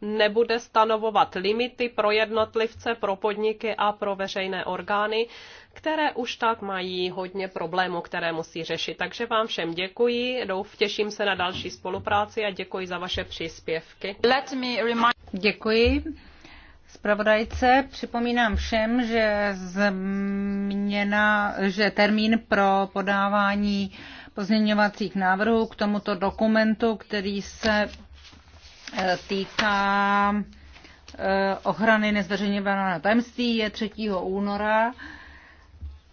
nebude stanovovat limity pro jednotlivce, pro podniky a pro veřejné orgány, které už tak mají hodně problémů, které musí řešit. Takže vám všem děkuji, těším se na další spolupráci a děkuji za vaše příspěvky. Let me remind... Děkuji. Spravodajce připomínám všem, že změna, že termín pro podávání pozměňovacích návrhů k tomuto dokumentu, který se e, týká e, ochrany nezveřejňovaného tajemství, je 3. února.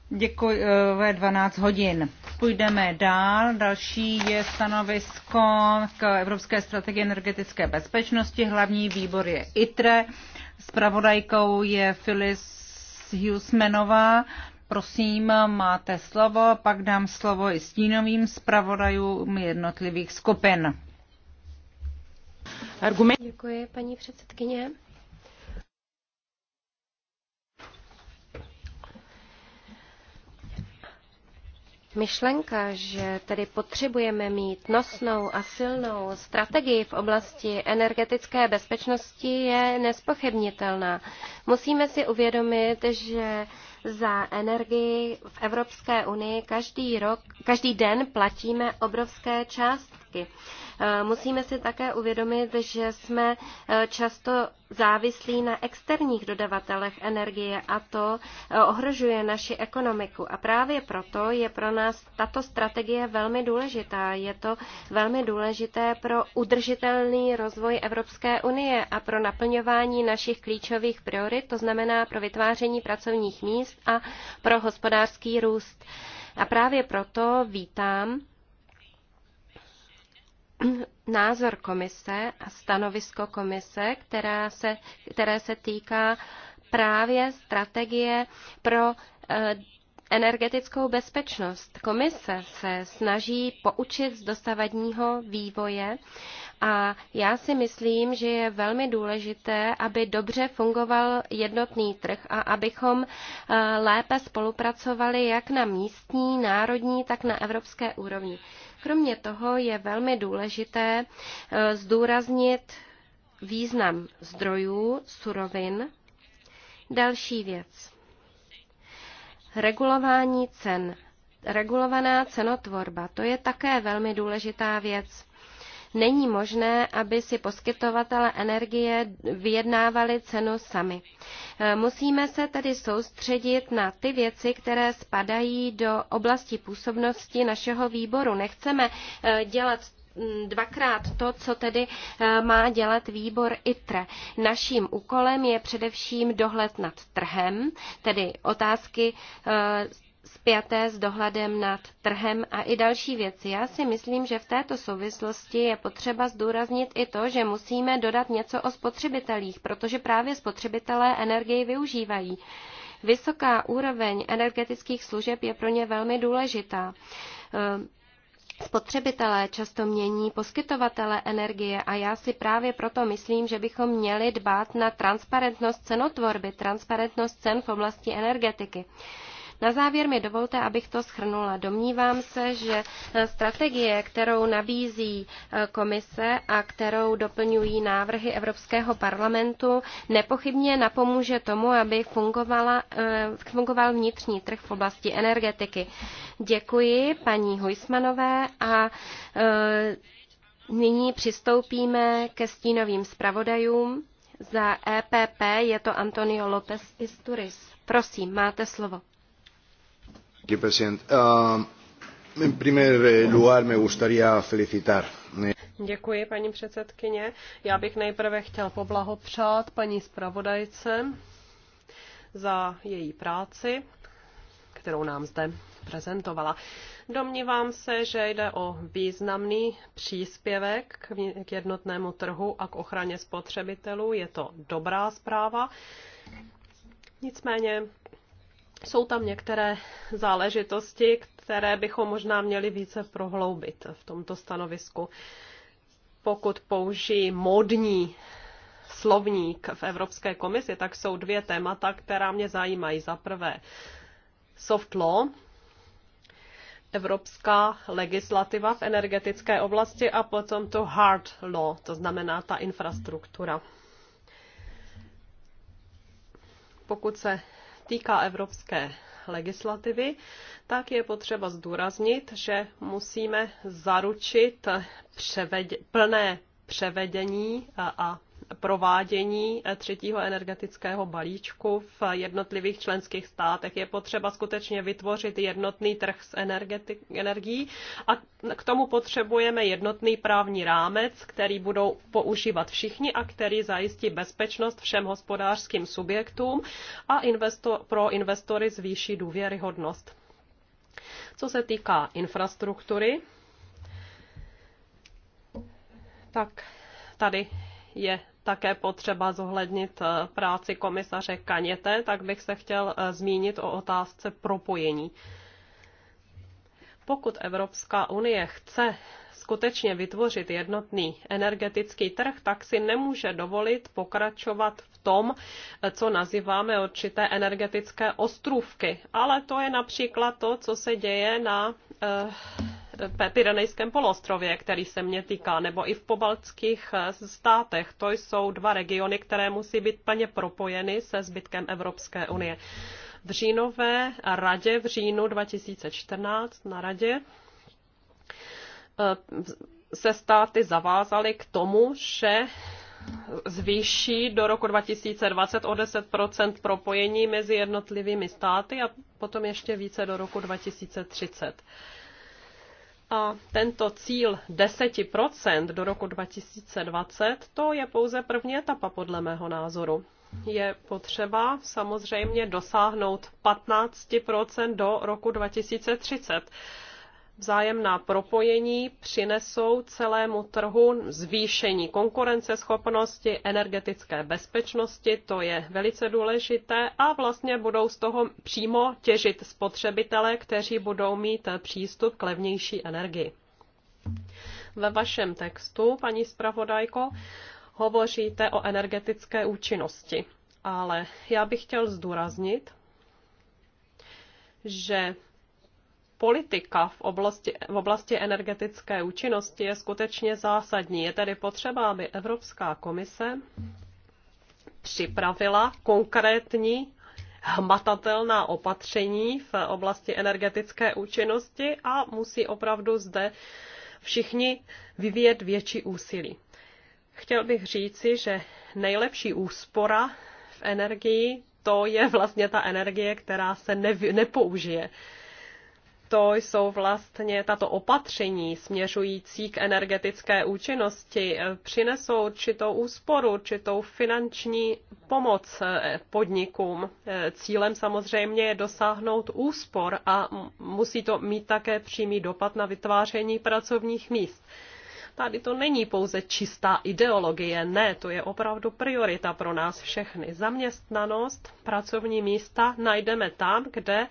Děkuji e, ve 12 hodin. Půjdeme dál. Další je stanovisko k Evropské strategii energetické bezpečnosti. Hlavní výbor je ITRE. Spravodajkou je Phyllis Hughesmanová. Prosím, máte slovo, pak dám slovo i stínovým zpravodajům jednotlivých skupin. Argument. Děkuji, paní předsedkyně. Myšlenka, že tedy potřebujeme mít nosnou a silnou strategii v oblasti energetické bezpečnosti, je nespochybnitelná. Musíme si uvědomit, že za energii v Evropské unii každý, rok, každý den platíme obrovské částky oblasti. Eh, musíme si také uvědomit, že jsme eh, často závislí na externích dodavatelech energie a to eh, ohrožuje naši ekonomiku. A právě proto je pro nás tato strategie velmi důležitá. Je to velmi důležité pro udržitelný rozvoj Evropské unie a pro naplňování našich klíčových priorit, to znamená pro vytváření pracovních míst a pro hospodářský růst. A právě proto vítám názor komise a stanovisko komise, která se, které se týká právě strategie pro eh, energetickou bezpečnost. Komise se snaží poučit z dosavadního vývoje a já si myslím, že je velmi důležité, aby dobře fungoval jednotný trh a abychom eh, lépe spolupracovali jak na místní, národní, tak na evropské úrovni. Kromě toho je velmi důležité eh, zdůraznit význam zdrojů, surovin. Další věc. Regulování cen. Regulovaná cenotvorba, to je také velmi důležitá věc. Není možné, aby si poskytovatele energie vyjednávali cenu sami. E, musíme se tedy soustředit na ty věci, které spadají do oblasti působnosti našeho výboru. Nechceme e, dělat dvakrát to, co tedy e, má dělat výbor ITRE. Naším úkolem je především dohled nad trhem, tedy otázky spjaté s dohledem nad trhem a i další věci. Já si myslím, že v této souvislosti je potřeba zdůraznit i to, že musíme dodat něco o spotřebitelích, protože právě spotřebitelé energii využívají. Vysoká úroveň energetických služeb je pro ně velmi důležitá. Eh, spotřebitelé často mění poskytovatele energie a já si právě proto myslím, že bychom měli dbát na transparentnost cenotvorby, transparentnost cen v oblasti energetiky. Na závěr mi dovolte, abych to schrnula. Domnívám se, že eh, strategie, kterou nabízí eh, komise a kterou doplňují návrhy Evropského parlamentu, nepochybně napomůže tomu, aby fungovala, eh, fungoval vnitřní trh v oblasti energetiky. Děkuji paní Hojsmanové a nyní přistoupíme ke stínovým zpravodajům. Za EPP je to Antonio López Isturis. Prosím, máte slovo. Um, eh, Děkuji, paní předsedkyně. Já bych nejprve chtěl poblahopřát paní zpravodajce za její práci, kterou nám zde prezentovala. Domnívám se, že jde o významný příspěvek k jednotnému trhu a k ochraně spotřebitelů. Je to dobrá zpráva. Nicméně jsou tam některé záležitosti, které bychom možná měli více prohloubit v tomto stanovisku. Pokud použijí modní slovník v Evropské komisi, tak jsou dvě témata, která mě zajímají. Za prvé soft law, evropská legislativa v energetické oblasti a potom to hard law, to znamená ta infrastruktura. Pokud se týká evropské legislativy, tak je potřeba zdůraznit, že musíme zaručit převedě, plné převedení a provádění eh, třetího energetického balíčku v jednotlivých členských státech. Je potřeba skutečně vytvořit jednotný trh s energií a k tomu potřebujeme jednotný právní rámec, který budou používat všichni a který zajistí bezpečnost všem hospodářským subjektům a investor, pro investory zvýší důvěryhodnost. Co se týká infrastruktury, tak tady je také potřeba zohlednit eh, práci komisaře Kaněte, tak bych se chtěl eh, zmínit o otázce propojení. Pokud Evropská unie chce skutečně vytvořit jednotný energetický trh, tak si nemůže dovolit pokračovat v tom, eh, co nazýváme určité energetické ostrůvky. Ale to je například to, co se děje na Pyrenejském polostrově, který se mě týká, nebo i v pobaltských eh, státech. To jsou dva regiony, které musí být plně propojeny se zbytkem Evropské unie. V říjnové radě, v říjnu 2014 na radě, eh, se státy zavázaly k tomu, že zvýší do roku 2020 o 10 propojení mezi jednotlivými státy a potom ještě více do roku 2030. A tento cíl 10% do roku 2020, to je pouze první etapa podle mého názoru. Je potřeba samozřejmě dosáhnout 15% do roku 2030 vzájemná propojení přinesou celému trhu zvýšení konkurenceschopnosti, energetické bezpečnosti, to je velice důležité a vlastně budou z toho přímo těžit spotřebitelé, kteří budou mít přístup k levnější energii. Ve vašem textu, paní zpravodajko, hovoříte o energetické účinnosti, ale já bych chtěl zdůraznit, že politika v oblasti, v oblasti energetické účinnosti je skutečně zásadní. Je tedy potřeba, aby Evropská komise připravila konkrétní hmatatelná opatření v oblasti energetické účinnosti a musí opravdu zde všichni vyvíjet větší úsilí. Chtěl bych říci, že nejlepší úspora v energii to je vlastně ta energie, která se nevy, nepoužije to jsou vlastně tato opatření směřující k energetické účinnosti eh, přinesou určitou úsporu, určitou finanční pomoc eh, podnikům. Eh, cílem samozřejmě je dosáhnout úspor a musí to mít také přímý dopad na vytváření pracovních míst. Tady to není pouze čistá ideologie, ne, to je opravdu priorita pro nás všechny. Zaměstnanost, pracovní místa najdeme tam, kde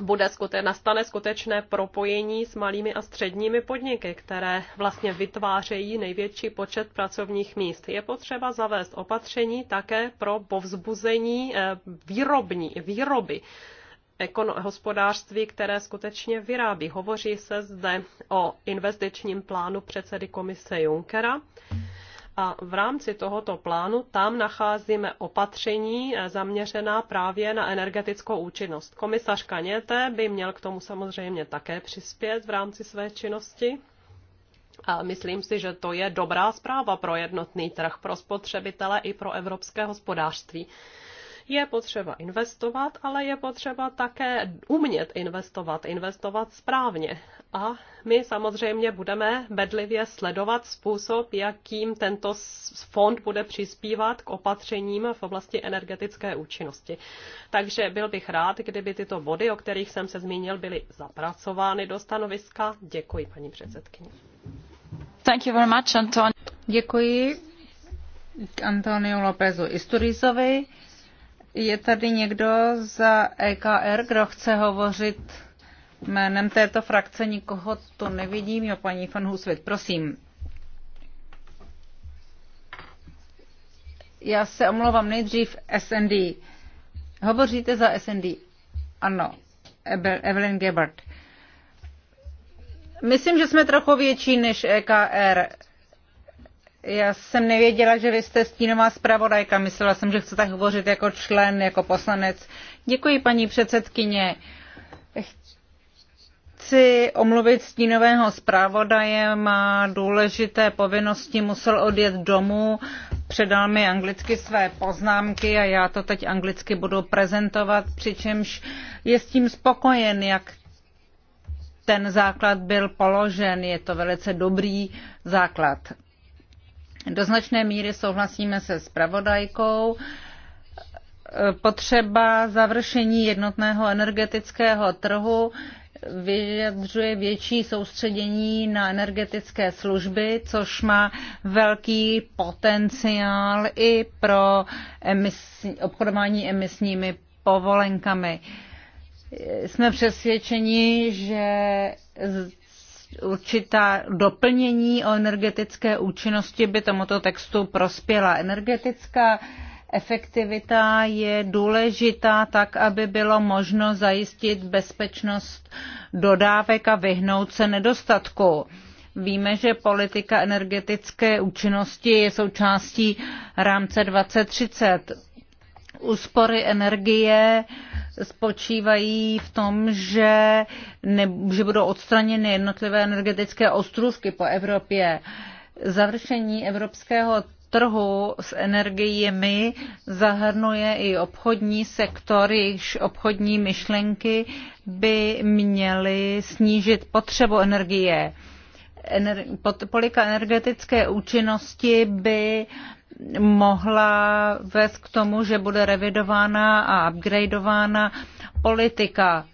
bude skute, nastane skutečné propojení s malými a středními podniky, které vlastně vytvářejí největší počet pracovních míst. Je potřeba zavést opatření také pro povzbuzení eh, výrobní, výroby hospodářství, které skutečně vyrábí. Hovoří se zde o investičním plánu předsedy komise Junckera. Hmm a v rámci tohoto plánu tam nacházíme opatření eh, zaměřená právě na energetickou účinnost. Komisař Kaněte by měl k tomu samozřejmě také přispět v rámci své činnosti. A myslím si, že to je dobrá zpráva pro jednotný trh, pro spotřebitele i pro evropské hospodářství. Je potřeba investovat, ale je potřeba také umět investovat, investovat správně. A my samozřejmě budeme bedlivě sledovat způsob, jakým tento fond bude přispívat k opatřením v oblasti energetické účinnosti. Takže byl bych rád, kdyby tyto body, o kterých jsem se zmínil, byly zapracovány do stanoviska. Děkuji, paní předsedkyně. Thank you very much, Anton. Děkuji Antonio Lopezu Isturizovi. Je tady někdo za EKR, kdo chce hovořit jménem této frakce? Nikoho to nevidím. Jo, paní van Husvit, prosím. Já se omlouvám nejdřív SND. Hovoříte za SND? Ano, Evelyn Gebhardt. Myslím, že jsme trochu větší než EKR. Já jsem nevěděla, že vy jste stínová zpravodajka. Myslela jsem, že chcete hovořit jako člen, jako poslanec. Děkuji, paní předsedkyně. Chci omluvit stínového zpravodaje, má důležité povinnosti, musel odjet domů, předal mi anglicky své poznámky a já to teď anglicky budu prezentovat, přičemž je s tím spokojen, jak ten základ byl položen. Je to velice dobrý základ. Do značné míry souhlasíme se pravodajkou. Potřeba završení jednotného energetického trhu vyjadřuje větší soustředění na energetické služby, což má velký potenciál i pro emisní, obchodování emisními povolenkami. Jsme přesvědčeni, že určitá doplnění o energetické účinnosti by tomuto textu prospěla. Energetická efektivita je důležitá tak, aby bylo možno zajistit bezpečnost dodávek a vyhnout se nedostatku. Víme, že politika energetické účinnosti je součástí rámce 2030 úspory energie spočívají v tom, že, ne, že budou odstraněny jednotlivé energetické ostrůvky po Evropě. Završení evropského trhu s energiemi zahrnuje i obchodní sektor, jejichž obchodní myšlenky by měly snížit potřebu energie. Ener- polika energetické účinnosti by uh, mohla vést k tomu, že bude revidována a upgradeována politika.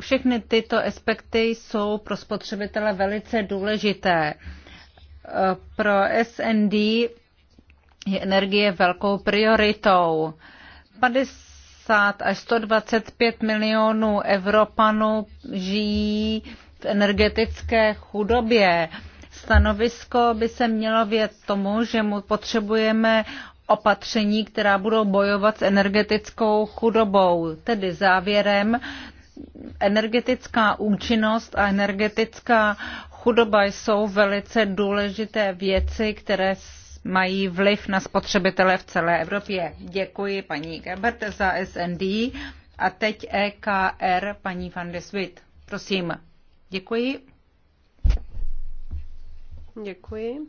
Všechny tyto aspekty jsou pro spotřebitele velice důležité. Pro SND je energie velkou prioritou. 50 až 125 milionů Evropanů žijí v energetické chudobě. Stanovisko by se mělo věc tomu, že mu potřebujeme opatření, která budou bojovat s energetickou chudobou. Tedy závěrem, energetická účinnost a energetická chudoba jsou velice důležité věci, které mají vliv na spotřebitele v celé Evropě. Děkuji paní Gebert za SND a teď EKR paní van de Svit. Prosím. Děkuji. Děkuji.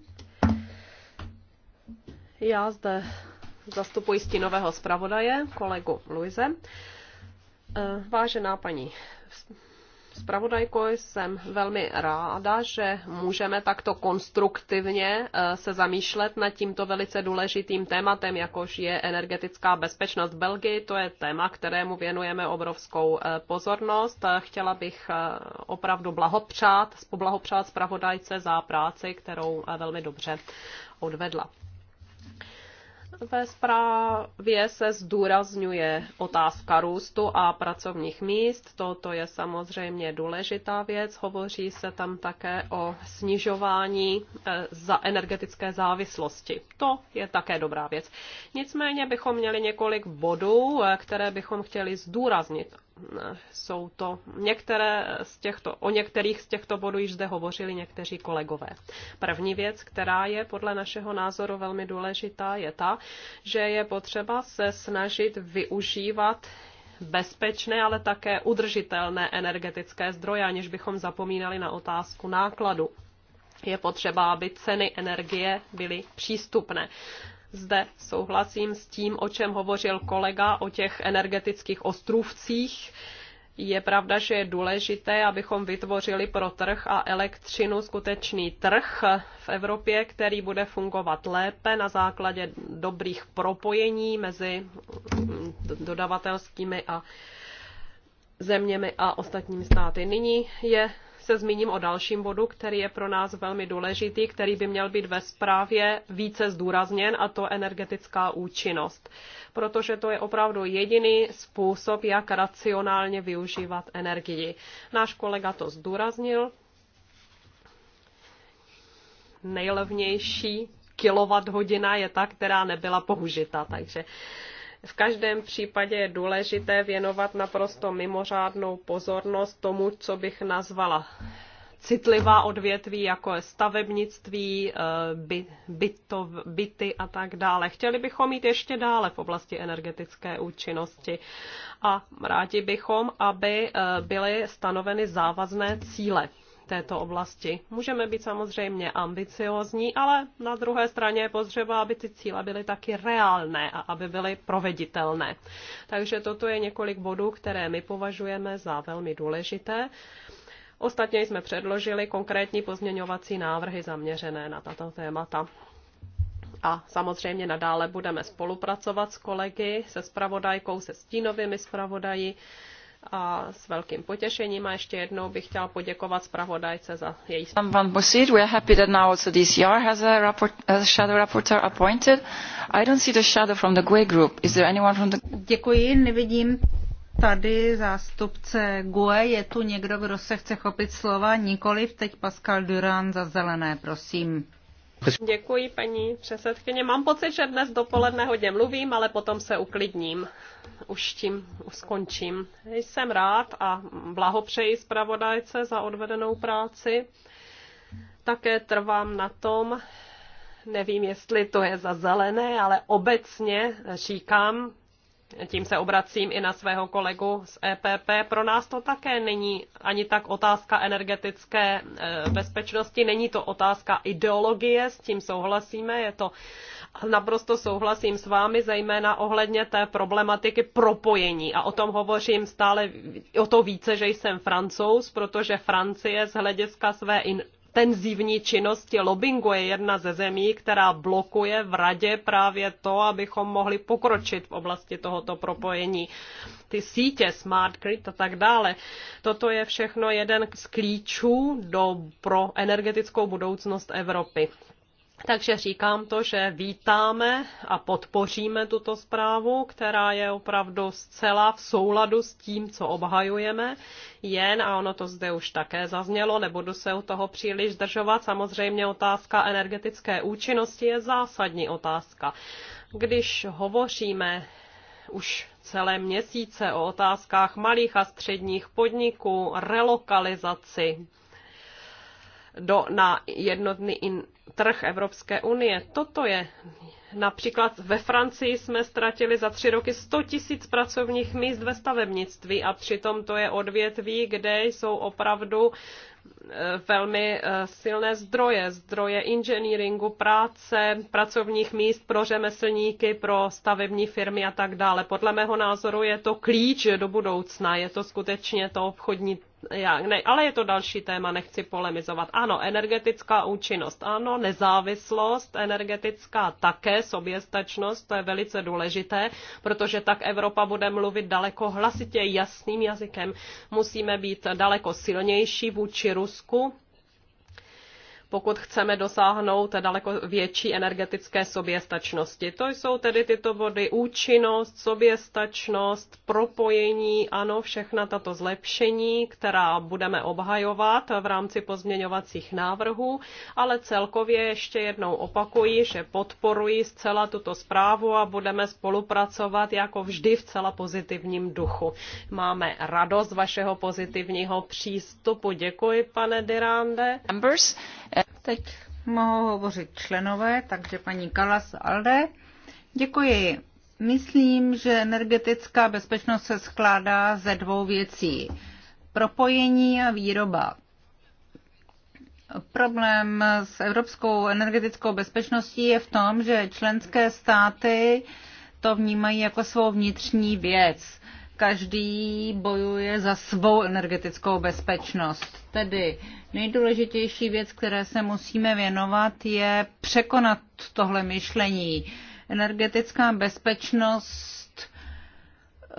Já zde zastupuji stínového zpravodaje, kolegu Luize. Eh, vážená paní zpravodajko, jsem velmi ráda, že můžeme takto konstruktivně eh, se zamýšlet nad tímto velice důležitým tématem, jakož je energetická bezpečnost Belgii. To je téma, kterému věnujeme obrovskou eh, pozornost. Eh, chtěla bych opravdu blahopřát, poblahopřát zpravodajce za práci, kterou velmi dobře odvedla. Ve zprávě se zdůrazňuje otázka růstu a pracovních míst. Toto je samozřejmě důležitá věc. Hovoří se tam také o snižování eh, za energetické závislosti. To je také dobrá věc. Nicméně bychom měli několik bodů, eh, které bychom chtěli zdůraznit jsou to některé z těchto, o některých z těchto bodů již zde hovořili někteří kolegové. První věc, která je podle našeho názoru velmi důležitá, je ta, že je potřeba se snažit využívat bezpečné, ale také udržitelné energetické zdroje, aniž bychom zapomínali na otázku nákladu je potřeba, aby ceny energie byly přístupné. Zde souhlasím s tím, o čem hovořil kolega, o těch energetických ostrůvcích. Je pravda, že je důležité, abychom vytvořili pro trh a elektřinu skutečný trh v Evropě, který bude fungovat lépe na základě dobrých propojení mezi dodavatelskými a zeměmi a ostatními státy. Nyní je se zmíním o dalším bodu, který je pro nás velmi důležitý, který by měl být ve zprávě více zdůrazněn, a to energetická účinnost. Protože to je opravdu jediný způsob, jak racionálně využívat energii. Náš kolega to zdůraznil. Nejlevnější kilowatthodina je ta, která nebyla použita. Takže v každém případě je důležité věnovat naprosto mimořádnou pozornost tomu, co bych nazvala citlivá odvětví, jako je stavebnictví, eh, by, byto, byty a tak dále. Chtěli bychom jít ještě dále v oblasti energetické účinnosti a rádi bychom, aby eh, byly stanoveny závazné cíle této oblasti. Můžeme být samozřejmě ambiciozní, ale na druhé straně je potřeba, aby ty cíle byly taky reálné a aby byly proveditelné. Takže toto je několik bodů, které my považujeme za velmi důležité. Ostatně jsme předložili konkrétní pozměňovací návrhy zaměřené na tato témata. A samozřejmě nadále budeme spolupracovat s kolegy, se spravodajkou, se stínovými spravodaji a s velkým potěšením a ještě jednou bych chtěla poděkovat zpravodajce za její Van we are happy that now also DCR has a, rapport, a shadow rapporteur appointed. I don't see the shadow from the GUE group. Is there anyone from the... Děkuji, nevidím tady zástupce GUE. Je tu někdo, kdo se chce chopit slova? Nikoliv, teď Pascal Duran za zelené, prosím. Děkuji, paní předsedkyně. Mám pocit, že dnes dopoledne hodně mluvím, ale potom se uklidním. Už tím už skončím. Jsem rád a blahopřeji zpravodajce za odvedenou práci. Také trvám na tom, nevím, jestli to je za zelené, ale obecně říkám, tím se obracím i na svého kolegu z EPP, pro nás to také není ani tak otázka energetické e, bezpečnosti, není to otázka ideologie, s tím souhlasíme, je to naprosto souhlasím s vámi, zejména ohledně té problematiky propojení. A o tom hovořím stále o to více, že jsem francouz, protože Francie z hlediska své in intenzivní činnosti lobbingu je jedna ze zemí, která blokuje v radě právě to, abychom mohli pokročit v oblasti tohoto propojení. Ty sítě, smart grid a tak dále. Toto je všechno jeden z klíčů do, pro energetickou budoucnost Evropy. Takže říkám to, že vítáme a podpoříme tuto zprávu, která je opravdu zcela v souladu s tím, co obhajujeme. Jen, a ono to zde už také zaznělo, nebudu se u toho příliš zdržovat, samozřejmě otázka energetické účinnosti je zásadní otázka. Když hovoříme už celé měsíce o otázkách malých a středních podniků, relokalizaci, do, na jednotný in, trh Evropské unie. Toto je Například ve Francii jsme ztratili za tři roky 100 tisíc pracovních míst ve stavebnictví a přitom to je odvětví, kde jsou opravdu e, velmi e, silné zdroje, zdroje inženýringu, práce, pracovních míst pro řemeslníky, pro stavební firmy a tak dále. Podle mého názoru je to klíč do budoucna, je to skutečně to obchodní já, ne, ale je to další téma, nechci polemizovat. Ano, energetická účinnost, ano, nezávislost energetická také, soběstačnost, to je velice důležité, protože tak Evropa bude mluvit daleko hlasitě jasným jazykem. Musíme být daleko silnější vůči Rusku, pokud chceme dosáhnout daleko větší energetické soběstačnosti. To jsou tedy tyto body účinnost, soběstačnost, propojení, ano, všechna tato zlepšení, která budeme obhajovat v rámci pozměňovacích návrhů, ale celkově ještě jednou opakuji, že podporuji zcela tuto zprávu a budeme spolupracovat jako vždy v celá pozitivním duchu. Máme radost vašeho pozitivního přístupu. Děkuji, pane Dirande. Numbers. Teď mohou hovořit členové, takže paní Kalas Alde. Děkuji. Myslím, že energetická bezpečnost se skládá ze dvou věcí. Propojení a výroba. Problém s evropskou energetickou bezpečností je v tom, že členské státy to vnímají jako svou vnitřní věc každý bojuje za svou energetickou bezpečnost. Tedy nejdůležitější věc, které se musíme věnovat, je překonat tohle myšlení. Energetická bezpečnost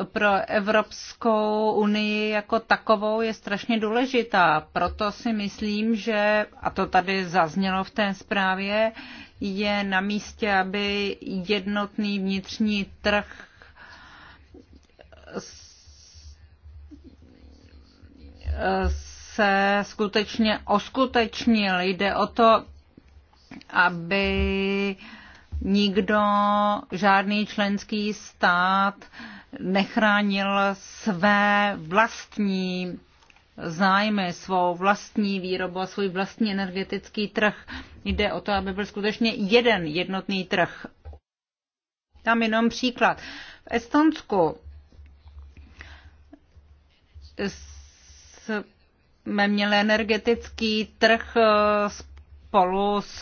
pro Evropskou unii jako takovou je strašně důležitá. Proto si myslím, že, a to tady zaznělo v té zprávě, je na místě, aby jednotný vnitřní trh se skutečně oskutečnil. Jde o to, aby nikdo, žádný členský stát nechránil své vlastní zájmy, svou vlastní výrobu a svůj vlastní energetický trh. Jde o to, aby byl skutečně jeden jednotný trh. Tam jenom příklad. V Estonsku jsme měli energetický trh eh, spolu s,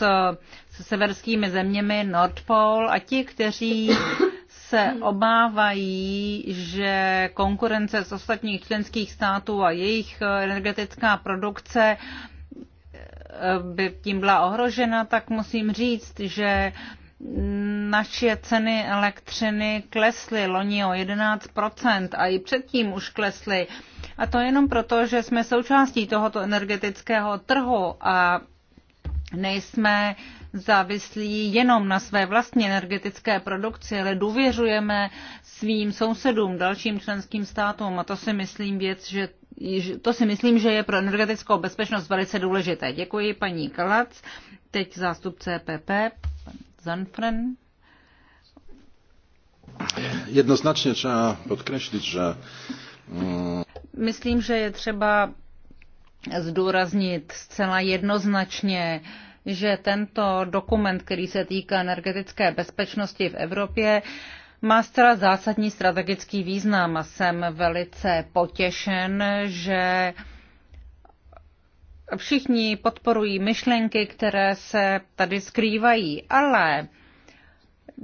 s severskými zeměmi Nordpol a ti, kteří se obávají, že konkurence z ostatních členských států a jejich eh, energetická produkce eh, by tím byla ohrožena, tak musím říct, že naše ceny elektřiny klesly loni o 11% a i předtím už klesly. A to jenom proto, že jsme součástí tohoto energetického trhu a nejsme závislí jenom na své vlastní energetické produkci, ale důvěřujeme svým sousedům, dalším členským státům a to si myslím věc, že to si myslím, že je pro energetickou bezpečnost velice důležité. Děkuji paní Kalac, teď zástupce PP, e pan Zanfren. Jednoznačně třeba podkreslit, že mm, Myslím, že je třeba zdůraznit zcela jednoznačně, že tento dokument, který se týká energetické bezpečnosti v Evropě, má zcela zásadní strategický význam a jsem velice potěšen, že všichni podporují myšlenky, které se tady skrývají, ale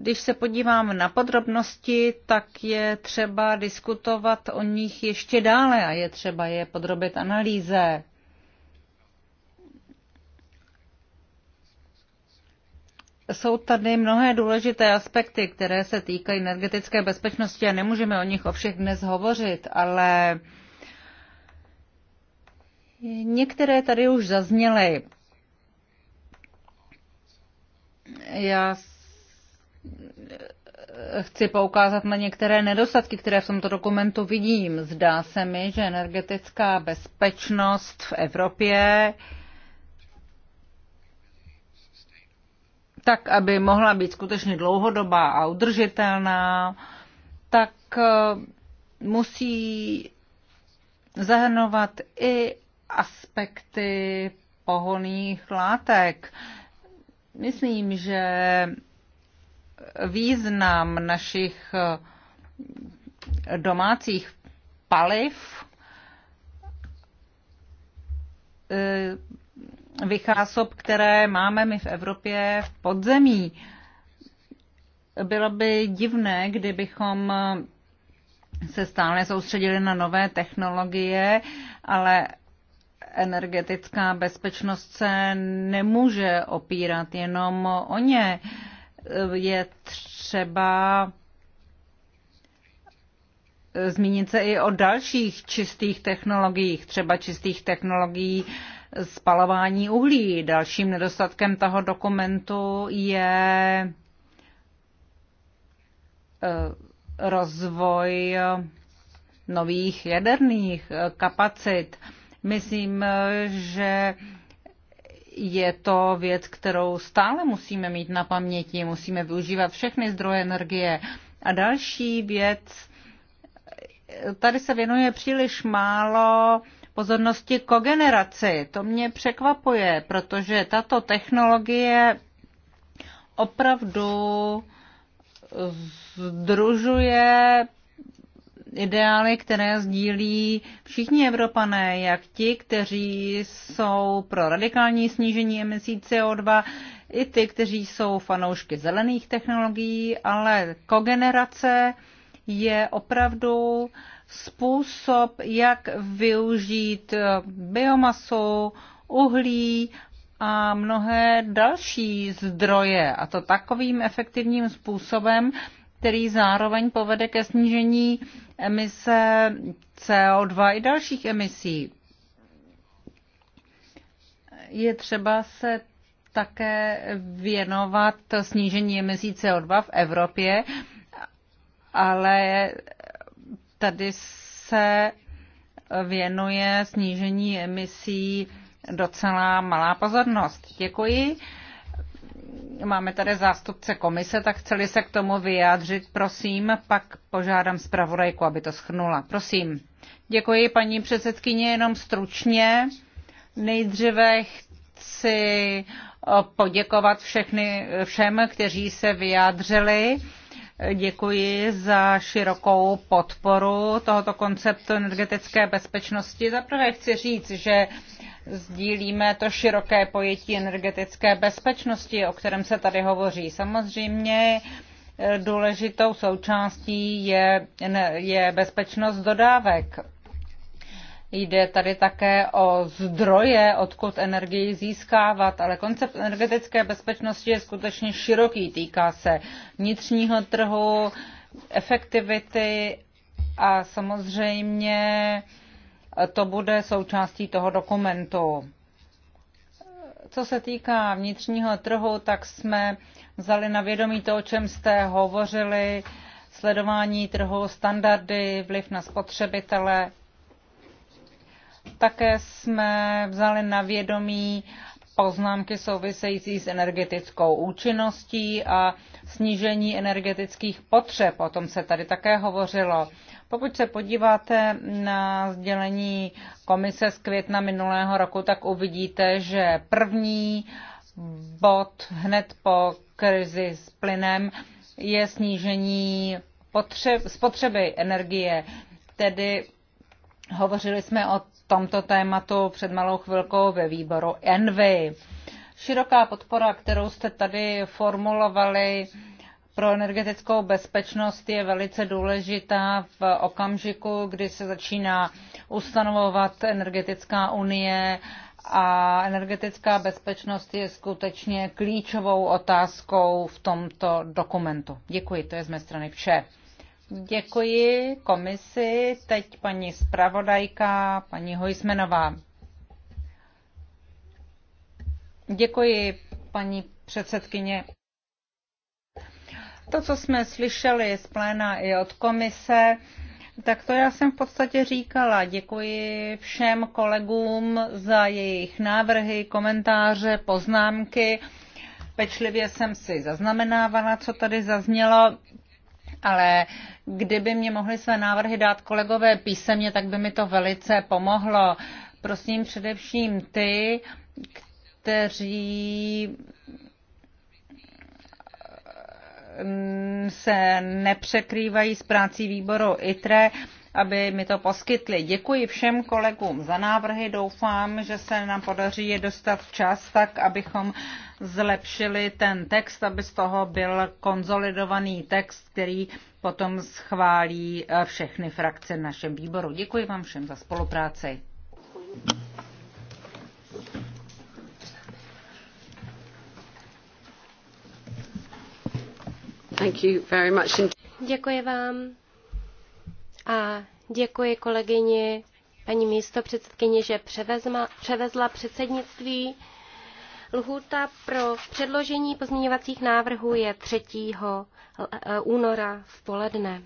když se podívám na podrobnosti, tak je třeba diskutovat o nich ještě dále a je třeba je podrobit analýze. Jsou tady mnohé důležité aspekty, které se týkají energetické bezpečnosti a nemůžeme o nich o všech dnes hovořit, ale některé tady už zazněly. Já chci poukázat na některé nedostatky, které v tomto dokumentu vidím. Zdá se mi, že energetická bezpečnost v Evropě tak, aby mohla být skutečně dlouhodobá a udržitelná, tak eh, musí zahrnovat i aspekty pohoných látek. Myslím, že význam našich eh, domácích paliv eh, vychásob, které máme my v Evropě v podzemí. Bylo by divné, kdybychom se stále soustředili na nové technologie, ale energetická bezpečnost se nemůže opírat jenom o ně. Uh, je třeba zmínit se i o dalších čistých technologiích, třeba čistých technologií spalování uhlí. Dalším nedostatkem toho dokumentu je e, rozvoj nových jaderných kapacit. Myslím, že je to věc, kterou stále musíme mít na paměti, musíme využívat všechny zdroje energie. A další věc, tady se věnuje příliš málo pozornosti kogeneraci. To mě překvapuje, protože tato technologie opravdu združuje ideály, které sdílí všichni Evropané, jak ti, kteří jsou pro radikální snížení emisí CO2, i ty, kteří jsou fanoušky zelených technologií, ale kogenerace je opravdu způsob, jak využít eh, biomasu, uhlí a mnohé další zdroje, a to takovým efektivním způsobem, který zároveň povede ke snížení emise CO2 i dalších emisí. Je třeba se také věnovat snížení emisí CO2 v Evropě, ale tady se věnuje snížení emisí docela malá pozornost. Děkuji. Máme tady zástupce komise, tak chceli se k tomu vyjádřit, prosím, pak požádám zpravodajku, aby to schrnula. Prosím. Děkuji, paní předsedkyně, jenom stručně. Nejdříve chci poděkovat všechny, všem, kteří se vyjádřili. Děkuji za širokou podporu tohoto konceptu energetické bezpečnosti. Zaprvé chci říct, že sdílíme to široké pojetí energetické bezpečnosti, o kterém se tady hovoří. Samozřejmě eh, důležitou součástí je, je bezpečnost dodávek Jde tady také o zdroje, odkud energii získávat, ale koncept energetické bezpečnosti je skutečně široký. Týká se vnitřního trhu, efektivity a samozřejmě to bude součástí toho dokumentu. Co se týká vnitřního trhu, tak jsme vzali na vědomí to, o čem jste hovořili, sledování trhu, standardy, vliv na spotřebitele také jsme vzali na vědomí poznámky související s energetickou účinností a snížení energetických potřeb. O tom se tady také hovořilo. Pokud se podíváte na sdělení komise z května minulého roku, tak uvidíte, že první bod hned po krizi s plynem je snížení potřeb, spotřeby energie. Tedy hovořili jsme o tomto tématu před malou chvilkou ve výboru Envy. Široká podpora, kterou jste tady formulovali pro energetickou bezpečnost, je velice důležitá v okamžiku, kdy se začíná ustanovovat energetická unie a energetická bezpečnost je skutečně klíčovou otázkou v tomto dokumentu. Děkuji, to je z mé strany vše. Děkuji komisi, teď paní zpravodajka, paní Hojsmenová. Děkuji, paní předsedkyně. To, co jsme slyšeli z pléna i od komise, tak to já jsem v podstatě říkala. Děkuji všem kolegům za jejich návrhy, komentáře, poznámky. Pečlivě jsem si zaznamenávala, co tady zaznělo ale kdyby mě mohli své návrhy dát kolegové písemně, tak by mi to velice pomohlo. Prosím především ty, kteří mm, se nepřekrývají s prácí výboru ITRE, aby mi to poskytli. Děkuji všem kolegům za návrhy. Doufám, že se nám podaří je dostat včas tak, abychom zlepšili ten text, aby z toho byl konzolidovaný text, který potom schválí eh, všechny frakce v našem výboru. Děkuji vám všem za spolupráci. Thank you very much. Děkuji vám a děkuji kolegyni paní místo předsedkyni, že převezma, převezla předsednictví. Lhůta pro předložení pozměňovacích návrhů je 3. E, února v poledne.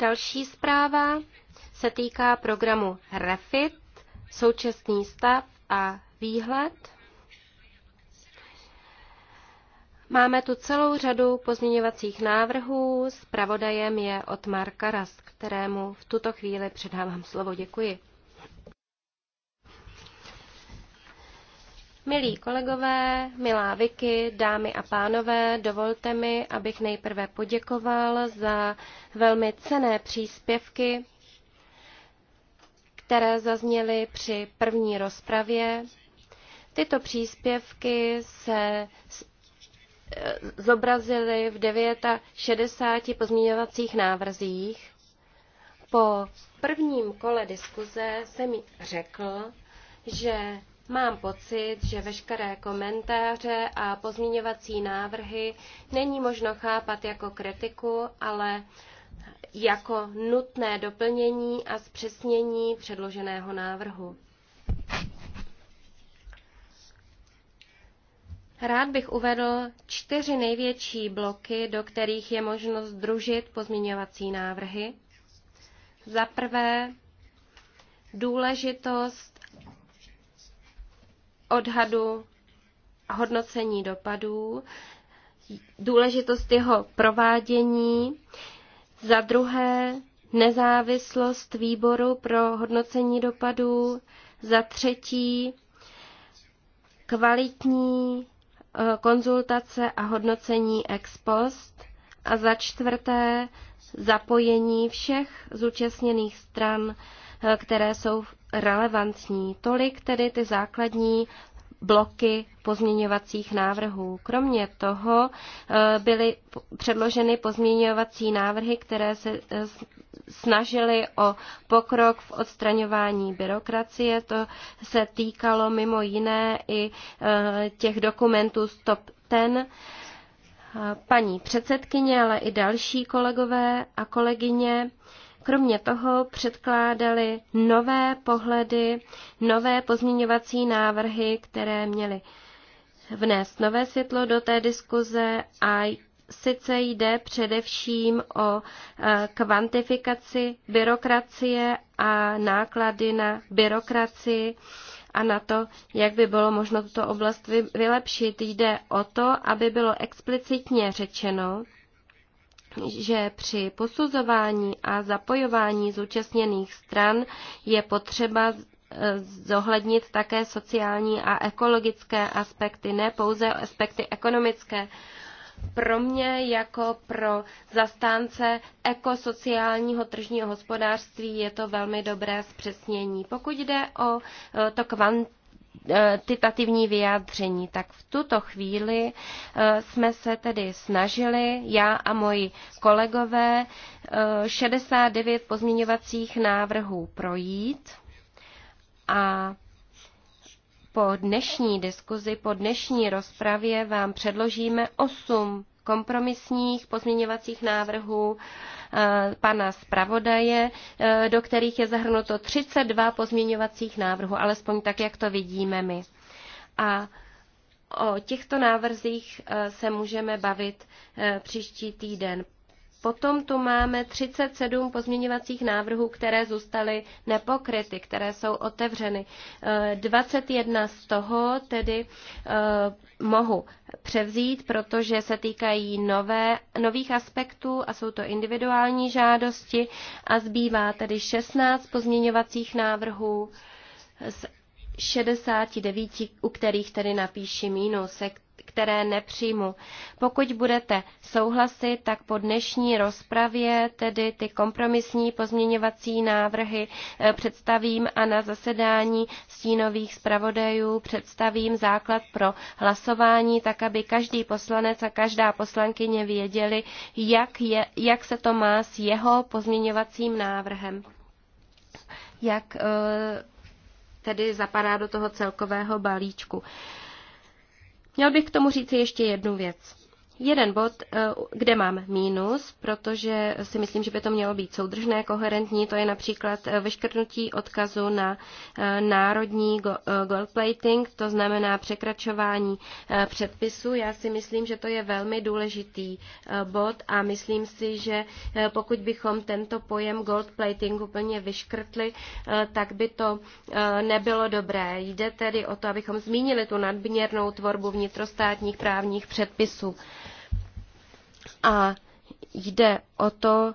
Další zpráva se týká programu REFIT, současný stav a výhled. Máme tu celou řadu pozměňovacích návrhů. Spravodajem je od Marka Rask, kterému v tuto chvíli předávám slovo. Děkuji. Milí kolegové, milá Vicky, dámy a pánové, dovolte mi, abych nejprve poděkoval za velmi cené příspěvky, které zazněly při první rozpravě. Tyto příspěvky se zobrazily v 69 pozměňovacích návrzích. Po prvním kole diskuze jsem řekl, že Mám pocit, že veškeré komentáře a pozměňovací návrhy není možno chápat jako kritiku, ale jako nutné doplnění a zpřesnění předloženého návrhu. Rád bych uvedl čtyři největší bloky, do kterých je možno združit pozměňovací návrhy. Za prvé, důležitost odhadu hodnocení dopadů, důležitost jeho provádění, za druhé nezávislost výboru pro hodnocení dopadů, za třetí kvalitní e, konzultace a hodnocení ex post a za čtvrté zapojení všech zúčastněných stran, e, které jsou relevantní. Tolik tedy ty základní bloky pozměňovacích návrhů. Kromě toho eh, byly předloženy pozměňovací návrhy, které se eh, snažily o pokrok v odstraňování byrokracie. To se týkalo mimo jiné i eh, těch dokumentů Stop Ten. Paní předsedkyně, ale i další kolegové a kolegyně Kromě toho předkládali nové pohledy, nové pozměňovací návrhy, které měly vnést nové světlo do té diskuze a sice jde především o e, kvantifikaci byrokracie a náklady na byrokracii a na to, jak by bylo možno tuto oblast vylepšit. Jde o to, aby bylo explicitně řečeno, že při posuzování a zapojování zúčastněných stran je potřeba eh, zohlednit také sociální a ekologické aspekty, ne pouze aspekty ekonomické. Pro mě jako pro zastánce ekosociálního tržního hospodářství je to velmi dobré zpřesnění. Pokud jde o eh, to kvant, Eh, titativní vyjádření. Tak v tuto chvíli eh, jsme se tedy snažili, já a moji kolegové, 69 eh, pozměňovacích návrhů projít a po dnešní diskuzi, po dnešní rozpravě vám předložíme 8 kompromisních pozměňovacích návrhů eh, pana zpravodaje, eh, do kterých je zahrnuto 32 pozměňovacích návrhů, alespoň tak, jak to vidíme my. A o těchto návrzích eh, se můžeme bavit příští týden. Potom tu máme 37 pozměňovacích návrhů, které zůstaly nepokryty, které jsou otevřeny. 21 eh, z toho tedy eh, mohu převzít, protože se týkají nové, nových aspektů a jsou to individuální žádosti a zbývá tedy 16 pozměňovacích návrhů z 69, u kterých tedy napíši mínus, které nepřijmu. Pokud budete souhlasit, tak po dnešní rozpravě tedy ty kompromisní pozměňovací návrhy eh, představím a na zasedání stínových zpravodajů představím základ pro hlasování, tak aby každý poslanec a každá poslankyně věděli, jak, je, jak se to má s jeho pozměňovacím návrhem. Jak eh, tedy zapadá do toho celkového balíčku. Měl bych k tomu říci ještě jednu věc jeden bod, eh, kde mám mínus, protože si myslím, že by to mělo být soudržné, koherentní, to je například eh, vyškrtnutí odkazu na eh, národní goldplating, to znamená překračování předpisu. Já si myslím, že to je velmi důležitý bod a myslím si, že pokud bychom tento pojem goldplating úplně vyškrtli, tak by to nebylo dobré. Jde tedy o to, abychom zmínili tu nadměrnou tvorbu vnitrostátních právních předpisů. A jde o to,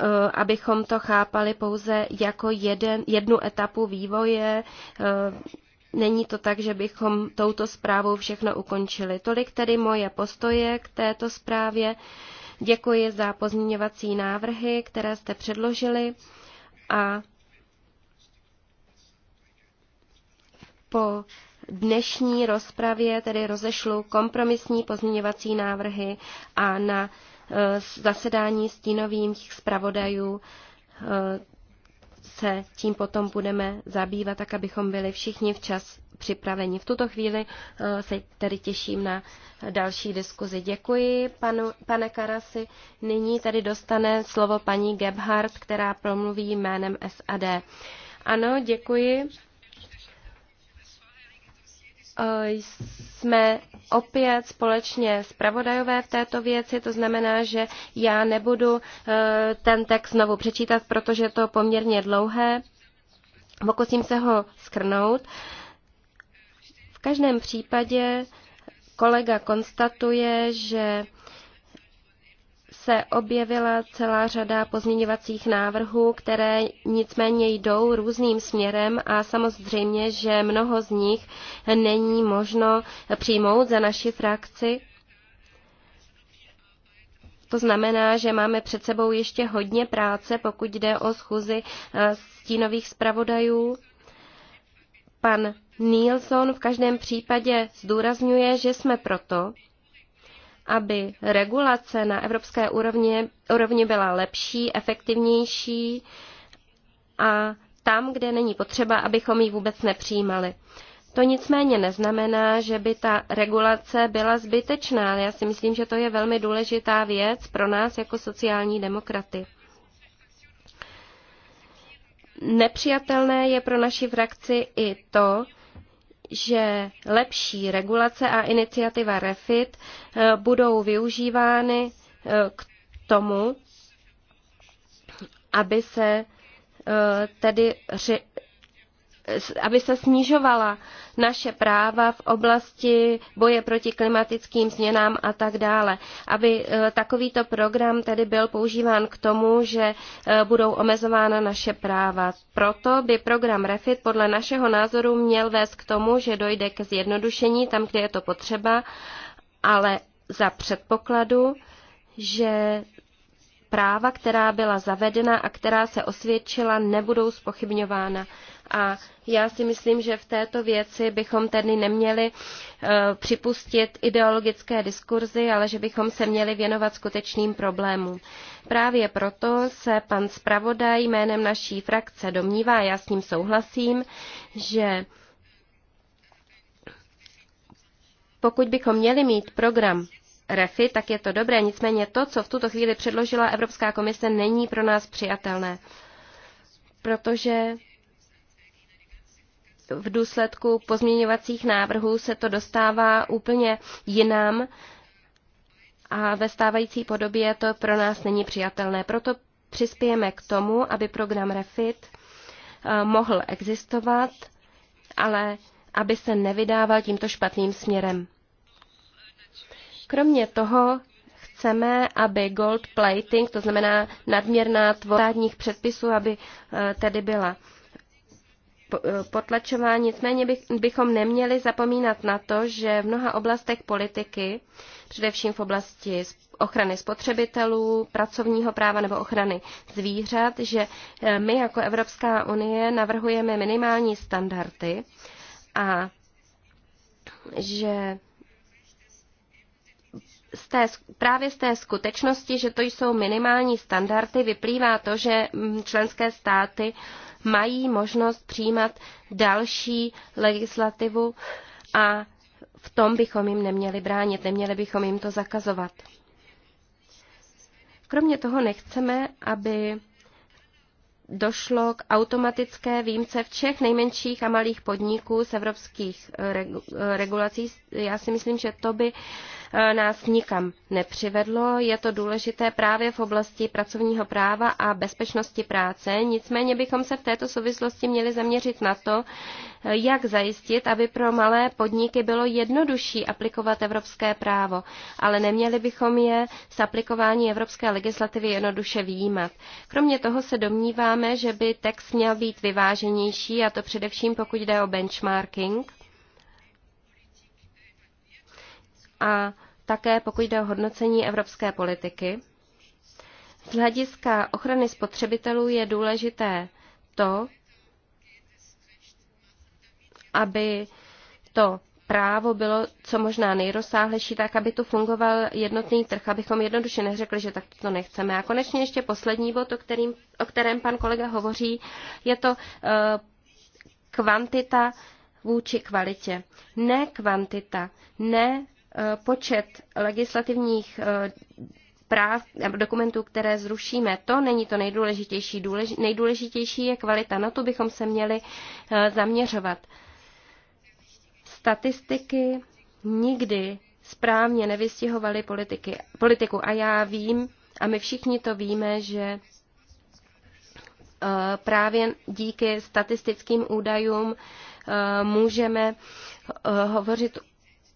eh, abychom to chápali pouze jako jeden, jednu etapu vývoje. Eh, není to tak, že bychom touto zprávou všechno ukončili. Tolik tedy moje postoje k této zprávě. Děkuji za pozměňovací návrhy, které jste předložili a po dnešní rozpravě tedy rozešlu kompromisní pozměňovací návrhy a na eh, zasedání stínových zpravodajů eh, se tím potom budeme zabývat, tak abychom byli všichni včas připraveni. V tuto chvíli eh, se tedy těším na další diskuzi. Děkuji, panu, pane Karasi. Nyní tady dostane slovo paní Gebhardt, která promluví jménem SAD. Ano, děkuji. Eh, jsme opět společně zpravodajové v této věci, to znamená, že já nebudu eh, ten text znovu přečítat, protože je to poměrně dlouhé. Pokusím se ho skrnout. V každém případě kolega konstatuje, že se objevila celá řada pozměňovacích návrhů, které nicméně jdou různým směrem a samozřejmě, že mnoho z nich není možno přijmout za naši frakci. To znamená, že máme před sebou ještě hodně práce, pokud jde o schůzi eh, stínových zpravodajů. Pan Nilsson v každém případě zdůrazňuje, že jsme proto, aby regulace na evropské úrovni, úrovni byla lepší, efektivnější a tam, kde není potřeba, abychom ji vůbec nepřijímali. To nicméně neznamená, že by ta regulace byla zbytečná, já si myslím, že to je velmi důležitá věc pro nás jako sociální demokraty. Nepřijatelné je pro naši frakci i to, že lepší regulace a iniciativa REFIT eh, budou využívány eh, k tomu, aby se eh, tedy aby se snižovala naše práva v oblasti boje proti klimatickým změnám a tak dále. Aby e, takovýto program tedy byl používán k tomu, že e, budou omezována naše práva. Proto by program REFIT podle našeho názoru měl vést k tomu, že dojde k zjednodušení tam, kde je to potřeba, ale za předpokladu, že práva, která byla zavedena a která se osvědčila, nebudou spochybňována. A já si myslím, že v této věci bychom tedy neměli eh, připustit ideologické diskurzy, ale že bychom se měli věnovat skutečným problémům. Právě proto se pan zpravodaj jménem naší frakce domnívá, já s ním souhlasím, že pokud bychom měli mít program REFI, tak je to dobré, nicméně to, co v tuto chvíli předložila Evropská komise, není pro nás přijatelné, protože v důsledku pozměňovacích návrhů se to dostává úplně jinam a ve stávající podobě to pro nás není přijatelné. Proto přispějeme k tomu, aby program REFIT eh, mohl existovat, ale aby se nevydával tímto špatným směrem. Kromě toho chceme, aby gold plating, to znamená nadměrná tvorádních předpisů, aby eh, tedy byla Eh, potlačován. Nicméně bychom neměli zapomínat na to, že v mnoha oblastech politiky, především v oblasti ochrany spotřebitelů, pracovního práva nebo ochrany zvířat, že eh, my jako Evropská unie navrhujeme minimální standardy a že z té, právě z té skutečnosti, že to jsou minimální standardy, vyplývá to, že mm, členské státy uh, mají možnost přijímat další legislativu a v tom bychom jim neměli bránit, neměli bychom jim to zakazovat. Kromě toho nechceme, aby došlo k automatické výjimce všech nejmenších a malých podniků z evropských regulací. Já si myslím, že to by Eh, nás nikam nepřivedlo. Je to důležité právě v oblasti pracovního práva a bezpečnosti práce. Nicméně bychom se v této souvislosti měli zaměřit na to, eh, jak zajistit, aby pro malé podniky bylo jednodušší aplikovat evropské právo, ale neměli bychom je s aplikování evropské legislativy jednoduše výjímat. Kromě toho se domníváme, že by text měl být vyváženější, a to především pokud jde o benchmarking. a také pokud jde o hodnocení evropské politiky. Z hlediska ochrany spotřebitelů je důležité to, aby to právo bylo co možná nejrozsáhlejší, tak aby tu fungoval jednotný trh, abychom jednoduše neřekli, že tak to nechceme. A konečně ještě poslední bod, o, kterým, o kterém pan kolega hovoří, je to uh, kvantita vůči kvalitě. Ne kvantita, ne Eh, počet legislativních eh, práv nebo dokumentů, které zrušíme, to není to nejdůležitější. Důlež, nejdůležitější je kvalita. Na to bychom se měli eh, zaměřovat. Statistiky nikdy správně nevystihovaly politiky, politiku. A já vím, a my všichni to víme, že právě díky statistickým údajům můžeme hovořit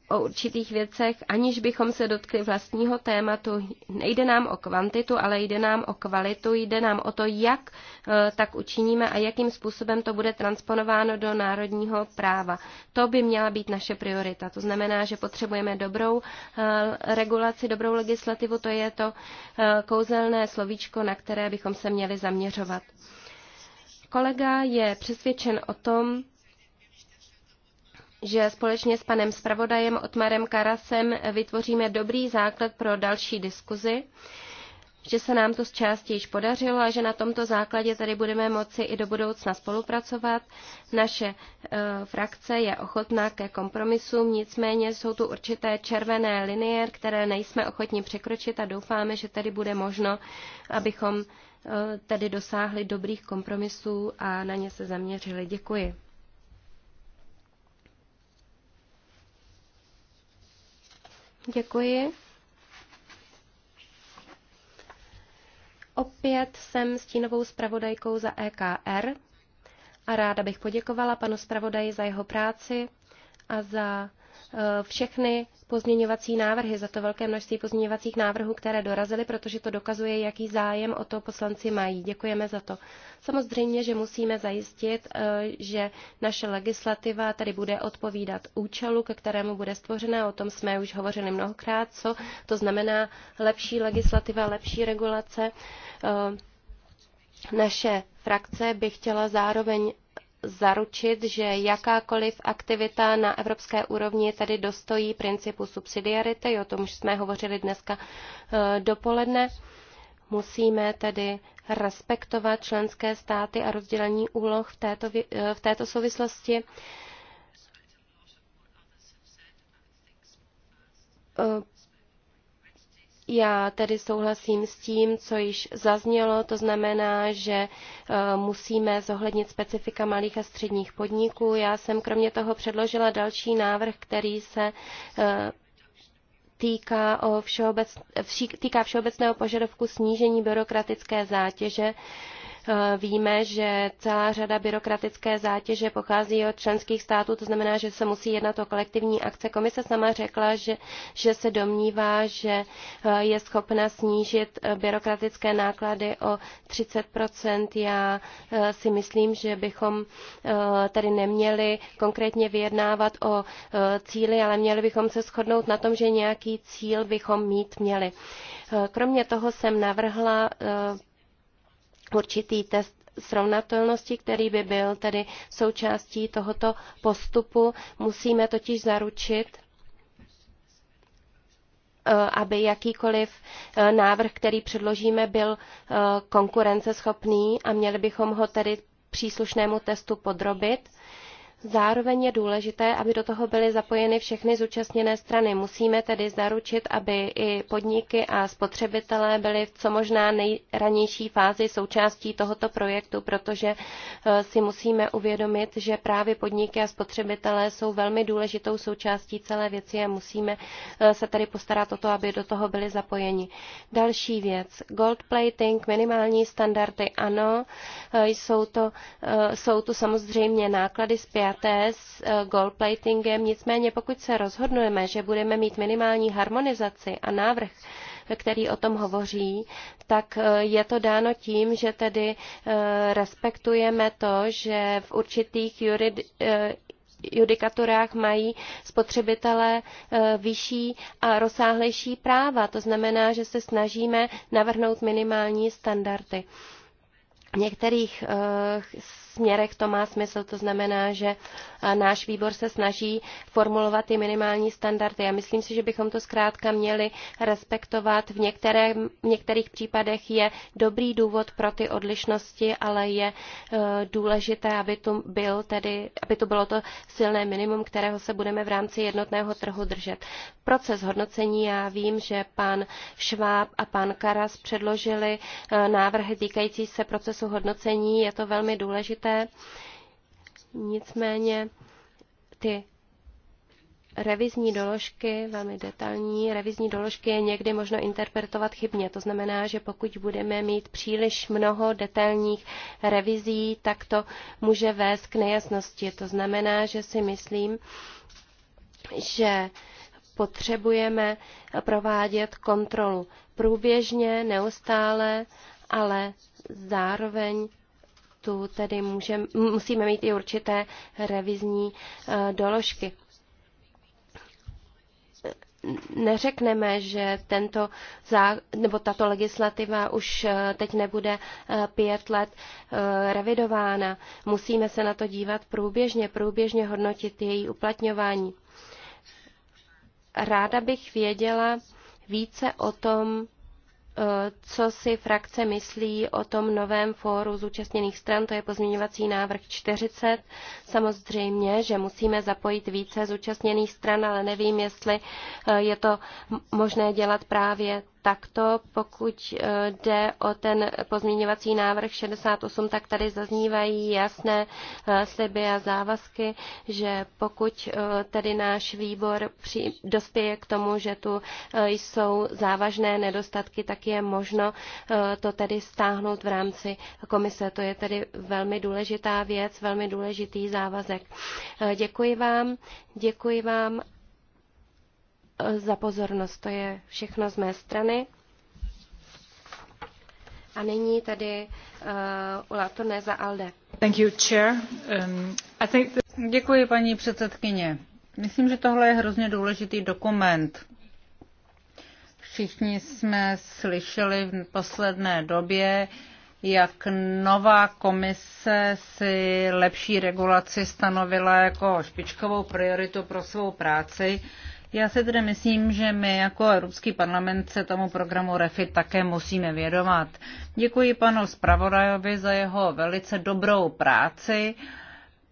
o určitých věcech, aniž bychom se dotkli vlastního tématu. Nejde nám o kvantitu, ale jde nám o kvalitu, jde nám o to, jak eh, tak učiníme a jakým způsobem to bude transponováno do národního práva. To by měla být naše priorita. To znamená, že potřebujeme dobrou eh, regulaci, dobrou legislativu, to je to eh, kouzelné slovíčko, na které bychom se měli zaměřovat. Kolega je přesvědčen o tom, že společně s panem zpravodajem Otmarem Karasem vytvoříme dobrý základ pro další diskuzi, že se nám to z části již podařilo a že na tomto základě tady budeme moci i do budoucna spolupracovat. Naše e, frakce je ochotná ke kompromisům, nicméně jsou tu určité červené linie, které nejsme ochotni překročit a doufáme, že tady bude možno, abychom e, eh, tedy dosáhli dobrých kompromisů a na ně se zaměřili. Děkuji. Děkuji. Opět jsem stínovou zpravodajkou za EKR a ráda bych poděkovala panu zpravodaji za jeho práci a za Eh, všechny pozměňovací návrhy, za to velké množství pozměňovacích návrhů, které dorazily, protože to dokazuje, jaký zájem o to poslanci mají. Děkujeme za to. Samozřejmě, že musíme zajistit, eh, že naše legislativa tady bude odpovídat účelu, ke kterému bude stvořena. O tom jsme už hovořili mnohokrát, co to znamená lepší legislativa, lepší regulace. Eh, naše frakce by chtěla zároveň zaručit, že jakákoliv aktivita na evropské úrovni tady dostojí principu subsidiarity, o tom už jsme hovořili dneska eh, dopoledne. Musíme tedy respektovat členské státy a rozdělení úloh v této, eh, v této souvislosti. Eh, já tedy souhlasím s tím, co již zaznělo, to znamená, že e, musíme zohlednit specifika malých a středních podniků. Já jsem kromě toho předložila další návrh, který se e, týká, o všeobec, týká všeobecného požadavku snížení byrokratické zátěže Eh, víme, že celá řada byrokratické zátěže pochází od členských států, to znamená, že se musí jednat o kolektivní akce. Komise sama řekla, že, že se domnívá, že eh, je schopna snížit eh, byrokratické náklady o 30 Já si myslím, že bychom tady neměli konkrétně vyjednávat o cíli, ale měli bychom se shodnout na tom, že nějaký cíl bychom mít měli. Kromě toho jsem navrhla určitý test srovnatelnosti, který by byl tedy součástí tohoto postupu. Musíme totiž zaručit, eh, aby jakýkoliv eh, návrh, který předložíme, byl eh, konkurenceschopný a měli bychom ho tedy příslušnému testu podrobit. Zároveň je důležité, aby do toho byly zapojeny všechny zúčastněné strany. Musíme tedy zaručit, aby i podniky a spotřebitelé byli v co možná nejranější fázi součástí tohoto projektu, protože eh, si musíme uvědomit, že právě podniky a spotřebitelé jsou velmi důležitou součástí celé věci a musíme eh, se tedy postarat o to, aby do toho byli zapojeni. Další věc. Gold plating, minimální standardy, ano, eh, jsou to, jsou tu samozřejmě náklady zpět spjaté s eh, goldplatingem, nicméně pokud se rozhodneme, že budeme mít minimální harmonizaci a návrh, který o tom hovoří, tak eh, je to dáno tím, že tedy eh, respektujeme to, že v určitých jurid, judikaturách mají spotřebitelé vyšší a rozsáhlejší práva. To znamená, že se snažíme navrhnout minimální standardy. V některých směrech to má smysl. To znamená, že náš výbor se snaží formulovat ty minimální standardy. Já myslím si, že bychom to zkrátka měli respektovat. V, některé, v některých případech je dobrý důvod pro ty odlišnosti, ale je e, důležité, aby to byl tedy, aby to bylo to silné minimum, kterého se budeme v rámci jednotného trhu držet. Proces hodnocení já vím, že pan Šváb a pan Karas předložili e, návrhy týkající se procesu hodnocení. Je to velmi důležité složité. Nicméně ty revizní doložky, velmi detailní revizní doložky je někdy možno interpretovat chybně. To znamená, že pokud budeme mít příliš mnoho detailních revizí, tak to může vést k nejasnosti. To znamená, že si myslím, že potřebujeme provádět kontrolu průběžně, neustále, ale zároveň tu tedy můžem, musíme mít i určité revizní eh, doložky. Neřekneme, že tento zá, nebo tato legislativa už eh, teď nebude eh, pět let revidována. Musíme se na to dívat průběžně, průběžně hodnotit její uplatňování. Ráda bych věděla více o tom, co si frakce myslí o tom novém fóru zúčastněných stran, to je pozměňovací návrh 40. Samozřejmě, že musíme zapojit více zúčastněných stran, ale nevím, jestli eh, je to možné dělat právě takto, pokud eh, jde o ten pozměňovací návrh 68, tak tady zaznívají jasné eh, sliby a závazky, že pokud eh, tedy náš výbor při, dospěje k tomu, že tu jsou závažné nedostatky, tak je možno to tedy stáhnout v rámci komise. To je tedy velmi důležitá věc, velmi důležitý závazek. Děkuji vám, děkuji vám za pozornost. To je všechno z mé strany. A nyní tady uh, eh, Ula za Alde. Thank you, chair. Um, I think that... Děkuji, paní předsedkyně. Myslím, že tohle je hrozně důležitý dokument. Všichni jsme slyšeli v posledné době, jak nová komise si lepší regulaci stanovila jako špičkovou prioritu pro svou práci. Uh, já si tedy myslím, že my jako Evropský parlament se tomu programu REFIT také musíme vědovat. Děkuji panu zpravodajovi za jeho velice dobrou práci.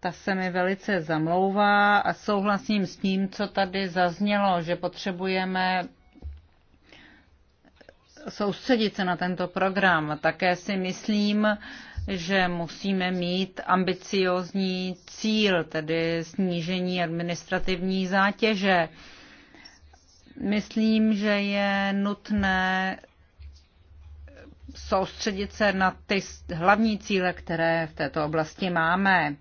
Ta se mi velice zamlouvá a souhlasím s tím, co tady zaznělo, že potřebujeme soustředit se na tento program. Také si myslím, že musíme mít ambiciózní cíl, tedy snížení administrativní zátěže. Myslím, že je nutné soustředit se na ty hlavní cíle, které v této oblasti máme.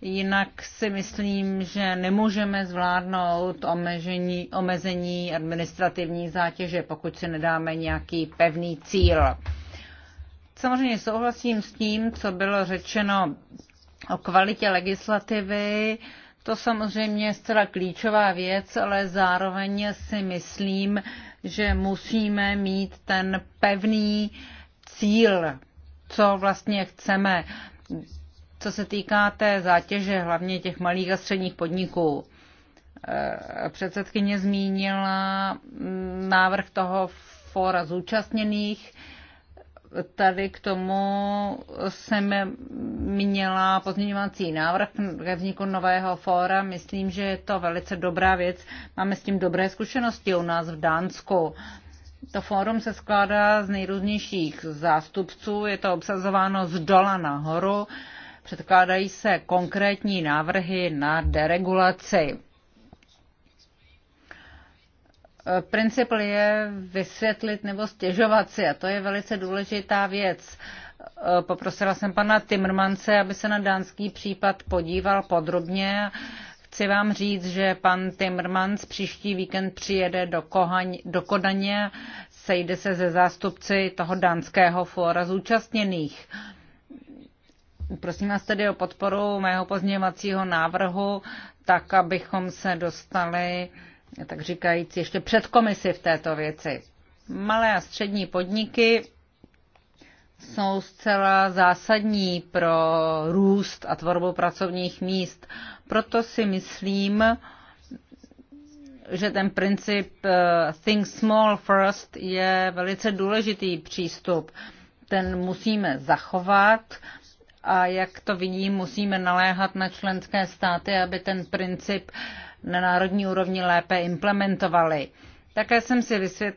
Jinak si myslím, že nemůžeme zvládnout omezení, omezení administrativní zátěže, pokud si nedáme nějaký pevný cíl. Samozřejmě souhlasím s tím, co bylo řečeno o kvalitě legislativy. To samozřejmě je zcela klíčová věc, ale zároveň si myslím, že musíme mít ten pevný cíl, co vlastně chceme, co se týká té zátěže hlavně těch malých a středních podniků. Eh, předsedkyně zmínila mm, návrh toho fora zúčastněných tady k tomu jsem měla pozměňovací návrh ke vzniku nového fóra. Myslím, že je to velice dobrá věc. Máme s tím dobré zkušenosti u nás v Dánsku. To fórum se skládá z nejrůznějších zástupců, je to obsazováno z dola nahoru, předkládají se konkrétní návrhy na deregulaci. Princip je vysvětlit nebo stěžovat si a to je velice důležitá věc. Poprosila jsem pana Timmermance, aby se na dánský případ podíval podrobně. Chci vám říct, že pan Timmermans příští víkend přijede do, Kohaň, do Kodaně, sejde se ze zástupci toho dánského fóra zúčastněných. Prosím vás tedy o podporu mého pozněvacího návrhu, tak abychom se dostali tak říkajíc, ještě před komisi v této věci. Malé a střední podniky jsou zcela zásadní pro růst a tvorbu pracovních míst. Proto si myslím, že ten princip eh, think small first je velice důležitý přístup. Ten musíme zachovat a jak to vidím, musíme naléhat na členské státy, aby ten princip uh, na národní úrovni lépe implementovaly. Také jsem si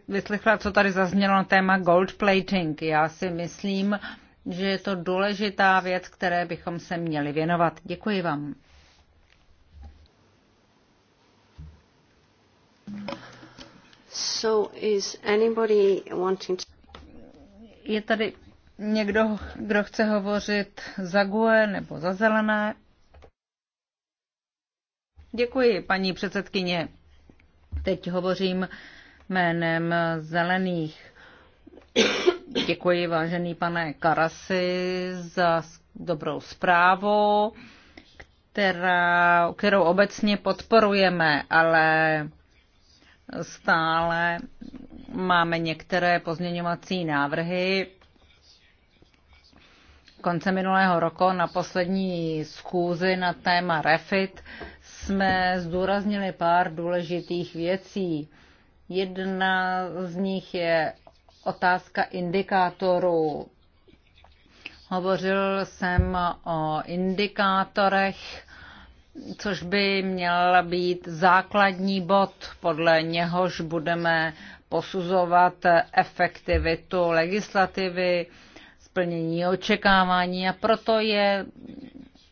vyslechla, co tady zaznělo na téma gold plating. Já si myslím, že je to důležitá věc, které bychom se měli věnovat. Děkuji vám. So is anybody wanting to... Je tady někdo, kdo chce hovořit za GUE nebo za zelené? Děkuji, paní předsedkyně. Teď hovořím jménem zelených. Děkuji, vážený pane Karasi, za dobrou zprávu, která, kterou obecně podporujeme, ale stále máme některé pozměňovací návrhy. Konce minulého roku na poslední schůzi na téma REFIT jsme zdůraznili pár důležitých věcí. Jedna z nich je otázka indikátorů. Hovořil jsem o indikátorech, což by měl být základní bod, podle něhož budeme posuzovat efektivitu legislativy, splnění očekávání a proto je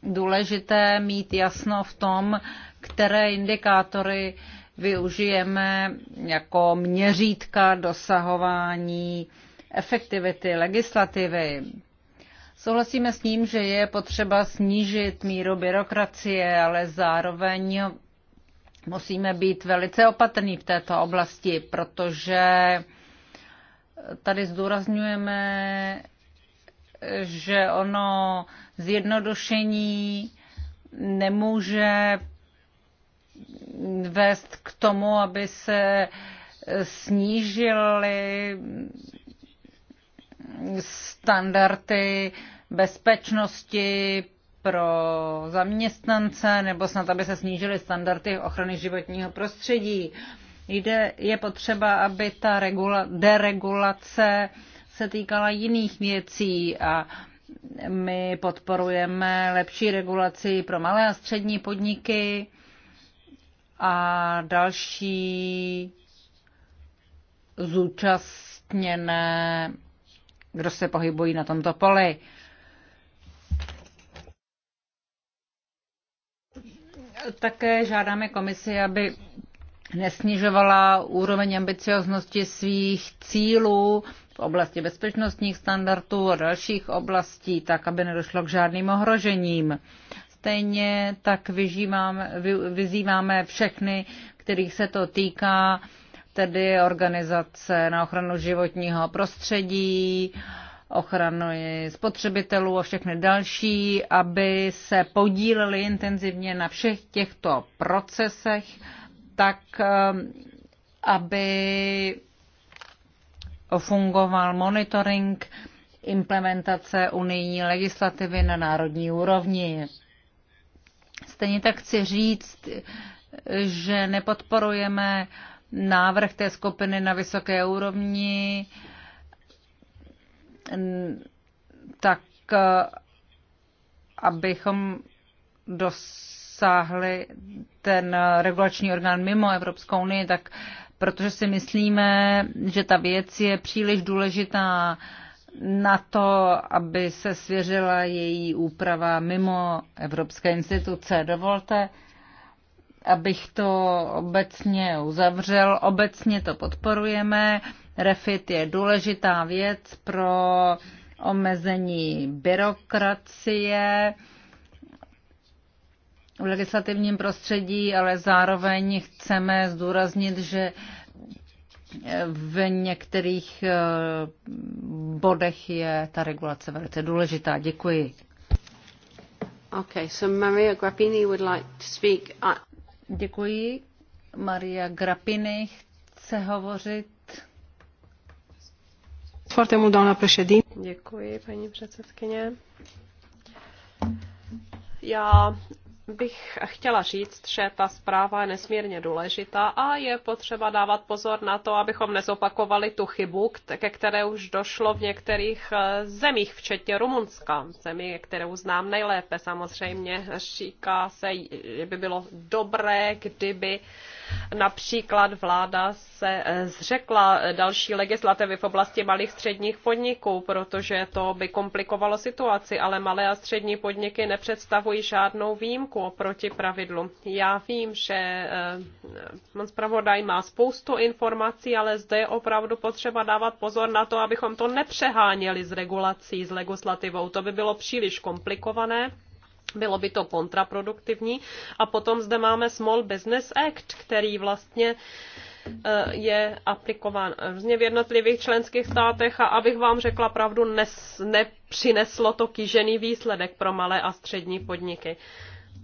důležité mít jasno v tom, které indikátory využijeme jako měřítka dosahování efektivity legislativy. Souhlasíme s ním, že je potřeba snížit míru byrokracie, ale zároveň musíme být velice opatrní v této oblasti, protože tady zdůrazňujeme, že ono zjednodušení nemůže vést k tomu, aby se snížily standardy bezpečnosti pro zaměstnance nebo snad, aby se snížily standardy ochrany životního prostředí. Jde, je potřeba, aby ta regula, deregulace se týkala jiných věcí a my podporujeme lepší regulaci pro malé a střední podniky a další zúčastněné, kdo se pohybují na tomto poli. Také žádáme komisi, aby nesnižovala úroveň ambicioznosti svých cílů v oblasti bezpečnostních standardů a dalších oblastí, tak aby nedošlo k žádným ohrožením. Stejně tak vyzýváme všechny, kterých se to týká, tedy organizace na ochranu životního prostředí, ochranu spotřebitelů a všechny další, aby se podíleli intenzivně na všech těchto procesech, tak eh, aby fungoval monitoring implementace unijní legislativy na národní úrovni. Stejně tak chci říct, že nepodporujeme návrh té skupiny na vysoké úrovni, tak abychom dosáhli ten regulační orgán mimo Evropskou unii, tak protože si myslíme, že ta věc je příliš důležitá na to, aby se svěřila její úprava mimo evropské instituce. Dovolte, abych to obecně uzavřel. Obecně to podporujeme. Refit je důležitá věc pro omezení byrokracie v legislativním prostředí, ale zároveň chceme zdůraznit, že v některých eh, bodech je ta regulace velice důležitá. Děkuji. Okay, so Maria Grappini would like to speak. Děkuji. Maria Grappini chce hovořit. Foarte mult, doamna președinte. Děkuji, paní předsedkyně. Já bych chtěla říct, že ta zpráva je nesmírně důležitá a je potřeba dávat pozor na to, abychom nezopakovali tu chybu, ke které už došlo v některých eh, zemích, včetně Rumunska, zemi, kterou znám nejlépe. Samozřejmě říká se, že by bylo dobré, kdyby uh, Například vláda se eh, zřekla další legislativy v oblasti malých středních podniků, protože to by komplikovalo situaci, ale malé a střední podniky nepředstavují žádnou výjimku oproti pravidlu. Já vím, že eh, pan zpravodaj má spoustu informací, ale zde je opravdu potřeba dávat pozor na to, abychom to nepřeháněli s regulací, s legislativou. To by bylo příliš komplikované bylo by to kontraproduktivní. A potom zde máme Small Business Act, který vlastně eh, je aplikován různě v jednotlivých členských státech a abych vám řekla pravdu, nes, nepřineslo to kýžený výsledek pro malé a střední podniky.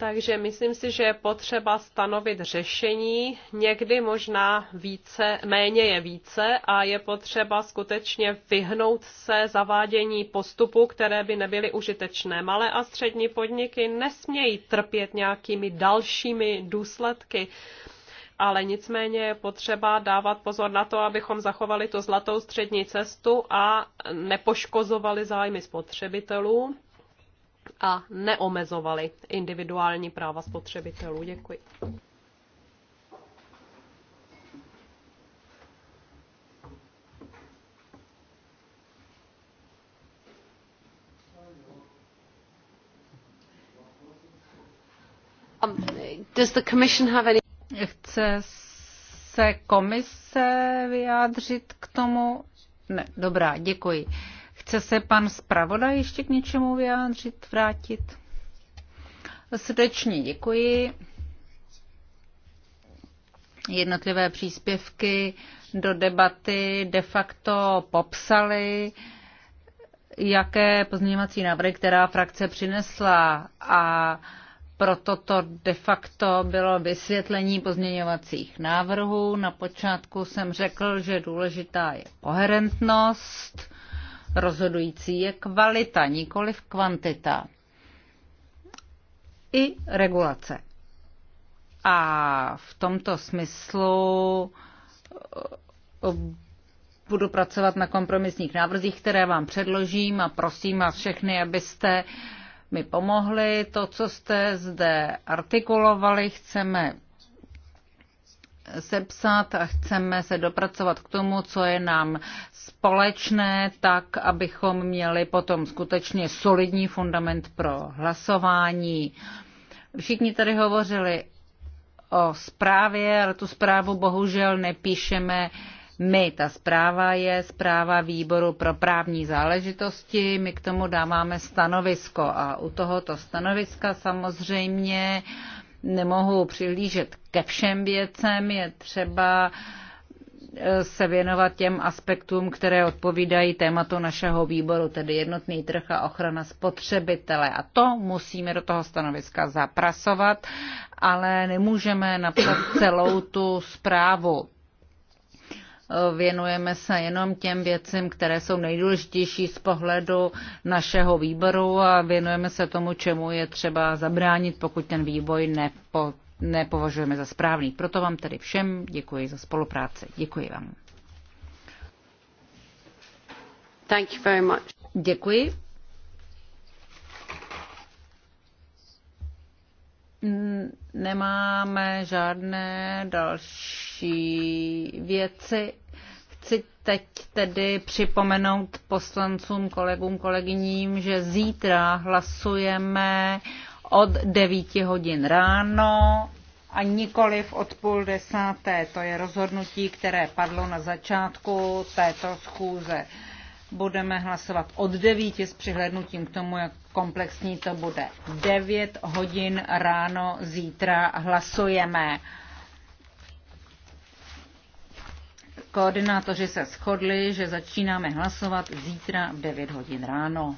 Takže myslím si, že je potřeba stanovit řešení. Někdy možná více, méně je více a je potřeba skutečně vyhnout se zavádění postupů, které by nebyly užitečné. Malé a střední podniky nesmějí trpět nějakými dalšími důsledky ale nicméně je potřeba dávat pozor na to, abychom zachovali tu zlatou střední cestu a nepoškozovali zájmy spotřebitelů a neomezovali individuální práva spotřebitelů. Děkuji. Um, does the commission have any... Chce se komise vyjádřit k tomu? Ne, dobrá, děkuji. Chce se pan zpravodaj ještě k něčemu vyjádřit, vrátit? Srdečně děkuji. Jednotlivé příspěvky do debaty de facto popsaly, jaké pozměňovací návrhy, která frakce přinesla a proto to de facto bylo vysvětlení pozměňovacích návrhů. Na počátku jsem řekl, že důležitá je koherentnost Rozhodující je kvalita, nikoliv kvantita. I regulace. A v tomto smyslu eh, budu pracovat na kompromisních návrzích, které vám předložím a prosím vás všechny, abyste mi pomohli. To, co jste zde artikulovali, chceme sepsat a chceme se dopracovat k tomu, co je nám společné, tak abychom měli potom skutečně solidní fundament pro hlasování. Všichni tady hovořili o zprávě, ale tu zprávu bohužel nepíšeme my. Ta zpráva je zpráva výboru pro právní záležitosti, my k tomu dáváme stanovisko a u tohoto stanoviska samozřejmě uh, nemohu přihlížet ke všem věcem, je třeba eh, se věnovat těm aspektům, které odpovídají tématu našeho výboru, tedy jednotný trh a ochrana spotřebitele. A to musíme do toho stanoviska zaprasovat, ale nemůžeme napsat celou tu zprávu. Věnujeme se jenom těm věcem, které jsou nejdůležitější z pohledu našeho výboru a věnujeme se tomu, čemu je třeba zabránit, pokud ten vývoj nepo, nepovažujeme za správný. Proto vám tedy všem děkuji za spolupráci. Děkuji vám. Thank you very much. Děkuji. Nemáme žádné další věci Chci teď tedy připomenout poslancům, kolegům, kolegyním, že zítra hlasujeme od 9 hodin ráno a nikoliv od půl desáté. To je rozhodnutí, které padlo na začátku této schůze. Budeme hlasovat od 9 s přihlednutím k tomu, jak komplexní to bude. 9 hodin ráno zítra hlasujeme. Koordinátoři se shodli, že začínáme hlasovat zítra v 9 hodin ráno.